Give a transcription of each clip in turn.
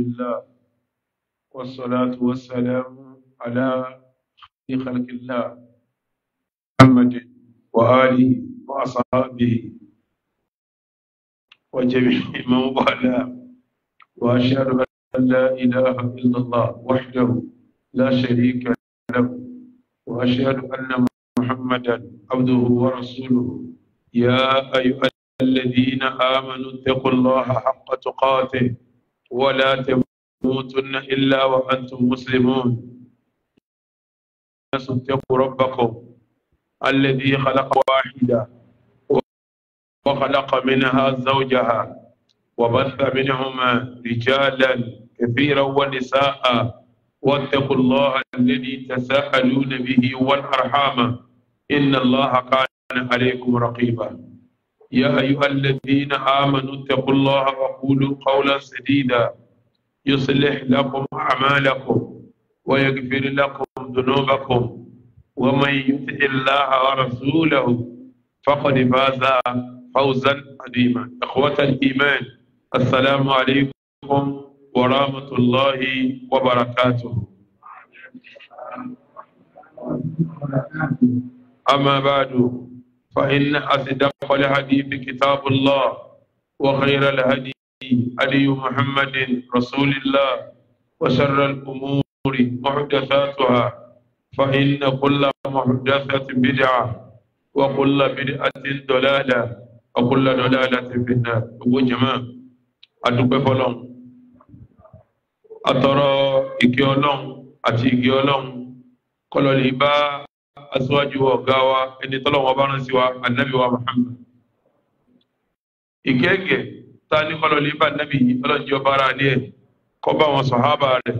الله والصلاة والسلام على خلق الله محمد وآله وأصحابه وجميع من والاه وأشهد أن لا إله إلا الله وحده لا شريك له وأشهد أن محمدا عبده ورسوله يا أيها الذين آمنوا اتقوا الله حق تقاته ولا تموتن إلا وأنتم مسلمون اتقوا ربكم الذي خلق واحدة وخلق منها زوجها وبث منهما رجالا كثيرا ونساء واتقوا الله الذي تساءلون به والأرحام إن الله كان عليكم رقيبا يا أيها الذين آمنوا اتقوا الله وقولوا قولا سديدا يصلح لكم أعمالكم ويغفر لكم ذنوبكم ومن يطع الله ورسوله فقد فاز فوزا عظيما إخوة الإيمان السلام عليكم ورحمة الله وبركاته أما بعد فإن أصدق الحديث كتاب الله وخير الهدي هدي محمد رسول الله وشر الأمور محدثاتها فإن كل محدثة بدعة وكل بدعة ضلالة وكل ضلالة في النار وجماعة أدوبة فلون أترى إكيولون أتي إكيولون kọlọlì aṣíwájú ọ̀gá wa ẹni tọ́lọ́wọ́n bá rán sí wa ànábì wa Muhammad ìkẹ́gẹ̀ tá a ní kọ́lọ̀ lébà nábì yìí ọlọ́njẹ́ ọba ara alẹ́ ẹ̀ kọ́ bá wọn sọ̀hábà rẹ̀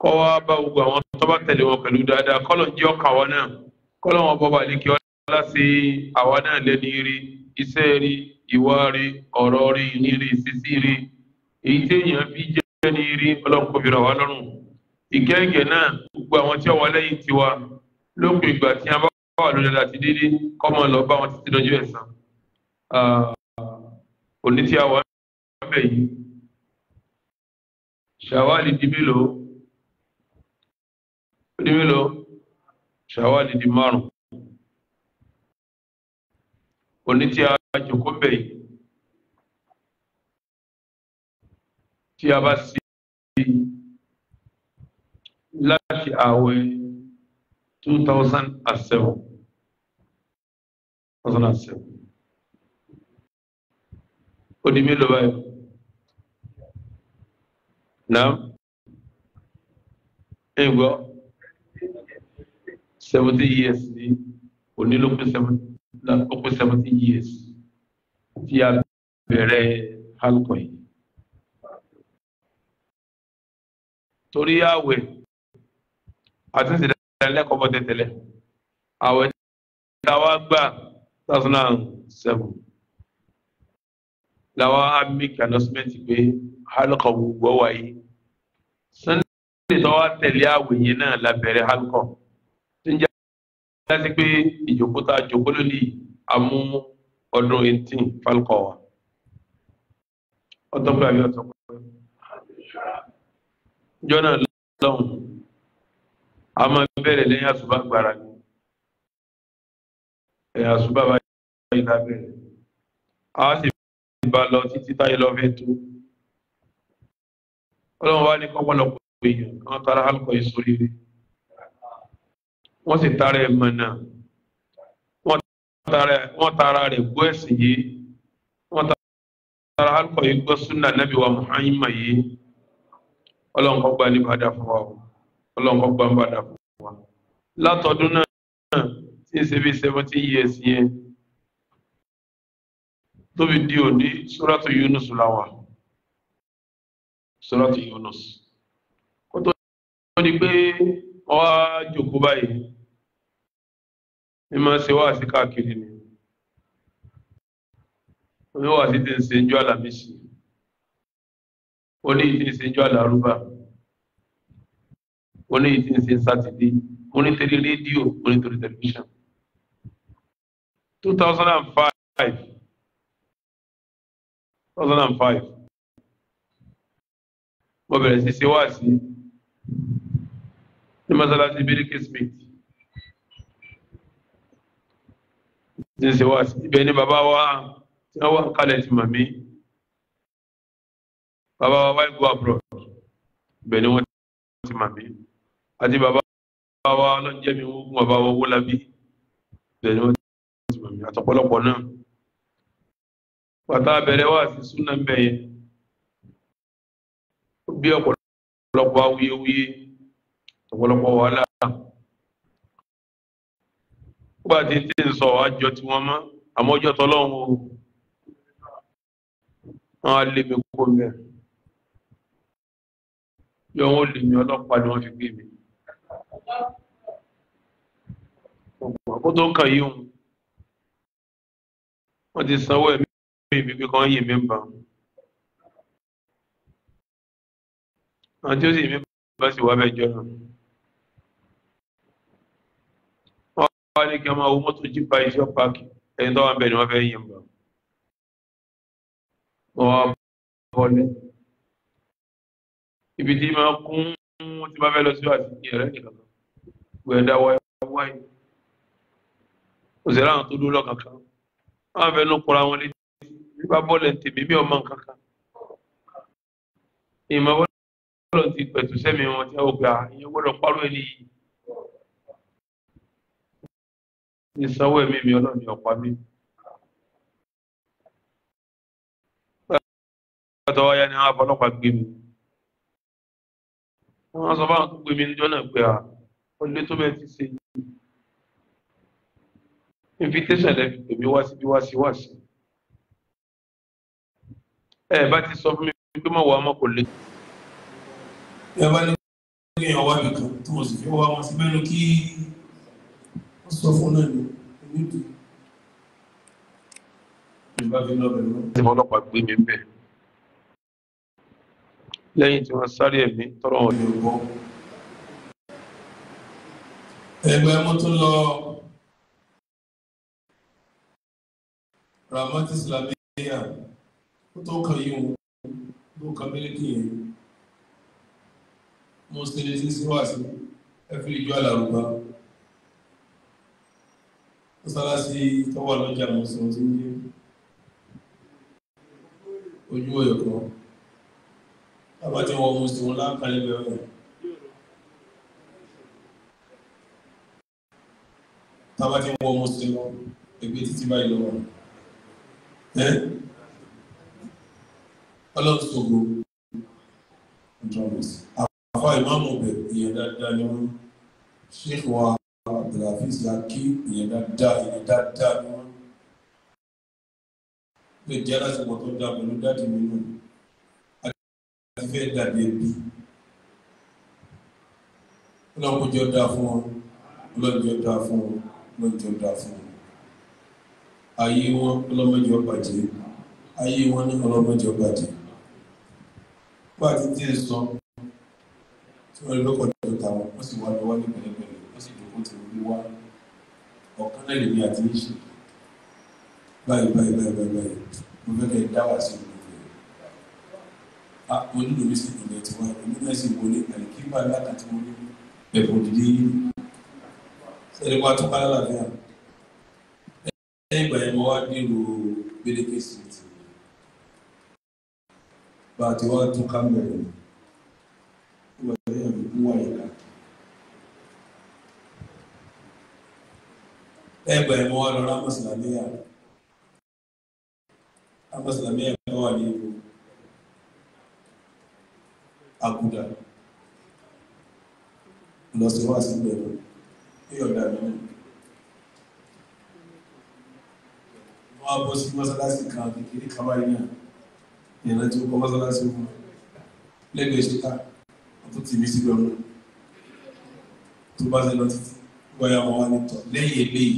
kọ́ wá bá gbogbo àwọn tó bá tẹ̀lé wọn pẹ̀lú dáadáa kọ́lọ̀ jẹ́ ọkà wa náà kọ́lọ̀ wọn bọ́ balẹ̀ kí ọlá sí àwa náà lẹ́ni rí iṣẹ́ rí ìwà rí ọ̀rọ̀ fi jẹ́ ní rí ọlọ́nkọ́bìnrin àwa lọ́rùn ìkẹ́gẹ̀ náà gbogbo àwọn tí wọ́n lẹ́yìn tiwa lópin ìgbà tí a bá wà lórí ọ̀dà àti dédé kọ́ mọ́ lọ bá wọn títí lọ́jọ́ ẹ̀san òní tí a wà níbẹ̀ yìí ṣàwálì di mélòó di mélòó ṣàwálì di márùn òní tí a jòkó bẹ̀ yìí tí a bá sí láti àwẹ̀. 2007 2007 ó di mélòó báyìí náà ẹ gbọ́ seventy years ni onílò pé 70 years tí a bẹ̀rẹ̀ halkọ̀ yìí torí àwẹ̀ àti ìsìlẹ̀ lẹ́kọ̀ọ́ bọ́ tẹ̀tẹ̀lẹ̀ àwẹ̀ táwa gbà two thousand and seven làwa á make announcement pé halkọ gbogbo wáyé sunday tó wá tẹ̀lé àwẹ̀ yẹn náà lábẹ́rẹ́ halkọ tó ń jẹ́ láti pé ìjókòó tá a jókòó lónìí amú ọdún eighteen falkọ wa ọtọ́ pé àbí ọtọ́ pé jọ́nà lọ́hùn a máa bẹ̀rẹ̀ lẹ́yìn àṣùbà gbàrà ni ẹ̀yìn àṣùbà bá yìí lábẹ́rẹ̀ a sì bá lọ títí táyé lọ fẹ́ tó ọlọ́run wá ní kọ́pọ̀lọpọ̀ èèyàn kan tara alùpùpù ìsòrí rẹ̀ wọ́n sì tara ẹ̀ mọ̀nà wọ́n tara rẹ̀ gbọ́ ẹ̀sìn yìí wọ́n tara alùpùpù yìí gbọ́ súnà nábì wa Muhammad yìí ọlọ́run kọ́ gba ní bàdà fún wa o ọlọ́nkọ́ gbàǹbàdà fún wa látọdún náà tí ń ṣe bí seventy years yẹn tóbi di òní suratu Yunus làwà suratu Yunus kó tó ní pé wọ́n á jòkó báyìí ní máa ṣe wá sí káàkiri ni wọ́n ti ń ṣe ń jọ́ àlàmísì ó ti ń ṣe ń jọ́ àlàrúbà oní ìsinsìn sátidé oní tẹ̀lé rédíò oní torí tẹlifíṣàn. two thousand and five two thousand and five mo bẹ̀rẹ̀ sí ṣe wáàsí ní mọ́sálásí bíríkì smith ṣe wáàsí ibẹ̀ ni bàbá wa tí wọ́n wà kálẹ̀ ti màmí bàbá wa wáyé go abroad ibẹ̀ ni wọ́n ti màmí àti bàbá wa lọ́njẹ́ mi ogun bàbá wa owó labí bẹ́ẹ̀ ni wọ́n ti mọ̀ mí àtọ̀pọ̀lọpọ̀ náà bàtà bẹ̀rẹ̀ wá sí súnà bẹ́ẹ̀ yẹn bí ọ̀pọ̀lọpọ̀ awuyewuye ọ̀pọ̀lọpọ̀ wàhálà nígbà tí tí ń sọ àjọ tí wọ́n mọ́ àmọ́ ọjọ́ tọ́lọ́hún o wọ́n á lé mi kó mẹ́rin yọ wọ́n lè mi ọlọ́pàá ni wọ́n fi gbé mi kó tó kàn yí òun wọ́n ti sanwó ẹ̀mí ìbíbí kan yìí mi bá àwọn tí o sì mi bá sì wá bẹ́jọ́ náà wọ́n wá ní kí wọ́n máa wo mọ́tò jípa iṣẹ́ páàkì ẹni tó wà ń bẹ̀ ni wọ́n fẹ́ yìn bá wọ́n wá bọ́lẹ̀ ibi tí máa kún tí máa fẹ́ lọ sí àti ìrẹ́ nìkan gbẹ̀dá wáyé òṣèré àwọn tó dúró lọ́kànkan wọ́n á fẹnu kura wọn létí bí bá bọ́ọ̀lù ẹ̀ ń tèmi bí ọmọ nǹkan kan ìmọ̀ bọ́ọ̀lù ti pẹ̀tù sẹ́mi wọn tí a ò gbà ìyẹn gbọ́dọ̀ parọ́ ẹni yìí ìsanwó ẹ̀mí mi ọlọ́ọ̀ni ọ̀pá mi. ọ̀tọ̀ wáyá ni àwọn afọlọ́pàá gbé mi wọ́n sọ fáwọn tó gbé mi níjọ́ náà pé à ó lé tó bẹ́ẹ̀ ti ṣe yìí invitation lẹ́fi tèmi wá síbi wá sí wá sí ẹ bá ti sọ fún mi pé mọ̀ wá mọ̀ kò lè. ẹ bá ní kí èèyàn wá nìkan tí mo sì fi wá wọn sí mẹ́rin kí wọ́n sọ fún náà ní onídìí. ìbá fi lọ ìbọn ọlọ́pàá gbé mi bẹ̀ lẹ́yìn tí wọ́n sáré ẹ̀mí tọrọ wọn ní ọgbọ́n ẹgbẹ́ mo tún lọ ramatis islamiyya ó tó kàn yí wọn tó kàn mílíkì yẹn mo ṣe lè ṣíṣí wá sí ẹfí ìjọ àlàrúbá ó sára sí tọwọ́ lọ́jà mo sọ tí ń yé ojú ọ̀yọ̀kọ́ àbájọ́ wọn mo sì wọn láǹkà níbẹ̀ bẹ́ẹ̀. tábà ti ń wọ ọmọ sí lọ ẹgbẹ́ títí báyìí lọ́wọ́ ẹ́ ọlọ́sọ̀gbọ̀ ìjọmọ̀sí àfà ìmáàmù bẹ̀ ìyẹn dáadáa ni wọ́n ṣéèkì wa abdulhafiz yaki ìyẹn dáadáa ìyẹn dáadáa ni wọ́n lè jẹ́ aláṣepọ̀ tó dáa pẹ̀lú dáàdì mi náà àti fẹ́ dàbí ẹbí ọlọ́kùnjọ́ dáa fún wọn ọlọ́kùnjọ́ dáa fún wọn. lóun tó dáa fún wọn ayé wọn ọlọ́mọdé ọbàjẹ́ ayé wọn ní ọlọ́mọdé ọbàjẹ́ pàtí tí ẹ tí wọ́n tó ta wọn wọ́n sì wá lọ́wọ́ ní pẹ̀lẹ́pẹ̀lẹ́ wọ́n tó wá náà báyìí báyìí báyìí báyìí ẹ̀rẹ́pà tó bá lálàáfíà lẹ́yìn ìgbà yẹn mo wá dìrò gbèdéke street bá a ti wá tún kámẹ́rà ìwà ìyá mi ya wáyé ká lẹ́yìn ìgbà yẹn mo yọ̀ǹda mi náà wọ́n á bọ́ sí mọ́sálásí kan kékeré kan báyìí náà ìyẹn tí ó kọ́ mọ́sálásí wọn lẹ́gbẹ̀ẹ́ ṣe ká wọ́n tó ti mí sí lọ́nà tó bá ṣe lọ títí bóyá wọn wá nítọ̀ lẹ́yìn eléyìí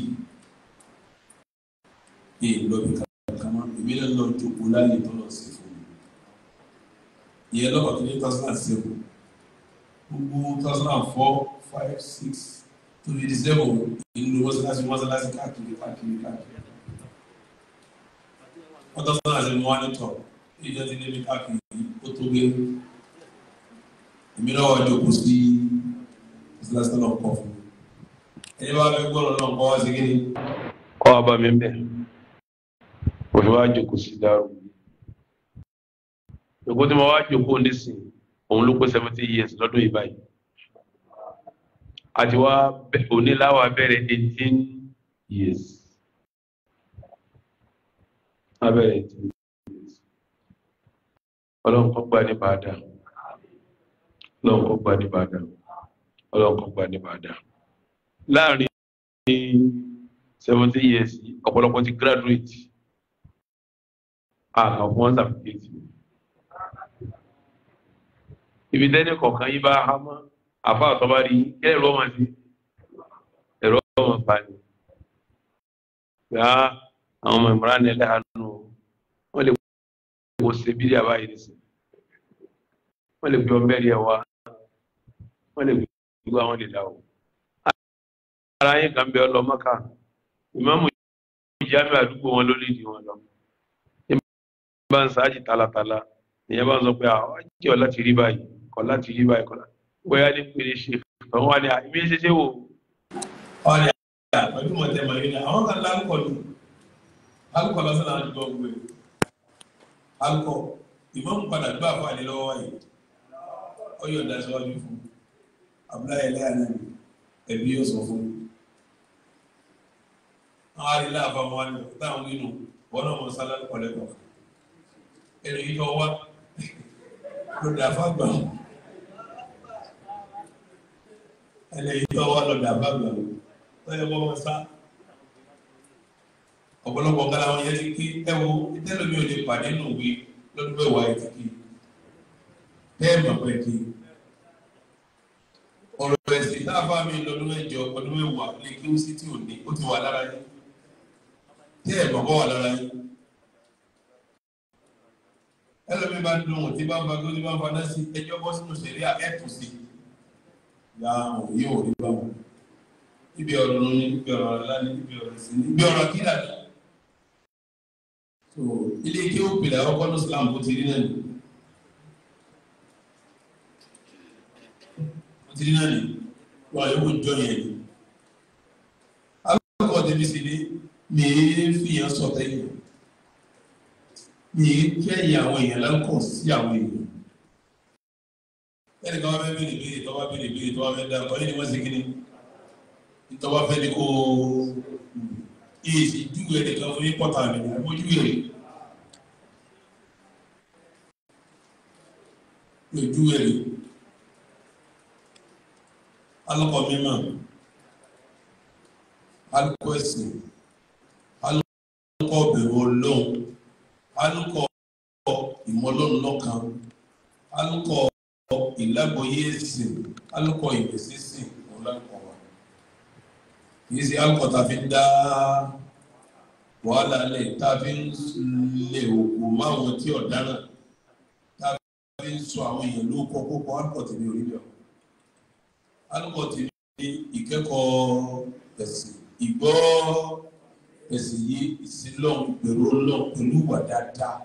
ní ìlọ́bí kàkàmá èmi náà lọ jókòó láàyè tó lọ sí fún mi ìyẹn lọ́wọ́ kí ní two thousand and seven gbogbo two thousand and four torí dísẹ́bù ìlú mọ́sálásí mọ́sálásí káàkiri káàkiri káàkiri wọ́n tọ́ sọ́nà àti mọ́ wá ní tọ̀ ìjọ ti débi káàkiri ó tó gbé èmi náà wọ́n jókòó sí mọ́sálásí náà kọ́ fún ẹni bá fẹ́ gbọ́dọ̀ náà kọ́ wá sí kí ni. kọ́ wa bá mi ń bẹ̀ òfin wá jókòó sí dárò jókòó tí mo wá jókòó nísìnyí òun ló pé seventy years lọ́dún yìí báyìí àti wá oníláwà bẹ̀rẹ̀ eighteen years abẹ́rẹ́ eighteen years ọlọ́run kọ́ gba ní bàdà ọlọ́run kọ́ gba ní bàdà ọlọ́run kọ́ gba ní bàdà láàrin seventeen years ọ̀pọ̀lọpọ̀ ti graduate àkàn fún ọ́n sàfikẹ́tì ibi tẹ́lẹ̀ kọ̀ọ̀kan yí bá hámọ́ àfa àtọ́bá rí kílẹ̀ ló máa ṣe ẹ̀rọ ọmọ fani gbà àwọn ọmọ ìmọ̀ràn ní ẹlẹ́hàánú wọ́n lè wo ṣe bí ìyá báyìí ní sí wọ́n lè gbé ọbẹ̀ rí ẹ wá wọ́n lè gbé ìgbà wọn lè dà o. ara yín kan bẹ ọlọ mọ́kà ìmọ̀mù ìjàmbá àdúgbò wọn ló lè dì wọn lọ. ìbá ń sáájì talatala ìyẹn bá ń sọ pé àwọn jẹ́ láti rí báyìí kọ́ láti rí báyìí kọ́ láti bóyá ní pèrè ṣe àwọn wà ní àìmí ṣe ṣe wò. ọ̀rẹ́ pẹ̀lú mọ̀tẹ́ màlúù àwọn kan lárúkọ ni alukọ lọ́sàn án dùgbọ́ gbogbo ẹ̀ alukọ ìmọ̀ ń padà gbọ́ àfààní lọ́wọ́ wáyé ọyọ̀ ìdásíwájú fún abúláyé láàrin ẹbí yóò sọ fún wọn á rí láàbà wọn ni táwọn nínú wọn náà mọ sálárù kọlẹ́kọ̀ọ́ ẹ̀rọ yìí lọ wá lọ́dà fàgbà wọn. ẹlẹ́yìn tó wà lọ́dọ̀ àbábà o lọ́yẹ̀ bọ́ wọn sá ọ̀pọ̀lọpọ̀ kala wọn yẹn ti ké ẹwọ ìtẹ́lómi ò lè pàdé nù wí lọ́dún bẹ́ẹ̀ wá ètí ké tẹ́ẹ̀mù ọ̀pọ̀ ètí ọ̀rọ̀ ẹ̀sìn tá a fà mí lọ́dún mẹ́jọ ọdún mẹ́wàá lè kí ó sì tí ò ní ó ti wà lára yín tẹ́ẹ̀mù ọ̀pọ̀ wà lára yín ẹlòmíì bá dùn òtí bá ń fa tó bá ń fa sí ẹjọ́ bọ́ sínú sẹ̀ríà ẹ̀ sí i ya òye òye bá wọn níbi ọ̀rọ̀ ní níbi ọ̀rọ̀ ọ̀la ní níbi ọ̀rọ̀ sí níbi ọ̀rọ̀ kílà ní. ilé kí ó pèlè àkọ́kọ́ ní Islam bó ti rí náà nìyí. bó ti rí náà nìyí wà yóò jọ yẹn ni. alákọ̀ọ́ débi sí ni mi ń fìyàn sọ̀tẹ́yìn mi ń kẹ́yìn àwọn èèyàn lọ́kàn sí àwọn èèyàn ẹni kan wá fẹ́ bèrè bèrè tó wá bèrè bèrè tó wá fẹ́ dá ọ yìí ni wọ́n ṣe kí ni ìtọ́wá fẹ́ ni kò èsì júwèé rẹ̀ kan fún pọ́tà mi kò júwèé rẹ̀ pé júwèé rẹ̀ alọ́kọ̀ mímọ́ alọ́kọ̀ ẹ̀sìn alọ́kọ̀ bẹ̀rù ọlọ́run alọ́kọ̀ ìmọ̀lọ́run lọ́kan alọ́kọ̀ ìlágbóyè ẹ̀sìn alukọ ìgbésí sìn òun lákọ̀ọ́ wa kì í ṣe alukọ tá a fi ń dá wàhálà lẹ̀ tá a fi ń lè òkú máwọn tí ọ̀daràn tá a fi ń sọ àwọn èèyàn ló kọ́ kókó alukọ tèmi orí lọ alukọ tèmi ìkẹ́kọ̀ọ́ ẹ̀sìn ìgbọ́ ẹ̀sìn yìí ìsìn lọ́hùn gbèrò lọ́hùn pẹ̀lú wà dáadáa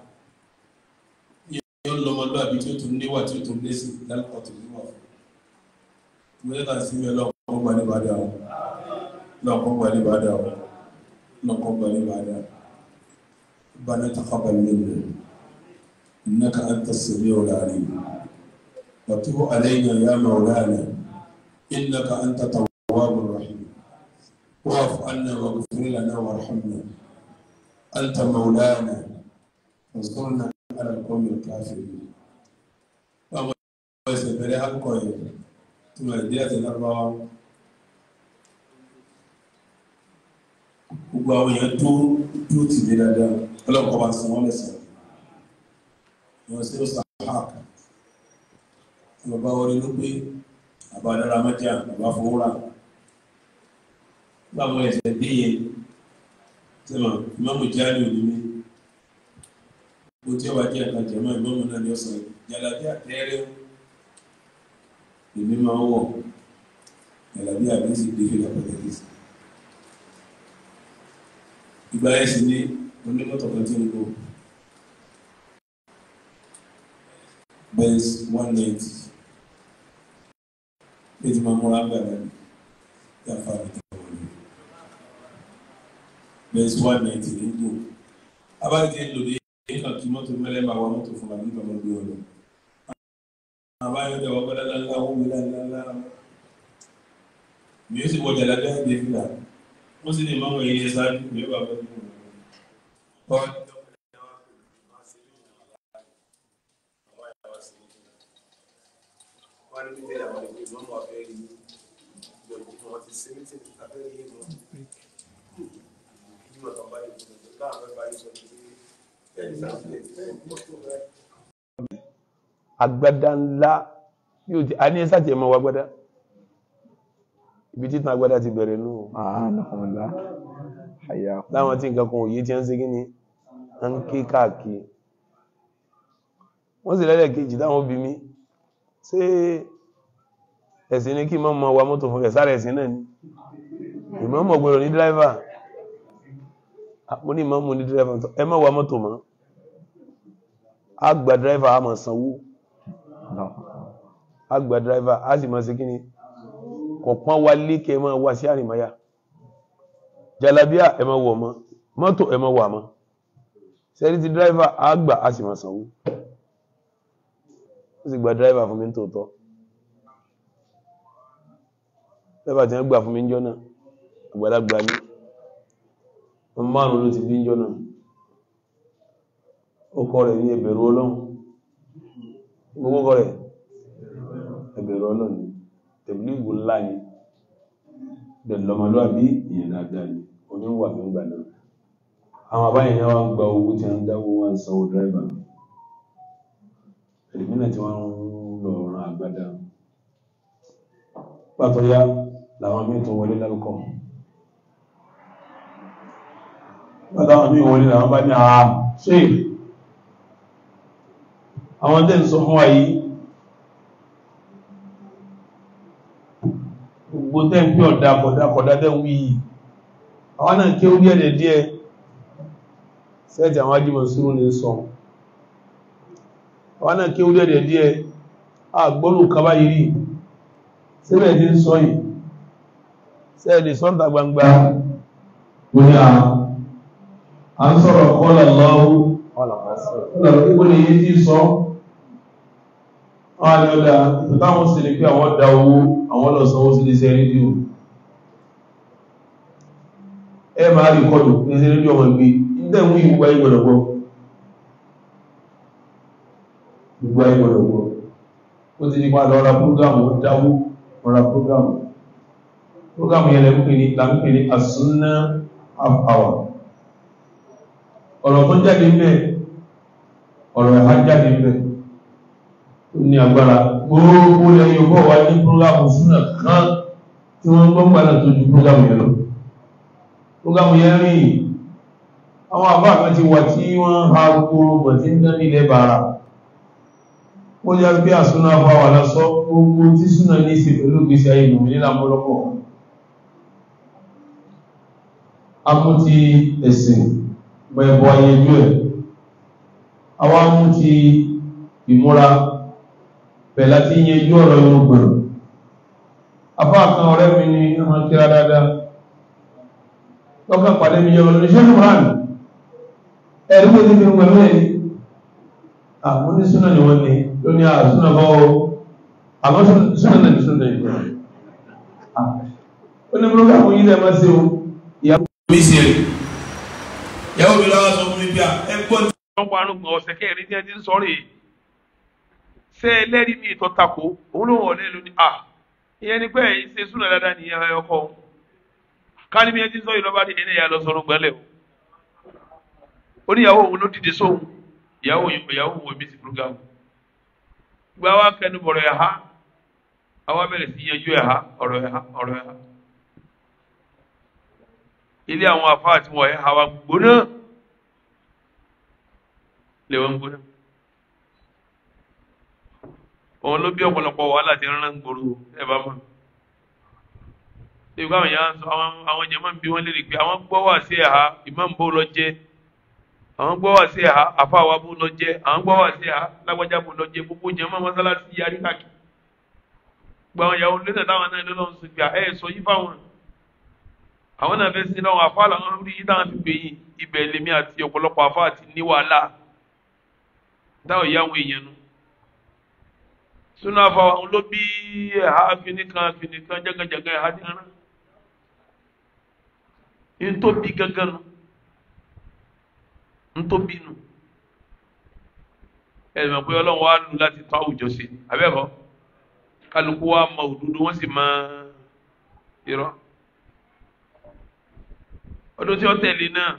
tó ń lọmọlúwàbí tí ó tún níwà tí ó tún lé sí lálùkọ́ tó níwà fún mo lẹ́ka sí mi lọ́kọ́ gba ní bàdà o lọ́kọ́ gba ní bàdà o lọ́kọ́ gba ní bàdà bana taqabbal minna innaka anta as-sami'ul 'alim wa tub 'alayna ya mawlana innaka anta tawwabur rahim wa'fu 'anna waghfir lana warhamna anta mawlana واذكرنا على القوم الكافرين أبو سبري أبقي ثم يديات الأربعة gbogbo àwọn èèyàn tó tó tì mí dáadáa ọlọ́pàá wa san wọ́n lẹ́sẹ̀ wọ́n sí ọ̀sán park ọba wọlé ló pé àbá dára mẹ́jà àbá fowó rà gbogbo àwọn ẹ̀sẹ̀ dé yẹn sẹ́wọ̀n ìmọ̀mù jáde òní mi o tí wàá jẹ́ àkànjẹ mọ́ ìgbọ́mọ náà ni ó sọ jàlábí àtẹ́rẹ́ èmi máa ń wọ̀ jàlábí àbíyèsí gbé fìlà pẹ̀lẹ́kì sí. ìgbà yẹn sì ni onímọ̀tọ̀ kan ti ń kó Benz one ninety bí máa múra gbàgbà ní yàfa àbíkẹ́ wọlé Benz one ninety ní gbò abáyé ti ń lò ní kan tu mọ́tò mẹ́lẹ́ bá wa mọ́tò fún wa nígbà mọ́ gbé wọn lọ. àbáyọ jẹ wọn gbọdọ lánlá wọn gbé lánlá mi ó sì wọ jàlá bẹ́ẹ̀ dé fúlà wọ́n sì ní ìmọ̀wọ̀ ẹ̀yẹ ṣáájú mi ó bá bẹ́ẹ̀ fún wọn. Thank you agbada ńlá yóò ti a ní sàtì ẹmọ wa agbada ibi títún agbada ti bẹ̀rẹ̀ nù. láwọn tí nǹkan kan òye ti ń segin ni à ń ké káàkiri wọ́n sì lẹ́lẹ̀ kejì táwọn bí mi ṣé ẹ̀sìn ni kí n máa mọ wa mọ́tò fún kẹsàrẹ̀ ẹ̀sìn náà ni ìmọ̀ mọ̀ gbọ́dọ̀ ní dírẹ́fà mo ní ìmọ̀ mo ní dírẹ́fà ẹ má wa mọ́tò mọ́. Agba driver àmọ̀ sanwó àgbà dírẹ́fà á sì máa ṣe kí ni kọ̀pọ̀n wa lékè máa wá sí àrìmáyà jalabiya ẹ máa wọ̀ mọ́ mọ́tò ẹ máa wà mọ́ sẹ́ni driver dírẹ́fà àgbà á sì máa sanwó ó sì gba dírẹ́fà fún mi ní tòótọ́ dírẹ́fà tí wọ́n gbà fún mi ní jọ́nà àgbàlagbà ni wọ́n márùn-ún ló ti bí ní jọ́nà orúkọ rẹ̀ ní ẹbẹ̀rù ọlọ́run gbogbo rẹ̀ ẹbẹ̀rù ọlọ́run tẹ̀blígù ńlá ni dẹ̀lọmọlúàbí ìyẹn dáadáa ni oníwà nígbà náà àwọn àbáyẹn ni wọ́n gba owó tí wọ́n dáwó wọn sanwó dírẹ́bà ẹ̀lẹ́mínà tí wọ́n ń lọ ọ̀ràn àgbàdá pàtó yá làwọn míì tó wọlé lárúkọ pàtó àwọn míì wọlé làwọn bá ní àá ah, ṣéè àwọn tẹ́ ń gbogbo tẹ́ ń pè ọ̀dà kọ̀dà kọ̀dà tẹ́ wí yìí àwọn náà kí ó bí ẹ̀dẹ̀ díẹ̀ sẹ́ẹ̀tì àwọn ajímọ̀ sírò ní sọ àwọn náà kaba yìí ń sọ yìí sẹ́ẹ̀dì gbangba ó ní à wọ́n á lọ́la táwọn sì ní pé àwọn da owó àwọn lọ sanwó sí iléeṣẹ́ rédíò ẹ máa rí kọlù iléeṣẹ́ rédíò ọmọ ìgbé nígbà mú ìwà ìgbọ̀dọ̀gbọ̀ ìwà ìgbọ̀dọ̀gbọ̀ ó ti nípa lọ ra prógámù dáwó ra prógámù prógámù yẹn lẹ́kùnkè ní làmùkè ní àsúná àpàwà ọ̀rọ̀ tó jáde ń bẹ̀ ọ̀rọ̀ ẹ̀há jáde ń bẹ̀ ní agbára gbogbo lẹ́yìn ọgbọ́ wa ní púrógámù súnà kan tí wọ́n gbọ́ gbà náà tó ju púrógámù yẹn lọ púrógámù yẹn rí àwọn àbá kan ti wà tí wọ́n ha gbogbo bọ̀ tí ń dán nílẹ̀ bàárà ó yá bí àsúná bá wà lásọ gbogbo tí súnà ní ṣe pẹ̀lú ìgbésí ayé ìlú ní lámọ́lọ́pọ̀ amú ti ẹ̀sìn bẹ̀bọ̀ ayé ojú ẹ̀ àwọn amú ti ìmúra bẹ̀lá tí ń yẹjú ọ̀rọ̀ ìwọ̀n gbọ̀rọ̀ afá kan ọ̀rẹ́ mi ni ọmọ tíra dáadáa lọ́kàn pàdé mi yọ̀rọ̀ ní ṣẹ́nu rán ẹ̀rí pé níbi pẹ̀lú ẹ̀yí àwọn ní súnà ni wọ́n ní ló ní àsúnà ah, bọ́ àmọ́ súnà náà ní súnà ìgbà ah. lọ́wọ́ sọ fún mi ẹgbọ́n tí wọ́n parun ọ̀sẹ̀ kẹrin tí ti ń sọ rèé ṣé ẹlẹ́rìí mi ìtọ́ tako òun ló wọ̀ lẹ́nu ni ah ìyẹn ni pé ẹ̀yin ṣe súnà dáadáa ní ìyẹn ọkọ òun ti sọ yìí lọ́ba ní ẹni ìyá lọ sọ̀rọ̀ gbẹ́lẹ̀ o oníyàwó òun ló dìde sóhun ìyàwó ìyàwó òun èmi sì program gba wa kẹnu bọ̀rọ̀ ya ha àwa bẹ̀rẹ̀ sí yanjú ẹ̀ ha ha ọ̀rọ̀ ya ha ilé àwọn afáàtì wọ̀ ẹ̀ ha wa òun ló bí ọ̀pọ̀lọpọ̀ wàhálà ti rán gbòòrò ẹ bá mọ̀ ìgbà àwọn yẹn àwọn àwọn yẹn máa ń bí wọn léèrè pé àwọn gbọ́ wá sí ẹ̀ha ìmáàmù bó lọ jẹ́ àwọn gbọ́ wá sí ẹ̀ha àfàwà bó lọ jẹ́ àwọn gbọ́ wá sí ẹ̀ha lágbájá bó lọ jẹ́ gbogbo yẹn máa mọ́sálásí yarí káàkiri gba àwọn yàwó lẹ́sẹ̀ táwọn náà ló lọ́n sùn pé ẹ̀ sọ sínú afa àwọn olóbi ẹ̀ha kìnìkan kìnìkan jẹ́gẹ́jẹ́gẹ́ ẹ̀ha ní ara ntóbi gẹ́gẹ́ nu ntóbi nu ẹ̀rọ pé ọlọ́run wa nu láti tọ́ àwùjọ sí abẹ́kọ̀ kálukú wa mọ òdodo wọ́n sì mọ irọ́ ọdún tí ó tẹ̀lé náà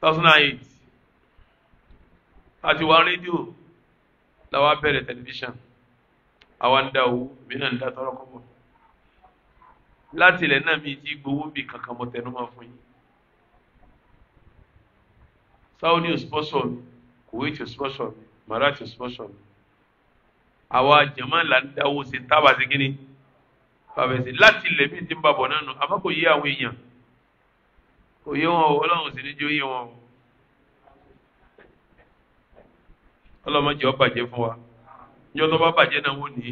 thousand and eight àti wà rédíò làwọn abẹ́rẹ́ tẹlifíṣàn àwa ń dá owó mi náà ń dá tọrọ kọ́bọ̀ láti ilẹ̀ náà mi ti gbowó mi kankan mo tẹnu mọ́ fún yín Saudi sponsor mi Kuwait sponsor mi Marathi sponsor mi àwa jẹ̀mọ́ là ń dáwó sí tábà sí kínní fàbẹ̀sì láti ilẹ̀ mi ti ń bàbọ̀ náà nù àmọ́ kò yé àwọn èèyàn kò yé wọn o ọlọ́run sì ní jó yé wọn o ọlọ́mọ jẹ́ ọ fún wa níjọ́ tó bá bàjẹ́ náà wò ní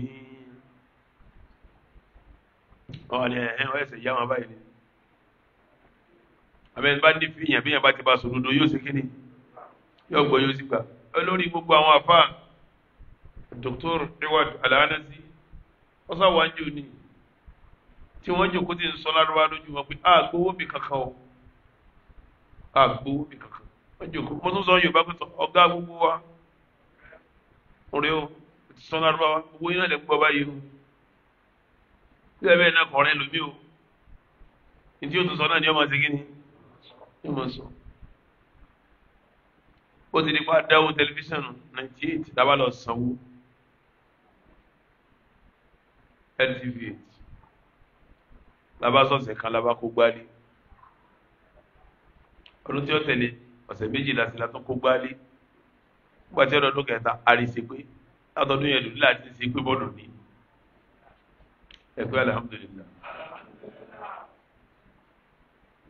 wọn ni ẹ̀hẹ́n wọ́n ẹ̀sẹ̀ yá wọn báyìí ni àbẹ̀yẹn bá ní fìyàn bí yẹn bá ti bá sòdodo yóò ṣe kíni yóò gbọ́ yóò sì gbà olórí gbogbo àwọn àfa Dr. Reward Alhanasi wọ́n sá wàá ní tí wọ́n jòkó tí ń sọ lárúbá lójú wọn pé àgbowó mi kankan o àgbowó mi kankan wọ́n jòkó mo tún sọ Yorùbá pé ọ̀gá gbogbo wa orí o sọ lárúbáwá gbogbo yín náà lè gbọ́ báyìí o bíbẹ̀ bẹ́ẹ̀ náà kọ̀ọ̀rẹ́ lómi o ní tí yóò tún sọ náà ni ọmọ ṣe kíni ni mo sọ ó ti di pa dáwó tẹlifíṣàn ninety eight dábà lọ sanwó LTV eight labasọ̀sẹ̀ kan labakó gbálí ọdún tí ó tẹ̀lé ọ̀sẹ̀ méjìlá sí la tó kó gbálí nígbà tí ọdún kẹta àrísí pé látọdún yẹn lùdí láti ṣe pé bọ́ọ̀lù ni ẹgbẹ́ alhamdulilayi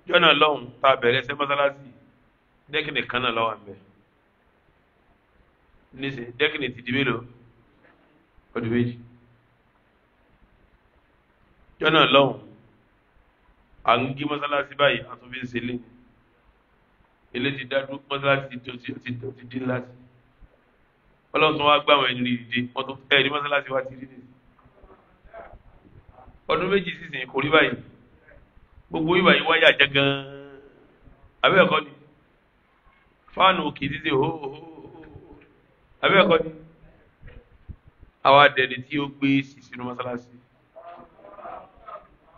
jọ́nà lọ́hùn tá a bẹ̀rẹ̀ ṣe mọ́sálásì dẹ́kìnì kan náà lọ́wọ́ àmì níṣe dẹ́kìnì ti di mélòó ọdún méjì jọ́nà lọ́hùn à ń gí mọ́sálásí báyìí àtúnfi ń ṣe lé ilé ti dá dúró mọ́sálásí ti dín láti ọlọ́run tó wá gbà àwọn ẹni dìde wọ́n tó ẹ̀ ní mọ́sálásí wá ti rí ni. ọdún méjì sísìn kò rí báyìí gbogbo ìwà yìí wáyà jẹ gan-an abẹ́ ẹ̀kọ́ ni fáànù òkè dídè hóhóhó abẹ́ ẹ̀kọ́ ni àwa dẹ̀ni tí ó gbé sísìn mọ́sálásí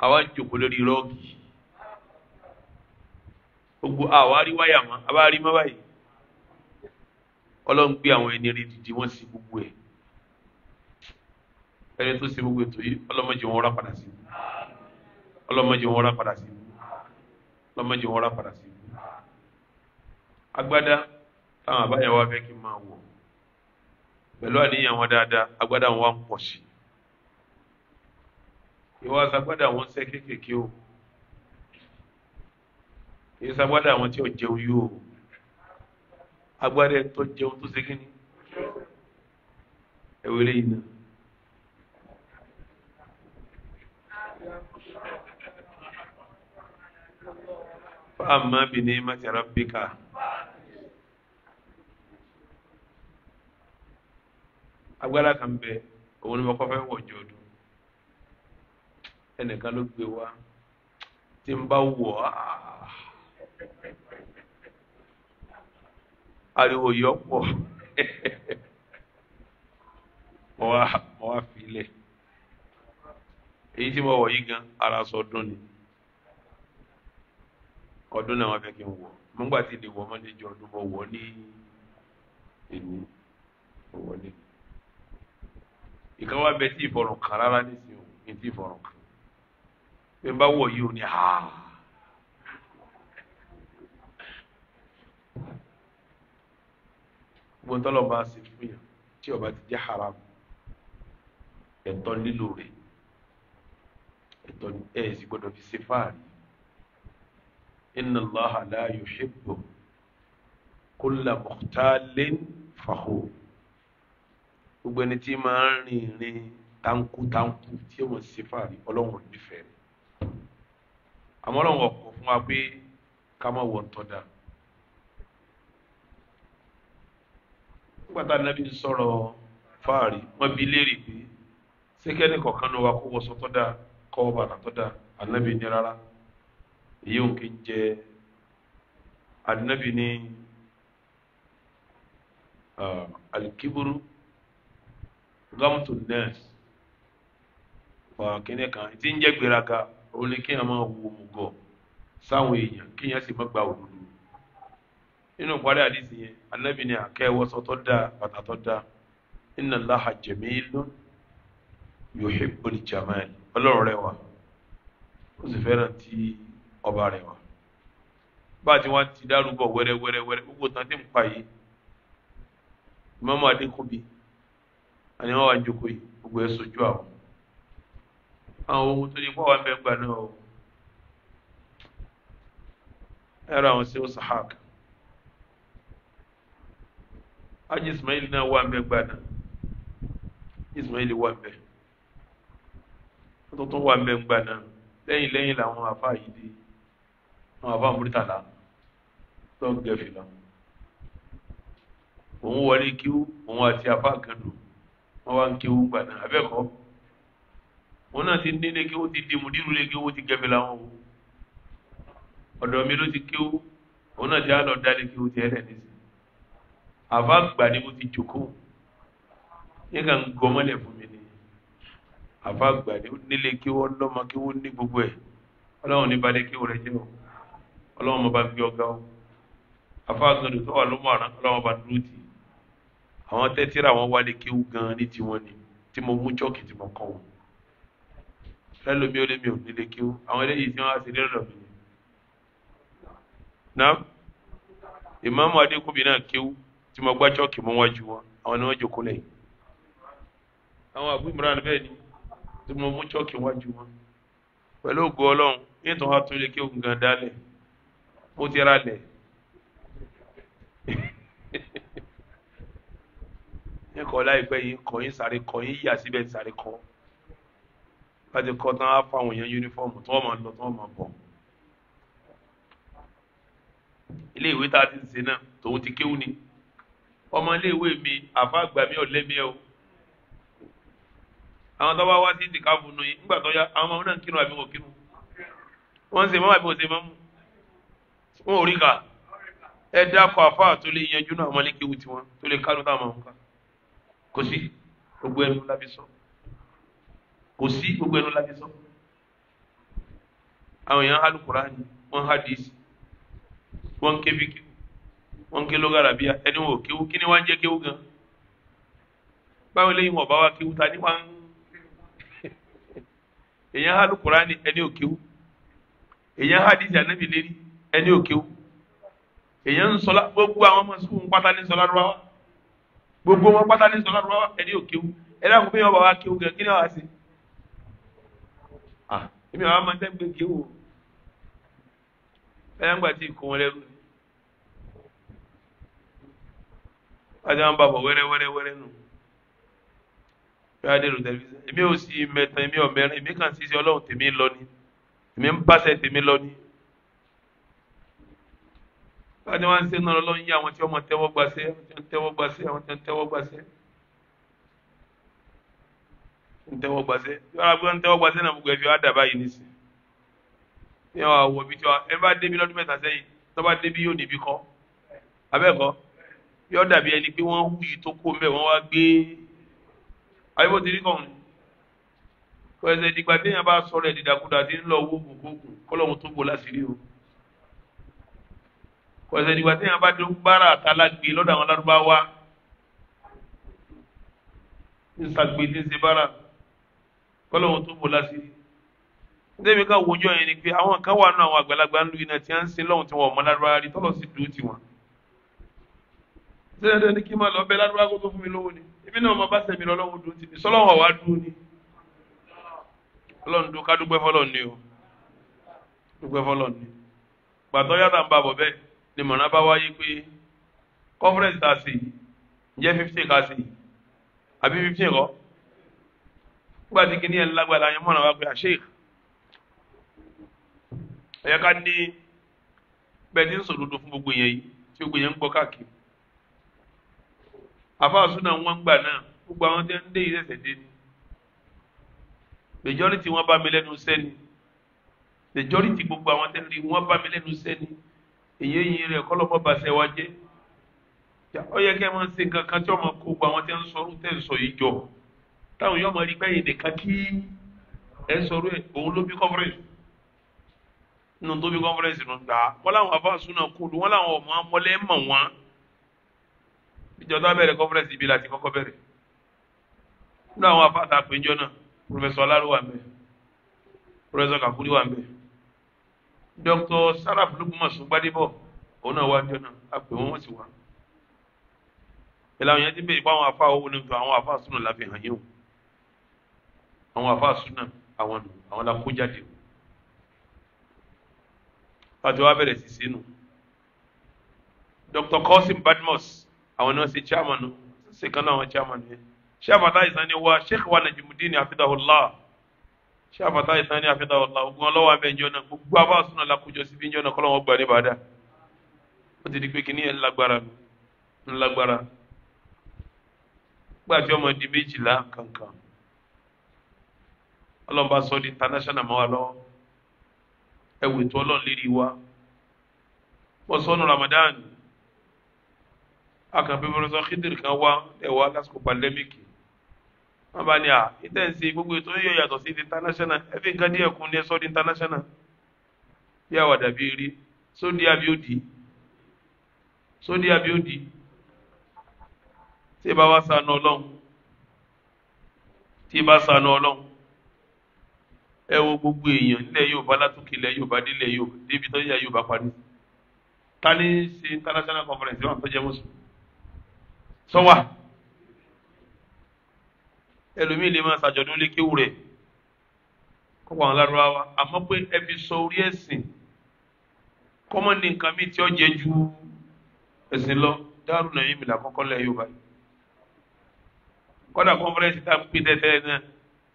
àwa jòkó lórí rọ́ọ̀kì gbogbo àwa rí wáyà mọ́ àbá rí mọ́ báyìí ọlọ́run gbé àwọn ẹni rí dìde wọ́n sì gbogbo ẹ̀ ẹni tó ṣe gbogbo ètò yìí ọlọ́mọdé wọn rà padà sí i ọlọ́mọdé wọn rà padà sí i ọlọ́mọdé wọn rà padà sí i agbádá táwọn àbáyọ wa fẹ́ kí n máa wọ̀ pẹ̀lú àníyàn wọn dáadáa agbádá wọn wá ń pọ̀ sí i ìwà àgbádá wọn ṣẹ́ kéékèèké o ìwà àgbádá wọn tí ò jẹun yóò agbára ẹni tó jẹun tó ṣe kíni ẹ̀wọ̀n eléyìí náà. fáàmà bì ní màtìrà bíkà. agbára kan bẹ òun ni mo kọ́ fẹ́ wọ̀ ọdún ẹnìkan ló gbé wa tí n bá wọ̀ á. Ah, ariwo yọ pọ̀ mo wá mo wá fi ilẹ̀ èyí tí mo wọ̀ yí gan ara sọ ọdún ni ọdún náà wọ́n fẹ́ kí n wọ̀ mo ń gbà tí ìdìbò ọmọ ní jọ ọdún mo wọ̀ ní èmi mo wọ̀ ní ìkan wá bẹ tí ìfọrùn kan rárá nísìnyí ìfọrùn kan bí n bá wọ̀ yìí o ní àá. gbogbo ntọ́lọ̀ bá ṣe fún tí ó bá ti jẹ́ haram ẹ̀tọ́ lílo rẹ̀ ẹ̀tọ́ ẹ̀ sì fi ṣe fáàrí inna la yuhibbu kulla mukhtalin fakhur gbogbo ẹni tí máa ń rìn rìn tankutanku tí ó mọ̀ ṣe fáàrí ọlọ́run nífẹ̀ẹ́ rẹ̀ àmọ́ ọlọ́run ọ̀pọ̀ fún wa pé ká má wọ̀ ń da. nígbà tá nàbí ń sọ̀rọ̀ fáàrí wọ́n bi léèrè pé sẹ́kẹ́ni kọ̀ọ̀kan ló wa kó wọṣọ tó dáa kọ́ tó dáa ní rárá èyí òun kì í jẹ ànábì ní alikiburu gamtu nurse fàákínní kan tí ń jẹ́ gbéraga ó ní kéèyàn máa sáwọn èèyàn sì má gba òdodo. nínú ìparí àdìsí yẹn anábì ní àkẹ́wọ́sọ tó dáa bàtà tó dáa inna Allaha jamilun yuhibbul jamal ọlọ́run rẹ wà ó sì fẹ́ràn tí ọba rẹ wà bá a ti wá ti dárúbọ wẹ́rẹ́wẹ́rẹ́wẹ́rẹ́ gbogbo tán tí ń pa yìí Imam Adékòbí àní wọn wá jókòó yìí gbogbo ẹ̀ sojú àwọn àwọn ohun tó ní kó wà ń bẹ gbà náà o ẹ̀rọ àwọn sí ó sàhák ájì Ismail náà wà ń bẹ gbàdá Ismail wà ń bẹ tó tún wà ń bẹ gbàdá lẹ́yìn lẹ́yìn làwọn àfa yìí dé àwọn àfa Murtala tó ń gẹ fìlà òun wọlé kíw òun àti àfa kan dùn wọn wá ń kíw gbàdá abẹ́kọ̀ọ́ wọn náà ti nílé kí wọn ti di mùdírù lé kí wọn ti gẹfẹ làwọn wò ọ̀dọ̀ mi ló ti kíw òun náà ti á lọ dálé ti ẹlẹ nísì àfa gbà ni mo ti jòkó yẹ kàn gọmọlẹ fún mi ni àfa gbà ni ó nílé kí wọ́n lọ́mọ kí wọ́n ní gbogbo ẹ̀ ọlọ́run ní balẹ̀ kí wọ́n rẹ jẹ́ o ọlọ́run mo bá gbé ọgá o àfa gbọdọ̀ tó wà ló mọ̀ àrán ọlọ́run bá dúró tì í àwọn tẹ́tíra wọn wálé kéwú gan-an ní tiwọn ni tí mo mú chọ́ọ̀kì tí mo kọ́ wọn lẹ́lòmí ó mi ò nílé kéwú àwọn eléyìí tí wọ́n á ṣe lérò mi ni. Naam. Imam Adekunbi náà kéwú tí mo gbá chọ́ọ̀kì mú wájú wọn àwọn ni wọ́n jókòó lẹ́yìn àwọn àbú imran bẹ́ẹ̀ ni tí mo mú chọ́ọ̀kì wájú wọn pẹ̀lú ògo ọlọ́run ní ìtàn wa tún lè kí ogun gan dálẹ̀ mo ti ra lẹ̀ ní kọ́ láìpẹ́ yìí kọ́ yín sáré kọ́ yín yà síbẹ̀ sáré kọ́ láti kọ́ tán á fáwọn èèyàn yúnífọ́ọ̀mù tí wọ́n máa lọ tí wọ́n máa bọ̀ ilé ìwé tá a ti ń náà tòun ti kéwù ni ọmọléèwé mi àfa àgbà mi ọ̀lẹ́mi ẹ o àwọn tó bá wá sí ìdìkà fúnnu yìí ńgbà tó yá àwọn ọmọ náà kírun àbí wọn kírun wọn ń ṣe mọ́ àbí wọn ṣe mọ́ mu wọn ò rí kà ẹ dákọ̀ àfa tó lè yanjú náà ọmọléèkéwu tiwọn tó lè kánú táwọn ọmọ nǹkan kò sí gbogbo ẹnu lábí sọ kò sí gbogbo ẹnu lábí sọ àwọn èèyàn hálùkùrá ni wọn hádìsì wọn kébìkì wọ́n ń ké lóga ràbíà ẹni wò kéwú kí ni wọ́n á jẹ́ kéwú gan báwo lẹ́yìn wọn bá wa kéwú ta ni wọ́n èyàn ha Al-Kùránì ẹni ò kéwú èyàn ha hadisi Ànábì lérí ẹni ò kéwú èyàn ń sọlá gbogbo àwọn ọmọ sukùn pátá ní sọlá rúbáwá gbogbo wọn pátá ní sọlá rúbáwá ẹni ò kéwú ẹni àwọn fún yẹn bá wa kéwú gan kí ni wọ́n á ṣe ah, èmi àwọn máa ń tẹ́ gbé kéwú ẹ̀yà gbà tí ì kájà ń bàbọ̀ wẹ́rẹ́wẹ́rẹ́wẹ́rẹ́ nù yóò dèrò tẹlifíṣàn èmi ò sì mẹtàn èmi ò mẹrin èmi kàn sí sí ọlọ́run tèmi lọ ni èmi ń pàṣẹ tèmi lọ ni kájà wá ń ṣe náà lọ́lọ́run yí àwọn tí wọ́n mọ̀ tẹ́wọ́ gbàṣẹ́ àwọn tí wọ́n tẹ́wọ́ gbàṣẹ́ àwọn tí wọ́n tẹ́wọ́ gbàṣẹ́ ntẹwọ gbase yọrọ agbẹ ntẹwọ gbase náà gbogbo ẹfi adaba yìí nisi yọ awọ bi tí wa ẹ bá débi lọ́dún mẹ́ta sẹ́yìn tọba débi yóò níbi kọ abẹ kọ yọ dàbí ẹni pé wọ́n hú yìí tó kó mbẹ́ wọ́n wá gbé ayébó ti rí kàn pẹ̀sẹ̀ ìdìgbà téèyàn bá sọ̀rọ̀ ẹ̀dìdàkudà ti ń lọ owó gògógùn kọ́lọ́hún tó bò láṣìírí o pẹ̀sẹ̀ ìdìgbà téèyàn bá dún bára àtàlágbé lọ́dọ̀ àwọn alárúbáwá ń sàgbé ní ṣe bára kọ́lọ́hún tó bò láṣìírí débi ká wòjọ́ yẹn ni pé àwọn kan wà nù àwọn àgbàlagbà ń lu iná tí wọ́n ń sin lọ́hùn tí wọ́n mọ́ lárúbáwá rí tọ́lọ́ sí dùn tiwọn sẹ́yìn ní kí n máa lọ bẹ́ẹ̀ ládùúgbò àgọ́ tó fún mi lówó ni èmi náà mo bá sẹ̀mí lọ lọ́wọ́ dùn tìmí sọ́lọ́wọ́ wa dùn ni ọlọ́run dùn ká dúpẹ́ fọlọ́ ni o dúpẹ́ fọlọ́ ni gbàtọ́ yàtà ń bá bọ̀ bẹ́ẹ̀ ni mọ̀nà bá wáyé pé conference ta sí ǹjẹ́ fifteen ká sí àbí fifteen kọ́ nígbà tí kìnìyà ń lágbára yẹn mọ̀nà wá pé àṣeyìk ẹ̀yà ká ní bẹ́ẹ̀ ní sòdodo fún gbogbo yẹn yìí tí gbogbo yẹn ń gbọ́ káàkiri àfáàsùn náà wọ́n ń gbà náà gbogbo àwọn tí wọ́n ń dé yìí ṣẹ̀ṣẹ̀ dé ni majority wọ́n bá mi lẹ́nu sẹ́ni majority gbogbo àwọn tẹ́lẹ̀ rí wọ́n bá mi lẹ́nu sẹ́ni èyí yìí rẹ̀ kọ́ lọ́mọ́ bá ṣẹ́ wá jẹ́ ó yẹ kí ẹ máa ń ṣe nǹkan kan tí ọmọ kó gbogbo àwọn tí wọ́n ń sọ orúkọ ẹ̀ sọ yìí jọ táwọn yọmọ rí pẹ́yìn nìkan kí ẹ sọ̀rọ̀ ẹ̀ òun ló bí conference nínú tó bí conference nù gbà wọ́n láwọn àfáàsùn náà kúlù wọ́n láwọn ọmọ ìjọba bẹ̀rẹ̀ conference ibi láti kọ́kọ́ bẹ̀rẹ̀ nínú àwọn afáàtà àpéjọ náà professor alaro wà ńbẹ̀ professor kakuri wà ńbẹ̀ dr saraf lukumasun gbadebo òun náà wá jọ náà àpè wọn wọn sì wá ìlànà yẹn ti bẹ̀rẹ̀ pé àwọn afáà owó ni àwọn afáà súnà la hàn yín o àwọn afáà súnà àwọn àwọn la o àti wàá bẹ̀rẹ̀ sí sínú dr kosim badmus àwọn ni wọ́n ṣe chairman ṣe kan náà àwọn chairman yẹn sheikh fata isani wa sheikh wa najimudin afidahullah sheikh fata isani afidahullah ogun ọlọ́wọ́ abẹ́ ìjọ náà gbogbo abá súnà lakójọ síbi ìjọ náà kọ́lọ́wọ́ gbà ní bàdà ó ti di pé kíní yẹn lágbára ńlágbára gbàtí ọmọ di méjìlá kankan ọlọ́run bá sọ di international mọ́ wa lọ́wọ́ ẹ wò tó ọlọ́run lérí wa wọ́n sọ́nu Ramadan akànbẹ́bẹ́rún sọ kíndìrì kan wá ẹ̀wọ̀ lásìkò pandẹ́míkì wọ́n bá ní à ìtẹ̀sí gbogbo ètò yíyọ yàtọ̀ sí ti international ẹ̀fín nǹkan díẹ̀ kún ní ẹ̀ sọ́ọ́ international bí àwọn àdàbí eré sódì àbíòdì sódì àbíòdì tí ẹ bá wá sànù ọlọ́run tí ẹ bá sànù ọlọ́run ẹ wo gbogbo èèyàn nílẹ̀ Yorùbá látòkè ilẹ̀ Yorùbá nílẹ̀ Yorùbá débi tó yẹ Yorùbá parí ta ni ṣe international conference wọn àtọ́jẹ́ mọ́sùlùmí sọ́wà ẹlòmíì lè máa ṣàjọ̀dún lékéwù rẹ̀ kọ́kọ́ àwọn alárúbáwá àmọ́ pé ẹ fi sọ orí ẹ̀sìn kọ́mọ́ ní nǹkan míì tí ó jẹ́ ju ẹ̀sìn lọ Daaru Naim là kọ́kọ́ lẹ̀ yóò báyìí kọ́dà conference tá a pè tẹ́tẹ́ náà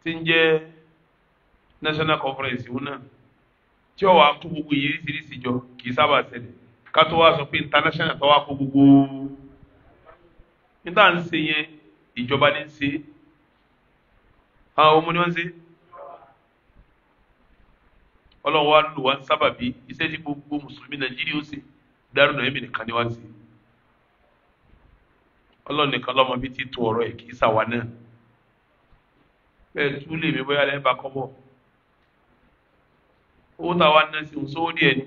ti ń jẹ́ national conference wọn náà tí ó wàá kó gbogbo yìí ríṣiríṣi jọ kì í sábà ṣẹlẹ̀ ká tó wá sọ pé international tó wá kó gbogbo níta ń ṣe yẹn ìjọba ní ń se àwọn ọmọ ni wọ́n ń ṣe ọlọ́run wa lò wá sábàbí iṣẹ́ tí gbogbo mùsùlùmí nàìjíríà ó ṣe dárò náà èmi nìkan ni wá sí ọlọ́run nìkan lọ́mọ bíi ti tó ọ̀rọ̀ ẹ̀ kì í ṣàwa náà bẹ́ẹ̀ tú lèmi bóyá lẹ́yìn bá kọ́ bọ̀ owó táwa náà sì ń sówó díẹ̀ ni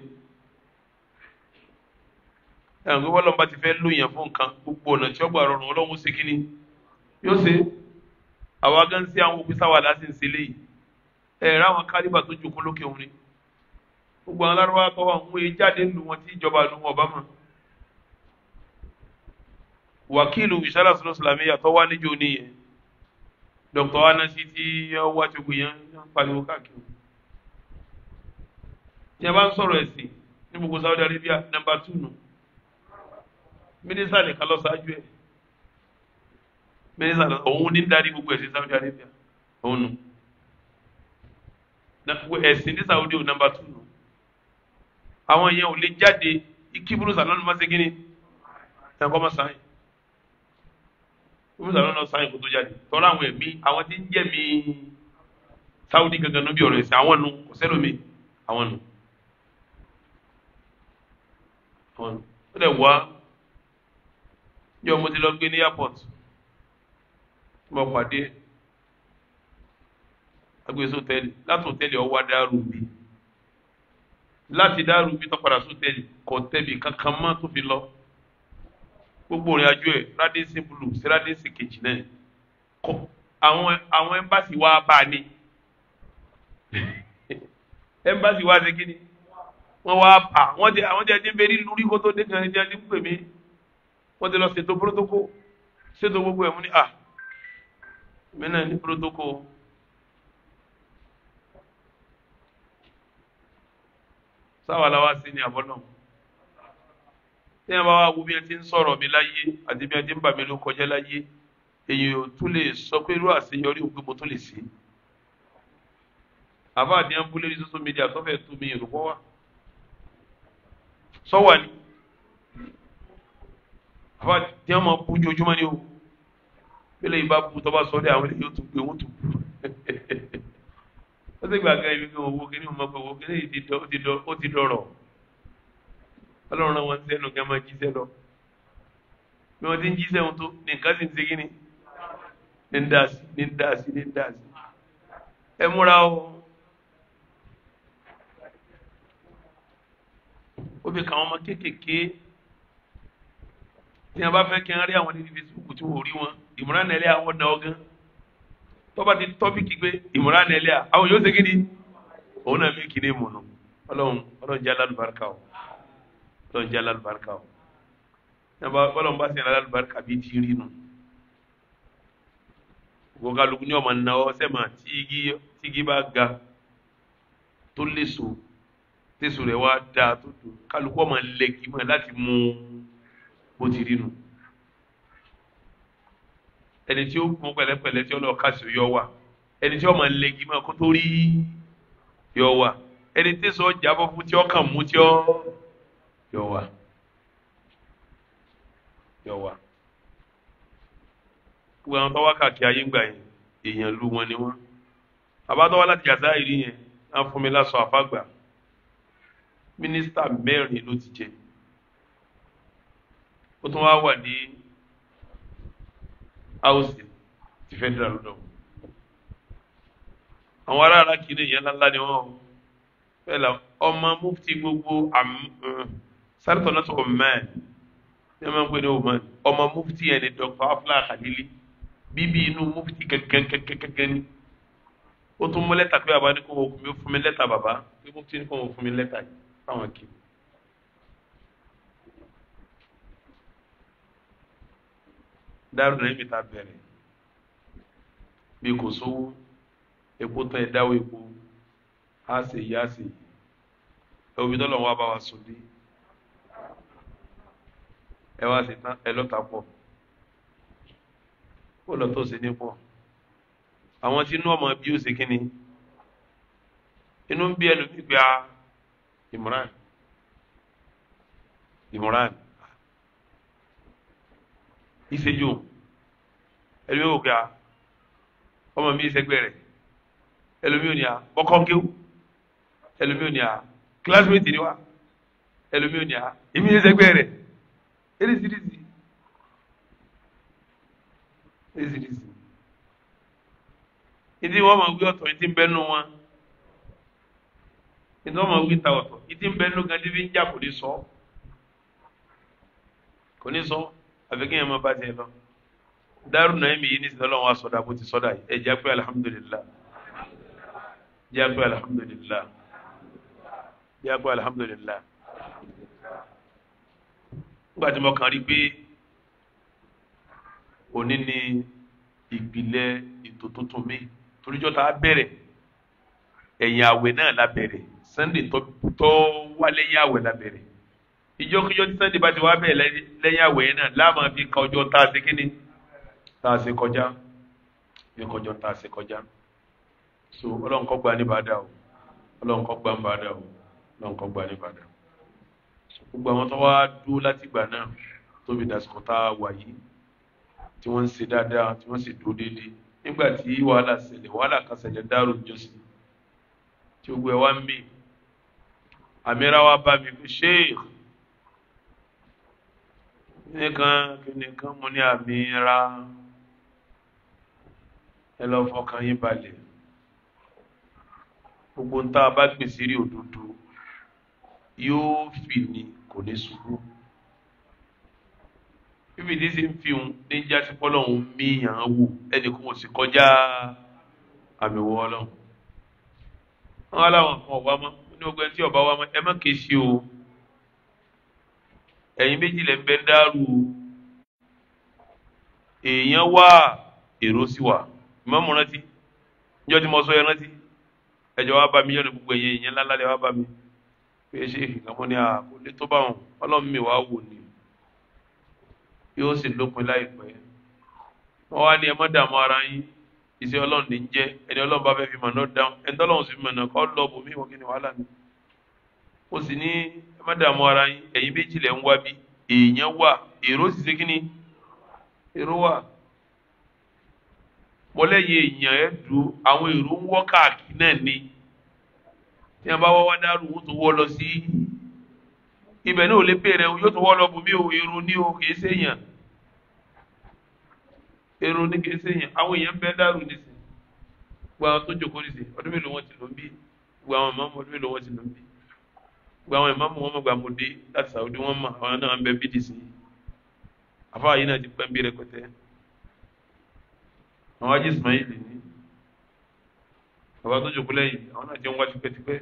ẹ̀hàn pé bọ́lọ́mọba ti fẹ́ lóyìn fún nǹkan gbogbo ọ̀nà tí ọgbà rọrùn ọlọ́run ṣe kínní yóò ṣe àwa gan sí àwọn òpin sáwà láti ń ṣe léyìí ẹ̀rọ àwọn kálíbà tó jókòó lókè òun ni gbogbo àwọn alárúbáwá kọ́ wọn òun jáde nù wọn tí ìjọba nù wọn ọba mọ̀ wàkílù ìṣàlá sọlọ sàlámìyà tó wá níjó nìyẹn dr anasi tí ọwọ́ àtúgbò yẹn ń pariwo káàkiri tí a bá ń sọ̀rọ̀ ẹ̀sìn ní gbogbo Saudi Arabia nàmbà tù nù. No mínísítà nìkan lọ ṣáájú ẹ̀ mínísítà lọ òun ní darí gbogbo ẹ̀sìn Saudi Arabia òun nù ẹ̀sìn ní Saudi ò nàmbà tù nù àwọn yẹn ò lè jáde ikíburu sàlọ́nù má ṣe kíni tẹ̀kọ́ má sáyìn ikíburu sàlọ́nù náà sáyìn kó tó jáde tọ́lá àwọn ẹ̀mí àwọn tí ń jẹ́ mi Saudi gangan níbi ọ̀rọ̀ ẹ̀sìn àwọn nù kò sẹ́lómi àwọn nù. Àwọn nù ní ọmọ ti lọ gbé ní airport tí mo pàdé agbèsè hòtẹ́ẹ̀lì láti hòtẹ́ẹ̀lì ọwọ́ adáàrú mi láti dáàrú mi tó padà sóòtẹ́ẹ̀lì kò tẹ̀bi kankan mọ́ tó fi lọ gbogbo ìrìn àjò ẹ̀ rádíẹ̀sì bulu sí rádíẹ̀sì kejì náà kọ àwọn àwọn ẹ́mbàsì wa bá a ní ẹ́mbàsì wa ṣe kí ni wọ́n wá pa àwọn jẹ́ àwọn jẹ́ ẹjẹ́ ń bẹ ní lórí kótó dé kan ẹjẹ́ ẹjẹ́ ń pè mí wọ́n ti lọ ṣètò protocol ṣètò gbogbo ẹ̀ mú ní à mí náà ní protocol sáwà làwa sí ní àbọ̀ náà tí wọ́n bá wá wo bí ẹ ti ń sọ̀rọ̀ mi láyé àti bí ẹ ti ń bà mí ló kọjá láyé èyí ò tún lè sọ pé irú àṣeyọrí òpin mo tún lè ṣe àbá àdéhùn búlẹ́rì social media tó fẹ́ mi ìrùkọ́ wa sọ wà ní àbá tí wọn máa bu ojoojúmọ́ ni o pélé yìí bá bu tọ́ bá sọ dé àwọn eléyìí ó gbé wọn tún bu ó sì gbàgbé ibi kí wọn wo kíní wọn máa gbé wọn kíní ó ti dọ̀rọ̀ Ọlọ́run wọn sẹ́nu kí wọn máa jíṣẹ́ lọ bí wọn ti ń jíṣẹ́ wọn tó ní nǹkan sì ń segin ni ní ń dá ní ń dá ní ń dá ẹ múra o. ó fi ọmọ kéékèèké tí wọn bá fẹ́ kí wọn rí àwọn níbi Facebook tí wọn ò rí wọn Imran Eleha àwọn ọ̀nà ọ̀gán tọ́ba ti tọ́pìkì pé Imran Eleha àwọn yóò ṣe kí ni òun náà mí kí ni mọ̀nà ọlọ́run ọlọ́run jẹ́ alálùbáríkà o ọlọ́run jẹ́ alálùbáríkà o ọlọ́run bá sẹ́yìn alálùbáríkà bíi ti rí nù gbogbo alùpùpù ní ọmọ nà ọ sẹ́mà bá ga tó léso tẹ̀sù rẹ̀ wá dáa tó dùn kálukú ọmọ lẹ́gìmọ̀ láti mú un bó ti rí nu ẹni tí ó kún pẹ̀lẹ́pẹ̀lẹ́ tí ó lọ kásì yọ wà ẹni tí ó máa legi máa kó tó rí yọ wà ẹni tí sọ jábọ̀ fún tí ó kàn mú tí ó yọ wà yọ wà gbogbo àwọn tó wá káàkiri ayé gbà yẹn èèyàn lu wọn ni wọn àbádọ́wá láti yàtá ìrí yẹn á lásán àfàgbà mínísítà mẹ́rin ló ti jẹ́ yìí ó tún wá wà ní house ti federal lọ́dọ̀ àwọn aráàlá kiri yẹn ńláńlá ni wọ́n bẹ́ẹ̀ la ọmọ mufti gbogbo sáré náà sọ̀rọ̀ mẹ́ẹ̀ ní ọmọ nǹkan ní ọmọ ọmọ mufti yẹn ni Dr. Afla Khalili bíbí inú mufti kẹ́kẹ́kẹ́kẹ́kẹ́ ni ó tún mú lẹ́tà pé bàbá ní kò wọ́n fún mi lẹ́tà bàbá pé mufti ní kò wọ́n fún mi lẹ́tà yìí fáwọn kiri. dárò rẹ̀ níta bẹ̀rẹ̀ bí kò sówó epo tán ẹ dáwọ́ epo á sì yí á sì yí ẹ omi tó lọ wá bá wa sùn dé ẹ wá sí tán ẹ lọ́ta pọ̀ ó lọ tó ṣe ní pọ̀ àwọn tí inú ọmọ bí ó ṣe kíni inú ń bí ẹlòmíì pé a Imran Imran ìṣèjú ẹlòmí wò pé a ọmọ mi ìṣègbè rẹ ẹlòmí ò ní a ọkọ kéwù ẹlòmí ò ní a kílásímẹ́tì ni wa ẹlòmí ò ní a èmi ìṣègbè rẹ eréṣiríṣi eréṣiríṣi ìdí wọn máa wí ọ̀tọ̀ ìdí bẹ nù wọn ìdí wọn máa wí ta ọ̀tọ̀ ìdí bẹ nù gan dídí ń jà kò ní sọ kò ní sọ àfi kí yẹn máa bá tiẹ̀ lọ Daaru Naimi yìí ní sinmi Ọlọ́run wa sọdá bó ti sọdá yìí ẹ jẹ́ pé alihamudulilá jẹ́ pé alihamudulilá jẹ́ pé alihamudulilá nígbà tí mo kàn rí pé òní ni ìpìlẹ̀ ètò tuntun mi toríjọ́ tá a bẹ̀rẹ̀ ẹ̀yìn àwẹ̀ náà la bẹ̀rẹ̀ Sunday tó wálé yín la bẹ̀rẹ̀ ìjọkíjọ́ tí sunday bá ti wá bẹ̀ lẹ́yìn àwẹ̀ yẹn náà láàmú fi ka ọjọ́ tá a ṣe kíni tá a ṣe kọjá fi kọjọ́ tá a ṣe kọjá so ọlọ́run kọ́ gba ní bàdà o ọlọ́run kọ́ gba ní bàdà o ọlọ́run kọ́ gba ní bàdà gbogbo àwọn tó wá dúró láti gbà náà tóbi dàsìkò tá a wà yìí tí wọ́n ń ṣe dáadáa tí wọ́n sì dúró déédéé nígbà tí wàhálà ṣẹlẹ̀ wàhálà kan ṣẹlẹ̀ dárò jọ́sìn tí gbogbo ẹ̀ wá ń mì àmì ra wa bá mi fi ṣéèkì nìkan kìnìkan mo ní àmì ra ẹ lọ fọkàn yín balẹ̀ gbogbo ń tá a bá gbèsè rí òdodo yóò fì ní kò ní ṣubú bíbí ní ṣe ń fi hùn ní jásí pọ́lọ́hún míyàn wò ẹnì kan ò sì kọjá àmì wọ́ ọlọ́run wọn aláwọn kan ọ̀wá mọ́ ní gbogbo ẹni tí ọba wa mọ́ ẹ má kéṣe o ẹ̀yin méjì lẹ ń bẹ dárú èèyàn wà èrò sí wà ìmọ̀mù rántí níjọ́ tí mo sọ yẹn rántí ẹjọ́ wa bá mi yọ̀nà gbogbo ẹ̀yẹ ìyẹn ńlá wa bá mi pé ṣe ìkàmọ́ ni àkó lè tó bá wọn ọlọ́run mi wàá wò ni yóò sì lópin láìpẹ́ wọ́n wá ní ẹ má dààmú ara yín iṣẹ́ ọlọ́run ní jẹ́ ẹni ọlọ́run bá fẹ́ fi mọ̀ náà dáhùn ẹni tọ́lọ́run sì fi mọ̀ náà kọ́ lọ́ọ̀bù mi wọ́n kí ni wàhálà mi mo sì ní má dààmú ara yín ẹ̀yin méjì lẹ̀ ń wá bí èèyàn wà èrò sì ṣe kí ni èrò wà mọ́lẹ́yìn èèyàn ẹ̀ dùn àwọn èrò ń wọ́ káàkiri náà ni tí wọ́n bá wá wá dárú wọ́n tún wọ́ lọ sí ibẹ̀ náà ò lè bèrè yóò tún wọ́ lọ bùnmí o èrò ni o kì í ṣèyàn èrò ní kì í àwọn èèyàn bẹ́ẹ̀ dárú nísìnyí gbogbo àwọn tó jòkó nísìnyí ọdún mélòó wọn ti lò bí gbogbo àwọn màmá ọdún mélòó wọn ti lò bí gba àwọn ìmáàmù wọn mọ̀ gba àmọ̀dé láti sàwọ́dí wọn mọ̀ àwọn náà ń bẹ bídì sí àfa yìí náà ti pẹ́ ń bí rẹpẹtẹ àwọn ajé Ismail ní bàbá tó jòkó lẹ́yìn àwọn náà jẹ́ ń wá tipẹ́tipẹ́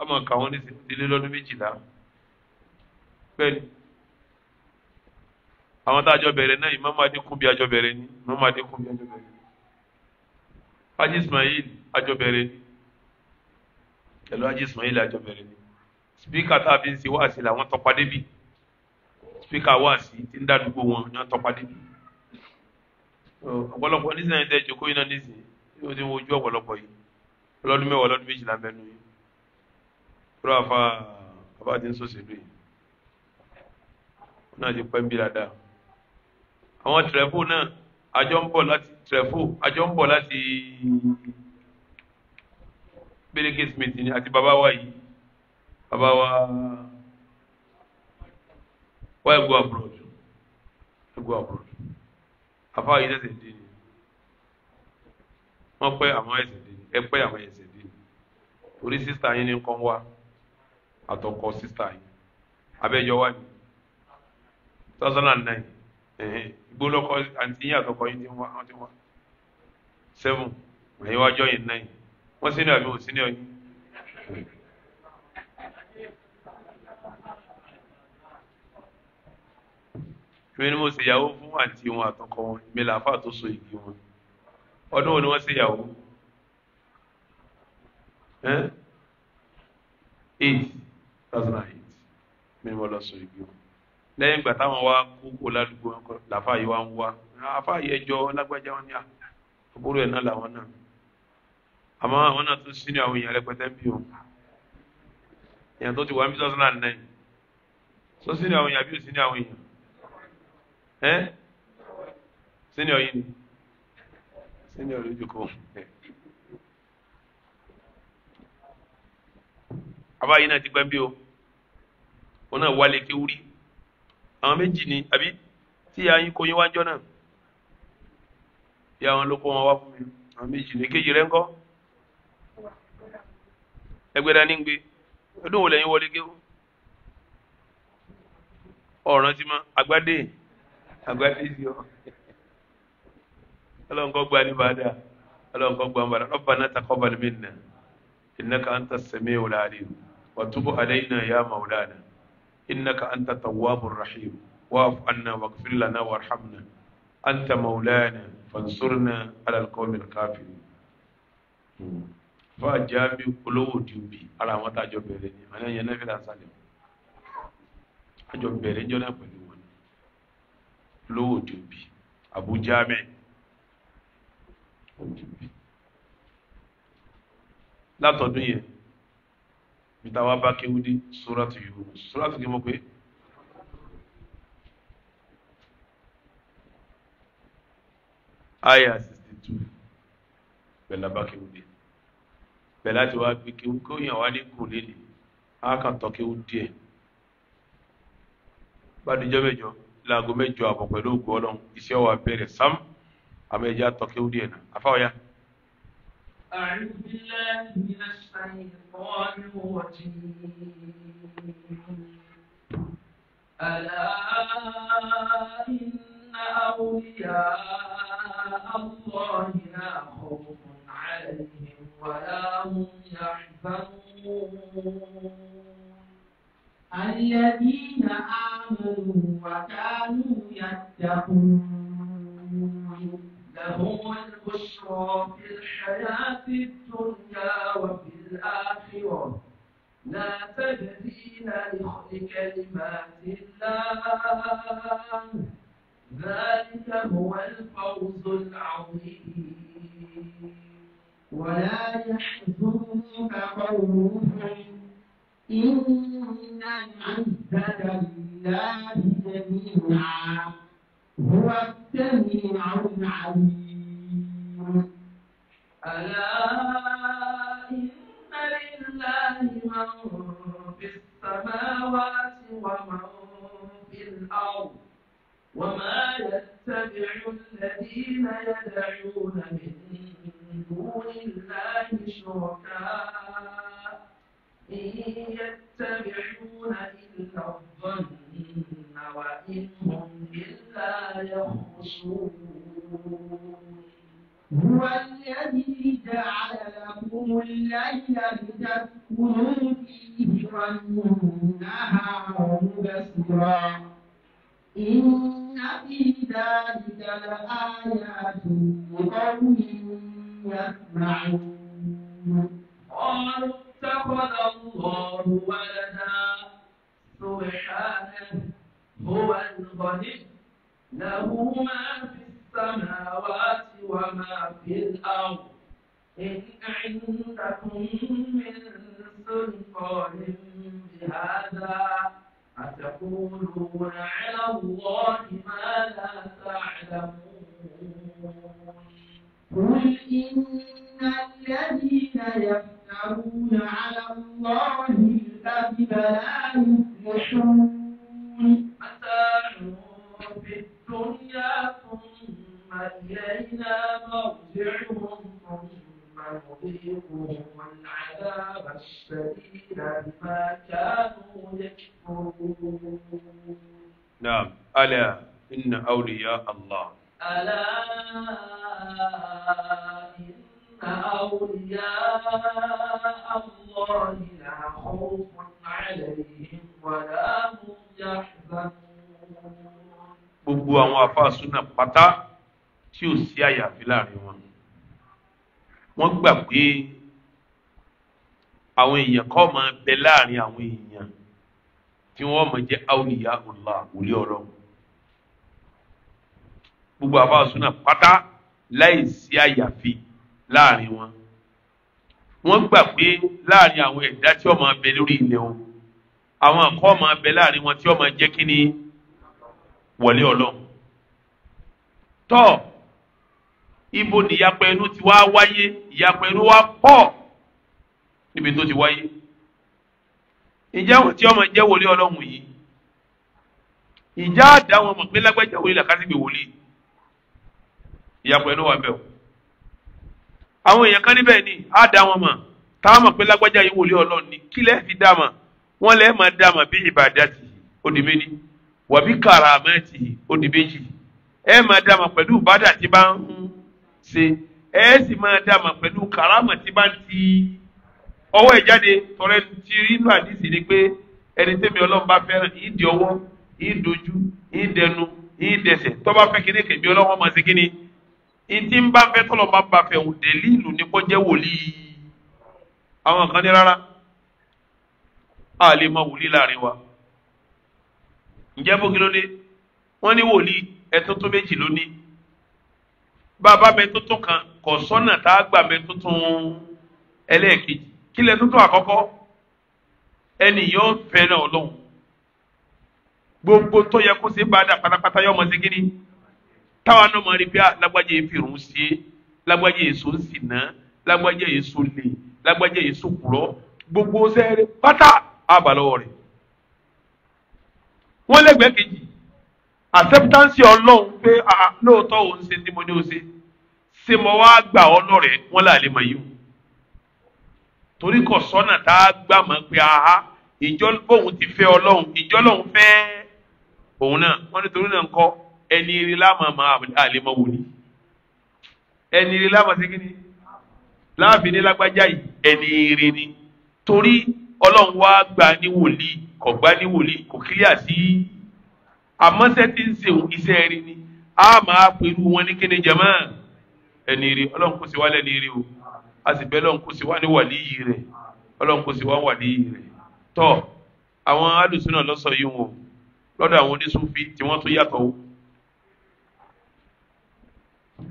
a máa kà wọ́n ní lọ́dún méjìlá bẹ́ẹ̀ àwọn tá a jọ bẹ̀rẹ̀ náà ìmáàmù adékun bí a jọ bẹ̀rẹ̀ ni ìmáàmù adékun bí a jọ bẹ̀rẹ̀ ni ajé Ismail a jọ bẹ̀rẹ̀ ni pẹ̀lú ajé Ismail àjọ bẹ̀rẹ̀ ni spíkà tá a fi ń ṣe wáàsí làwọn tọpa débi spíkà wáàsí ti ń dádúgbò wọn ni wọ́n tọpa débi ọ̀pọ̀lọpọ̀ nísìnyí tẹ́ jókòó yìí náà nísìnyí yóò ti wojú ọ̀pọ̀lọpọ̀ yìí ọlọ́dún mẹ́wàá ọlọ́dún méjìlá mẹ́nu yìí kúrò àfa bàbá àti nsọ́sẹ̀lú yìí náà ti pẹ́ ń bí dáadáa àwọn tìrẹ́fù náà àjọ ń bọ̀ láti tìrẹ́fù àjọ ń bọ̀ láti bẹ́lẹ̀ kéésìmẹ̀tì ni àti bàbá wa yìí bàbá wa why go abroad go abroad àfa yìí ṣẹ̀ṣẹ̀ dín ní wọ́n pẹ́ àwọn ẹ̀sẹ̀ dín ní ẹ pẹ́ àwọn ẹ̀sẹ̀ dín ní orí sísá yín ní nǹkan wá àtọkọ sísá yín abẹ́jọ wá ní two thousand and nine ìgbólọ́kọ àǹtí yín àtọkọ yín ti wá seven ẹ̀yin wájọ́ yín nine wọ́n senior mi ò senior yín. èmi ni mo ṣe ìyàwó fún àǹtí wọn àtọkọ wọn èmi làáfà tó so ìdí wọn ọdún wo ni wọ́n ṣe ìyàwó eight thousand and eight mi ni mo lọ so ìdí wọn lẹ́yìn ìgbà táwọn wá kókó ládùúgbò làáfà yìí wá ń wá àáfà yìí ẹjọ́ lágbájá wọn ni àbúrò ẹ̀ náà làwọn náà àmọ́ àwọn náà tún sínú àwọn èèyàn rẹpẹtẹ bí o èèyàn tó ti wà ní two thousand and nine so sínú àwọn èèyàn bí o sínú àwọn èèyàn ẹ sínú ọyìn ni sínú ọyìn ojú kan àbáyé náà ti gbẹ́ bí o wọn náà wálé kéwúrí àwọn méjì ni àbí tí ìyá yín kó yín wájọ náà ìyá wọn ló kó wọn wá fún mi àwọn méjì ni kéjì rẹ ń kọ́ ẹgbẹ́ dání gbé ọdún wo lẹ́yìn wọlé kéwọ́ ọ̀ràn ti mọ́ àgbàdé àgbàdé sí ọ ọlọ́nkọ́ gba ní bàdà ọlọ́nkọ́ gba bàdà rabbana taqabbal minna innaka anta as-sami'ul 'alim wa tub 'alayna ya maulana innaka anta tawwabur rahim wa'fu 'anna waghfir lana anta maulana fansurna 'ala al-qawmil fáàjì àmì olówó òdi òbí ara àwọn tá a jọ bẹ̀rẹ̀ ni àwọn ẹ̀yẹn náà fi là ń sálẹ̀ wọn a jọ bẹ̀rẹ̀ jọ náà pẹ̀lú wọn olówó òdi òbí àbújá mẹ́ látọ̀dún yẹn bita wa bá kéwú dé sóràtù Yunus sóràtù kí mo aya sixty two pẹ̀lú abákéwúdé bẹ̀ láti wá fi kéwú kó yàn wá ní kùn lélẹ̀ á kàn tọ́ kéwú díẹ̀ gbàdújọ́ mẹ́jọ láago mẹ́jọ àbọ̀ pẹ̀lú ògùn ọlọ́run iṣẹ́ wa bẹ̀rẹ̀ sam àmọ́ ẹ̀já tọ́ kéwú díẹ̀ náà àfáwọ́yá. أعوذ بالله من الشيطان الرجيم ألا إن أولياء الله لا خوف عليهم ولا هم يحزنون الذين آمنوا وكانوا يتقون لهم البشرى في الحياة الدنيا وفي الآخرة لا تبديل لكلمات الله ذلك هو الفوز العظيم ولا يحزنك قولهم إن العزة لله جميعا هو السميع العليم ألا إن لله من في السماوات ومن في الأرض وما يتبع الذين يدعون من من دون الله شركاء إن يتبعون إلا الظن وإن هم إلا يخرصون هو الذي جعل لكم الليل لتسكنوا فيه والنهار مبصرا إن في ذلك لآيات لقوم قالوا اتخذ الله ولدا سبحانه هو الغني له ما في السماوات وما في الأرض إن عندكم من سلطان بهذا أتقولون على الله ما لا تعلمون قل إن الذين يفترون على الله الكذب لا يفلحون متاع في الدنيا ثم إلينا مرجعهم ثم نذيقهم العذاب الشديد بما كانوا يكفرون نعم ألا إن أولياء الله ألا إن أولياء الله هم يحزنون gbogbo àwọn àfáà súnà pátá tí ò sí àyàfi láàrin wọn wọ́n gbà pé àwọn èèyàn kọ́ máa bẹ láàrin àwọn èèyàn tí wọ́n máa jẹ́ awliya Allah wòlíọ̀rọ̀ wọn gbogbo àbá súnà pátá láì sí àyàfi láàrin wọn wọ́n gbà pé láàrin àwọn ẹ̀dá tí ó máa bẹ lórí ilẹ̀ o àwọn àkọ́ máa bẹ láàrin wọn tí ó máa kí ni wọlé ọlọ́run tọ́ ibo ni ìyapa ẹnu ti wá wáyé ìyapa ẹnu wá pọ̀ níbi tó ti wáyé ìjà àwọn tí ó máa jẹ́ wọlé ọlọ́run yìí ìjà àdá wọn mọ̀ pé lágbájá wọlé làkàtìgbè wọlé yìí ìyàpọ̀ ẹnu wà bẹ́ẹ̀ o àwọn èèyàn kan níbẹ̀ ni á dá wọn mọ̀ táwọn mọ̀ pé lágbájá yìí wòlé ọlọ́run ni kí lẹ́ẹ̀ fi dá mọ̀ wọ́n lẹ́ẹ̀ máa dá mọ̀ bí ìbàdàtì ó di méjì wàbí kàràmẹ́tì ó di méjì ẹ máa dá mọ̀ pẹ̀lú ìbádà tí bá ń ṣe ẹ sì máa dá mọ̀ pẹ̀lú kàràmà tí bá ń ti ọwọ́ ẹ̀ jáde tọrẹ ti rí inú àdìsí ni pé ẹni tẹ́mi ọlọ́run bá fẹ́ràn ìdí ọwọ́ ìdojú ìdẹnu ìdẹsẹ̀ tọ́ba fẹ́ kíní kèmí ọlọ́run ọmọ sí kíní ìdí ń bá fẹ́ tọ́lọ̀ bá bá fẹ́ òun délé ìlú jẹ́ wòlíì àwọn kan ní rárá a lè mọ wòlíì láàrin wa ǹjẹ́ bó kí ló dé wọ́n ní wòlíì ẹ̀túntún méjì ló ní bàbá mẹ́túntún kan kò sọ́nà tá a gbà mẹ́túntún ẹlẹ́ẹ̀kejì kí lẹ́ tuntun àkọ́kọ́ ẹnì yóò fẹ́ràn ọlọ́run gbogbo tó yẹ kó ṣe bá dà pátápátá yọmọ sí kínní táwa náà máa rí bí ah, lágbájá yìí fìrùn sí lágbájá yìí sùn sí náà lágbájá yìí sùn lè lágbájá yìí sùn kúrọ́ gbogbo sẹ́ẹ̀rẹ́ pátá àbàlọ́wọ́ rẹ̀ wọ́n lẹ́gbẹ̀ẹ́ kejì acceptance ọlọ́run pé ah, ah, lóòótọ́ òun ṣe tí mo ní o ṣe ṣe mo wá gbà ọ́ lọ́rẹ̀ wọ́n là lè mọ̀ yìí o torí kò sọ́nà tá a gbà mọ́ pé aha ìjọ bóun ti fẹ́ ọlọ́run ìjọ lòun fẹ́ òun náà wọ́n ní torí náà ń kọ́ ẹni eré láàmà máa àlèmọ́ wò ni ẹni eré láàmà sí kíni láàfin lágbájá yìí ẹni eré ni torí ọlọ́run wá gbà ní wòlíì kò gbà ní wòlíì kò kílíà sí àmọ́sẹ́ tí ń sèwọ̀n iṣẹ́ eré ni a máa pẹ̀lú wọn ní kíni jẹ̀mọ́ ẹni eré ọlọ́run kò sí wá lẹ́ni eré o a sì bẹ́ ọlọ́run kò sí wá ní wàlíì rẹ̀ ọlọ́run kò sí wá wàlíì rẹ̀ tọ́ àwọn alùsùn náà lọ́sọ̀ yìí wọn lọ́dọ̀ àwọn oníṣúfì tí wọ́n tún yàtọ̀ wọn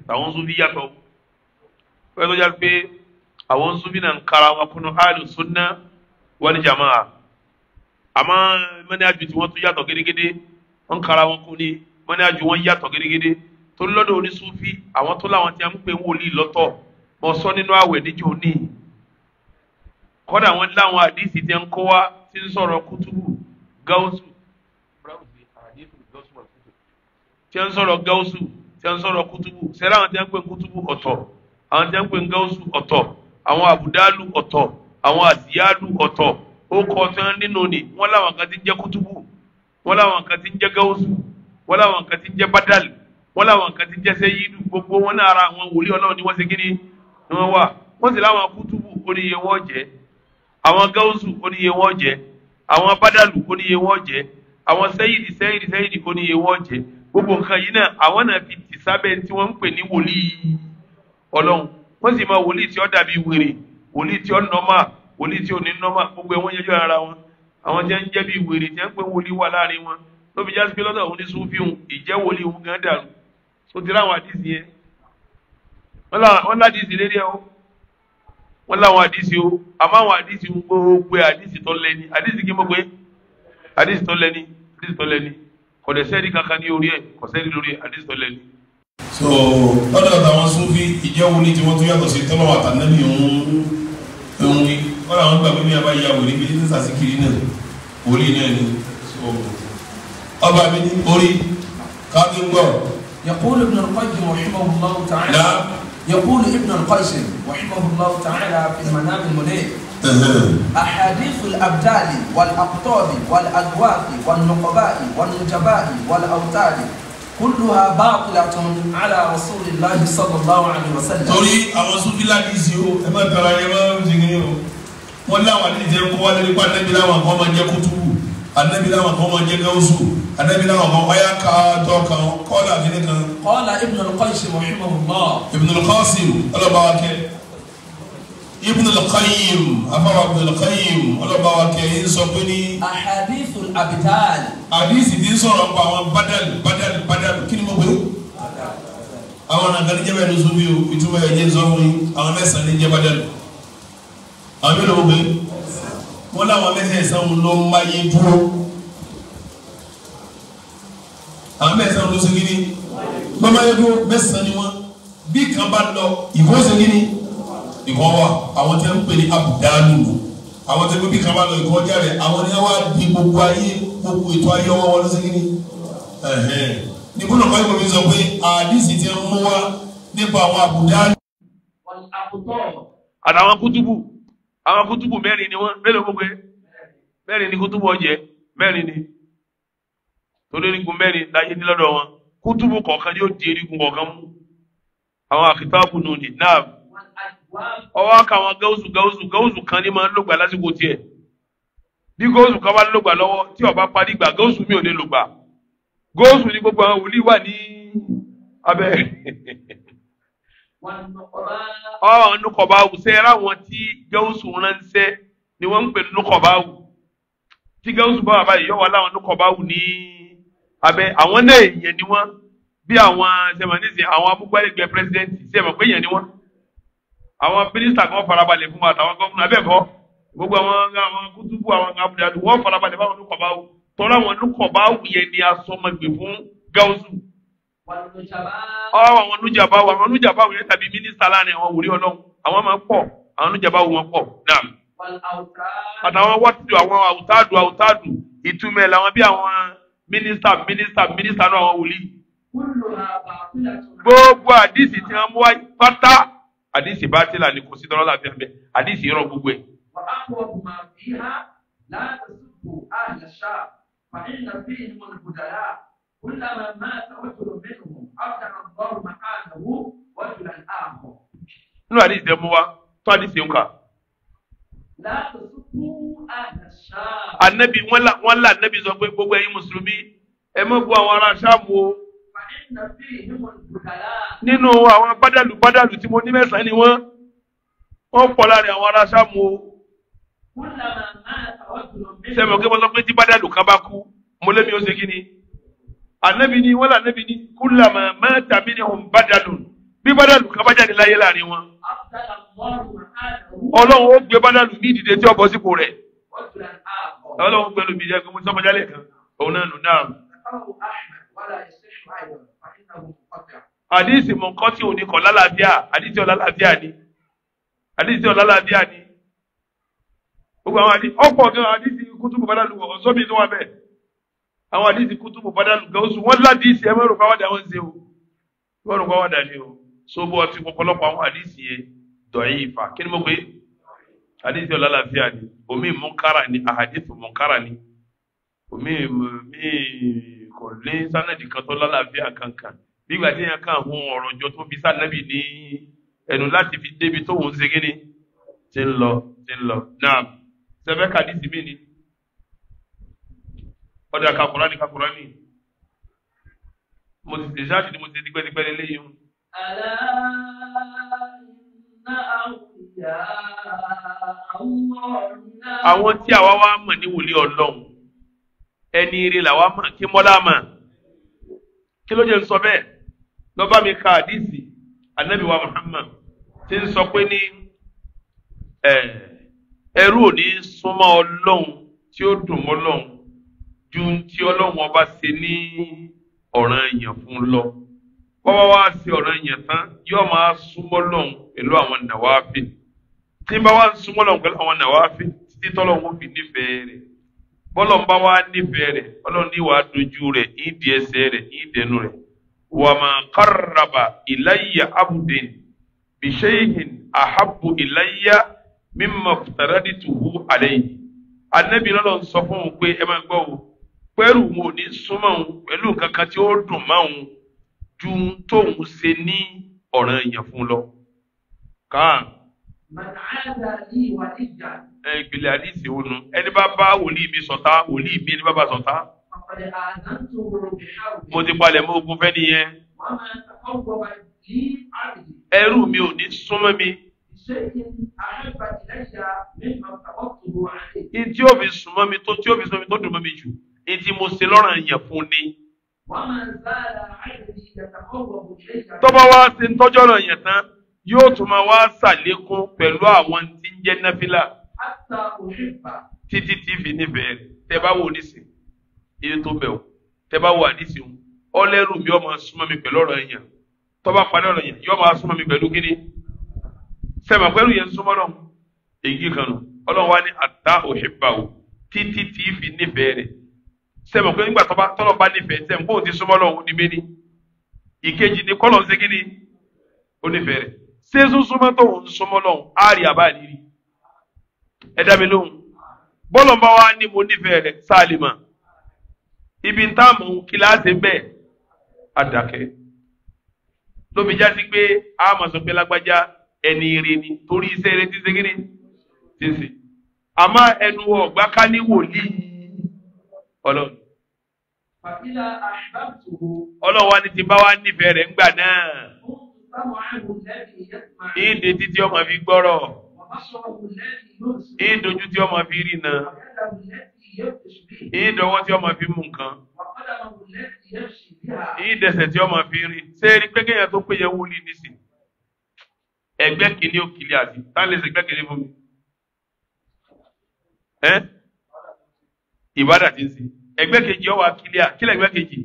àwọn súnfí yàtọ̀ fẹ́ẹ́ tó yàtọ̀ pé àwọn súnfí náà ń kara wọn kunu alu sunna wal jamaa àmọ́ mẹ́ni àjù tí wọ́n tún yàtọ̀ gédégédé wọ́n kara wọn kú ni mẹ́ni àjù wọ́n yàtọ̀ gédégédé tó lọ́dọ̀ oní súnfí àwọn tó láwọn tí a ń pè ń wòlíì lọ́tọ̀ mọ sọ nínú àwẹ̀ níjọ́ ní kọ́dà wọn láwọn àdìsí tí ń kọ́ wá tí ń sọ̀rọ̀ kútùbù gáúsù tí ń sọ̀rọ̀ gáúsù tí wọ́n sọ̀rọ̀ kútùbù sẹ́rẹ́ àwọn tí wọ́n pè ń kútùbù ọ̀tọ̀ àwọn tí wọ́n pè ń gáúsù ọ̀tọ̀ àwọn àbùdálù ọ̀tọ̀ àwọn àdìyálù ọ̀tọ̀ ó kọ́ tí wọ́n nínú ni wọ́n láwọn kan ti ń jẹ́ kútùbù wọ́n láwọn kan ti ń jẹ́ gáúsù wọ́n láwọn kan ti ń jẹ́ bádàlì wọ́n láwọn kan ti ń jẹ́ sẹ́yìdù gbogbo wọn náà ara àwọn wòlíì ọlọ́run ni wọ́n ṣe kíni ni wọ́n wà wọ́n sì láwọn kútùbù oníye wọ́n jẹ́ àwọn gáúsù oníye wọ́n jẹ́ àwọn bádàlù oníye wọ́n jẹ́ àwọn sẹ́yìdì sẹ́yìdì sẹ́yìdì oníye wọ́n jẹ́ gbogbo nǹkan yìí náà àwọn náà fi tì sábẹ́ tí wọ́n ń pè ní wòlíì ọlọ́run wọ́n sì mọ wòlíì tí ó dàbí wèrè wòlíì tí ó nọ́mà wòlíì tí ò ní nọ́mà gbogbo wọn yẹjọ́ ara wọn àwọn tí wọ́n ń jẹ́ bí wèrè tí wọ́n pè wòlíì wà láàrin wọn ló fi jásí pé lọ́dọ̀ òun ní sùn fíhùn ìjẹ́ wòlíì òun gan dàrú ó ti ráwọn àdìsí yẹn wọ́n láwọn àdìsí o kò lè kankan ní orí ẹ̀ kò sẹ́ni lórí àdìsí tó lẹ́nu. so lọ́dọ̀ àtàwọn Sufi ìjẹ́ wo ni tí wọ́n tún yàtọ̀ sí tọ́lọ̀ àtànẹ́bì òun wí kọ́lá àwọn gbàgbé mi àbá ìyàwó níbi ní sàṣìkiri náà orí náà ni ọba mi ní orí káàdì ń gbọ́. يقول ابن القيم رحمه الله تعالى يقول ابن القيم رحمه الله تعالى في المنام المنيع أحاديث الأبدال والأقطاب والأدواق والنقباء والنجباء والأوتاد كلها باطلة على رسول الله صلى الله عليه وسلم. torí àwọn sufila ní ìsìn o ẹ má tara ẹ má jìngìn o wọn láwọn àdéhìí jẹ kó wá lórí pa anabi láwọn àkọ́ máa jẹ kútùbù anabi láwọn àkọ́ máa jẹ gáwùsù anabi láwọn àkọ́ ọ̀yá ká tọ́ kan kọ́ọ̀lá kìnìkan. kọ́ọ̀lá ibn al-Qasim rahimahullah. ibn al-Qasim ọlọ́ba wa kẹ́. Ibn al-Qayyim afáwọn Ibn al-Qayyim ọlọ́bàwà kẹ́yìn sọ pé ní. ahadithu abidal. àdìsí ti sọ̀rọ̀ pa àwọn badal badal badal kí ni mo gbé. àwọn nàgàdì jẹ́ bẹ́ẹ̀ ló sún bí o ìtumọ̀ ẹ̀ jẹ́ sọ́wọ́ yìí àwọn mẹ́sàn-án ní jẹ́ badal. àwọn mi ló gbé wọn làwọn mẹ́sàn-án ló ń máa yé dúró. àwọn mẹ́sàn-án ló sún kí ni. bàbá yẹn dúró mẹ́sàn-án ni wọ́n bí kan bá lọ ìwọ́sẹ̀ kí ni ìwọ́n wà àwọn tí wọ́n ń pè ní abudanu nù àwọn tí wọ́n bí kan lọ ìwọ́n jáde àwọn ni wọ́n di gbogbo ayé gbogbo ètò ayé ọwọ́ wọn lọ́sẹ̀ kínní. níbùnà pàṣẹ mi sọ pé àdìsí ti ń mú wa nípa àwọn abudanu. àtàwọn kútùbù àwọn kútùbù mẹ́rin ni wọ́n mélòó gbogbo mẹ́rin ni kútùbù ọ̀jẹ̀ mẹ́rin ni torí erigun mẹ́rin láyé ní lọ́dọ̀ wọn kútùbù kọ̀ọ̀kan yóò di erigun kọ̀ọ̀kan mú àwọn àkìtàbù ọwọ́ ka àwọn gáúsù gáúsù gáúsù kan ní máa ń lògbà lásìkò tiẹ̀ bí gáúsù kan bá lògbà lọ́wọ́ tí ọba parí gbà gáúsù mi ò ní lògbà gáúsù ni gbogbo àwọn wòlíì wà ní abẹ́ ọ̀hún nukọ̀bá awù ṣe é ráwọn tí gáúsù ránṣẹ́ ni wọ́n ń pè nukọ̀bá awù tí gáúsù bá wà báyìí yọ̀ wá láwọn nukọ̀bá awù ní abẹ́ àwọn náà èèyàn ni wọ́n bí àwọn sẹ̀mọ̀ nísìnyí àwọn abúgbálẹ̀gbẹ̀ pírẹsidẹ́ntì sẹ̀mọ̀ pé èèyàn ni wọ́n àwọn mínísítà kan farabalẹ̀ fún wa àtàwọn gómìnà bẹ́ẹ̀ kọ́ gbogbo àwọn àwọn kútùbù àwọn abudulayi wọ́n farabalẹ̀ fáwọn olùkọ̀báwò tọ́lá àwọn olùkọ̀báwò yẹn ni asọ́mọgbè fún gáúsù. àwọn onújàbáwò àwọn onújàbáwò yẹn tàbí mínísítà láàrin àwọn wòlíì ọlọ́run àwọn máa ń pọ̀ àwọn onújàbáwò wọn pọ̀ náà. àtàwọn wọ́tìdù àwọn àwùtáàdù àwùtáàdù ìtumẹ̀ làwọn bí àwọn mínísítà mínísítà mínísítà náà àwọn wòlíì. gbogbo àdìsí tí wọ́n mú wáyé pátá àdìsí bátìlà ni kò sí tọ́lọ́ láti ẹ̀ àdìsí rọ gbogbo ẹ̀. wà á kọ́ ọ̀gbùnmá bí ha láàrín sùpò àyàṣà fàìlà bí ìmọ̀ ìbùdàrà kúlàmà máa tọ́jú mẹ́nu àbùdàrà bọ́ọ̀rù máa àdàwó wọ́jú là ń àbọ̀. nínú àdìsí tẹ mú wa tó àdìsí ń kà. láàrín wọn là wọn sọ pé gbogbo ẹ̀yin mùsùlùmí ẹ má bu àwọn ará ṣáàmù o nínú àwọn bádàlù bádàlù tí mo ní mẹ́sàn-án ni wọ́n wọ́n pọ̀ láàrin àwọn ará sáàmù o. sẹ́mi ọ̀gẹ́ mọ́tò pé tí bádàlù kan bá kú mo lémi ó ṣe kí ni. ànábi ni wọ́n là ànábi ni kúlàmà máa tàbí ni òun bádàlù bí bádàlù kan bá jáde láyé láàrin wọn. ọlọ́run ó gbé bádàlù ní ìdìde tí ó bọ́ sípò rẹ̀. ọlọ́run gbẹ́lu mi jẹ́ pé mo sọ́mọdé kan òun náà nù náà àdìsí mọ̀kọ́tì oníkọ̀ lálàáfíà àdìsí ọ̀làlàáfíà ni àdìsí ọ̀làlàáfíà ni gbogbo àwọn àdìsí ọ̀pọ̀ gan àdìsí kútùbù bàdàlù ọ̀sọ́bì tó wà bẹ́ẹ̀ àwọn àdìsí kútùbù bàdàlù gan oṣù wọn ládìsí ẹ mẹ́rù pàwọ́dà wọn ṣe o mẹ́rù pàwọ́dà ni o sóbù ọtí pọpọlọpọ àwọn àdìsí yẹn dọ̀yìn ìfà kí ni mo pé àdìsí ọ̀làlàáfíà ni omi mọ̀kára ni àhàdìsí mọ̀kára ni omi mi kò ní sánàdì kan tó lálàáfíà kankan bígbà tí yẹn kàn hun ọ̀rọ̀ jọ tó fi sànàbì ní ẹnu láti fi débi tó ń ṣe kíni ti ń lọ ti ń lọ náà sẹfẹ kàdísì mí ni ọdọ kakura ni kakura ni mo ti ṣe ṣáàṣì ni mo ti di pẹ́ẹ́dípẹ́ lé léyìn o. àlá iná àwùjá àwọn náà. àwọn tí àwa wá mọ̀ ní wòlíì ọlọ́run ẹni ire làwa mọ̀ kí mọ́lá mọ̀ kí ló jẹ́ ń sọ bẹ́ẹ̀ lọ́ba mi ka àdìsí anabi wa Muhammad ti ń sọ pé ní ẹrú ò ní súnmọ́ ọlọ́run tí ó dùn mọ́ ọlọ́run ju tí ọlọ́run ọba ṣe ní ọ̀ràn èèyàn fún lọ bọ́wọ́ wá sí ọ̀ràn èèyàn tán yóò máa súnmọ́ ọlọ́run pẹ̀lú àwọn nàwáfì tí bá wá ń súnmọ́ pẹ̀lú àwọn nàwáfì títí tọ́lọ́run fi nífẹ̀ẹ́ rẹ̀ bọ́lọ̀ ń bá wá nífẹ̀ẹ́ rẹ̀ ọlọ́run ní wàá dojú rẹ̀ ìdí ẹsẹ̀ rẹ̀ ìdẹnu rẹ̀ وما قرب إلي عبد بشيء أحب إلي مما افترضته عليه anabi lọ́lọ́ ń sọ fún òun pé ẹ máa gbọ́ o pẹ́rù mo ní súnmọ́ òun pẹ̀lú nǹkan kan tí ó dùn mọ́ òun ju tóun ṣe ní ọ̀ràn èèyàn fún lọ. kàn. ẹ ìpìlẹ̀ àdìsí ònu ẹni bá bá wòlíì mi ṣọ̀tá wòlíì mi ẹni bá bá ṣọ̀tá mo ti palẹ̀ mọ́ ogun fẹ́ nìyẹn. ẹrú mi ò ní súnmọ́ mi. ìtí ó fi súnmọ́ mi tó tí ó fi súnmọ́ mi tó dùn mọ́ mi jù ìtí mo ṣe lọ́ràn yẹn fún ni. tọ́ba wá sí ń tọ́jọ́ ọ̀nà yẹn tán yóò tún máa wá ṣàlékún pẹ̀lú àwọn tí ń jẹ́ náfìlà títí tí fi nífẹ̀ẹ́ tẹ́ bá wò nísìnyí iye tó bẹ̀ o tẹ bá wà ní O ọlẹ́rù mi ọmọ súnmọ́ mi pẹ̀lú ọ̀rọ̀ yẹn tọ́ba parí ọ̀rọ̀ yẹn yọ máa súnmọ́ mi pẹ̀lú kíní sẹ́mi àpẹ́rù yẹn súnmọ́ náà èyí kan nù ọlọ́run wá ní àtà òṣèpá o títí tí fi nífẹ̀ẹ́ rẹ̀ sẹ́mi àpẹ́rù nígbà tọ́ba tọ́lọ̀ bá nífẹ̀ẹ́ sẹ́mi kóhùn ti súnmọ́ lọ́hùn ní méní ìkejì ni kọ́lọ̀ ń ṣe kíní ó nífẹ̀ẹ́ rẹ̀ sẹ́sù súnmọ́ tóhùn súnmọ́ lọ́hùn á rí àbá àdírí ẹ dá mi lóhùn bọ́lọ̀ bá wá ní mo nífẹ̀ẹ́ rẹ̀ sáà lè máa ibi ń táàmù kíláàsì bẹ́ẹ̀ àdàkẹ́ lómi jásí pé a lágbájá ẹni ire ni torí iṣẹ́ rẹ ti ṣe kí ni ti ṣe àmọ́ ẹnu ọ̀gbá ká ní wòlíì ọlọ́run. ọlọ́run wa ni ti bá wa nífẹ̀ẹ́ rẹ̀ ńgbà náà. ìdè títí ọmọ fi gbọ́rọ̀ ìdójú ọmọ fi rí yín dọwọ́ tí ọmọ fi mú nǹkan yín dẹsẹ̀ tí ọmọ fi rìn ṣé rí pé kéèyàn tó péye wúlí nísìn ẹgbẹ́ kìíní ó kìlí àti tá lè ṣe ẹgbẹ́ kìíní fún mi ẹ ìbádà ti ń sìn ẹgbẹ́ kejì ọwọ́ akílí à kílẹ̀ ẹgbẹ́ kejì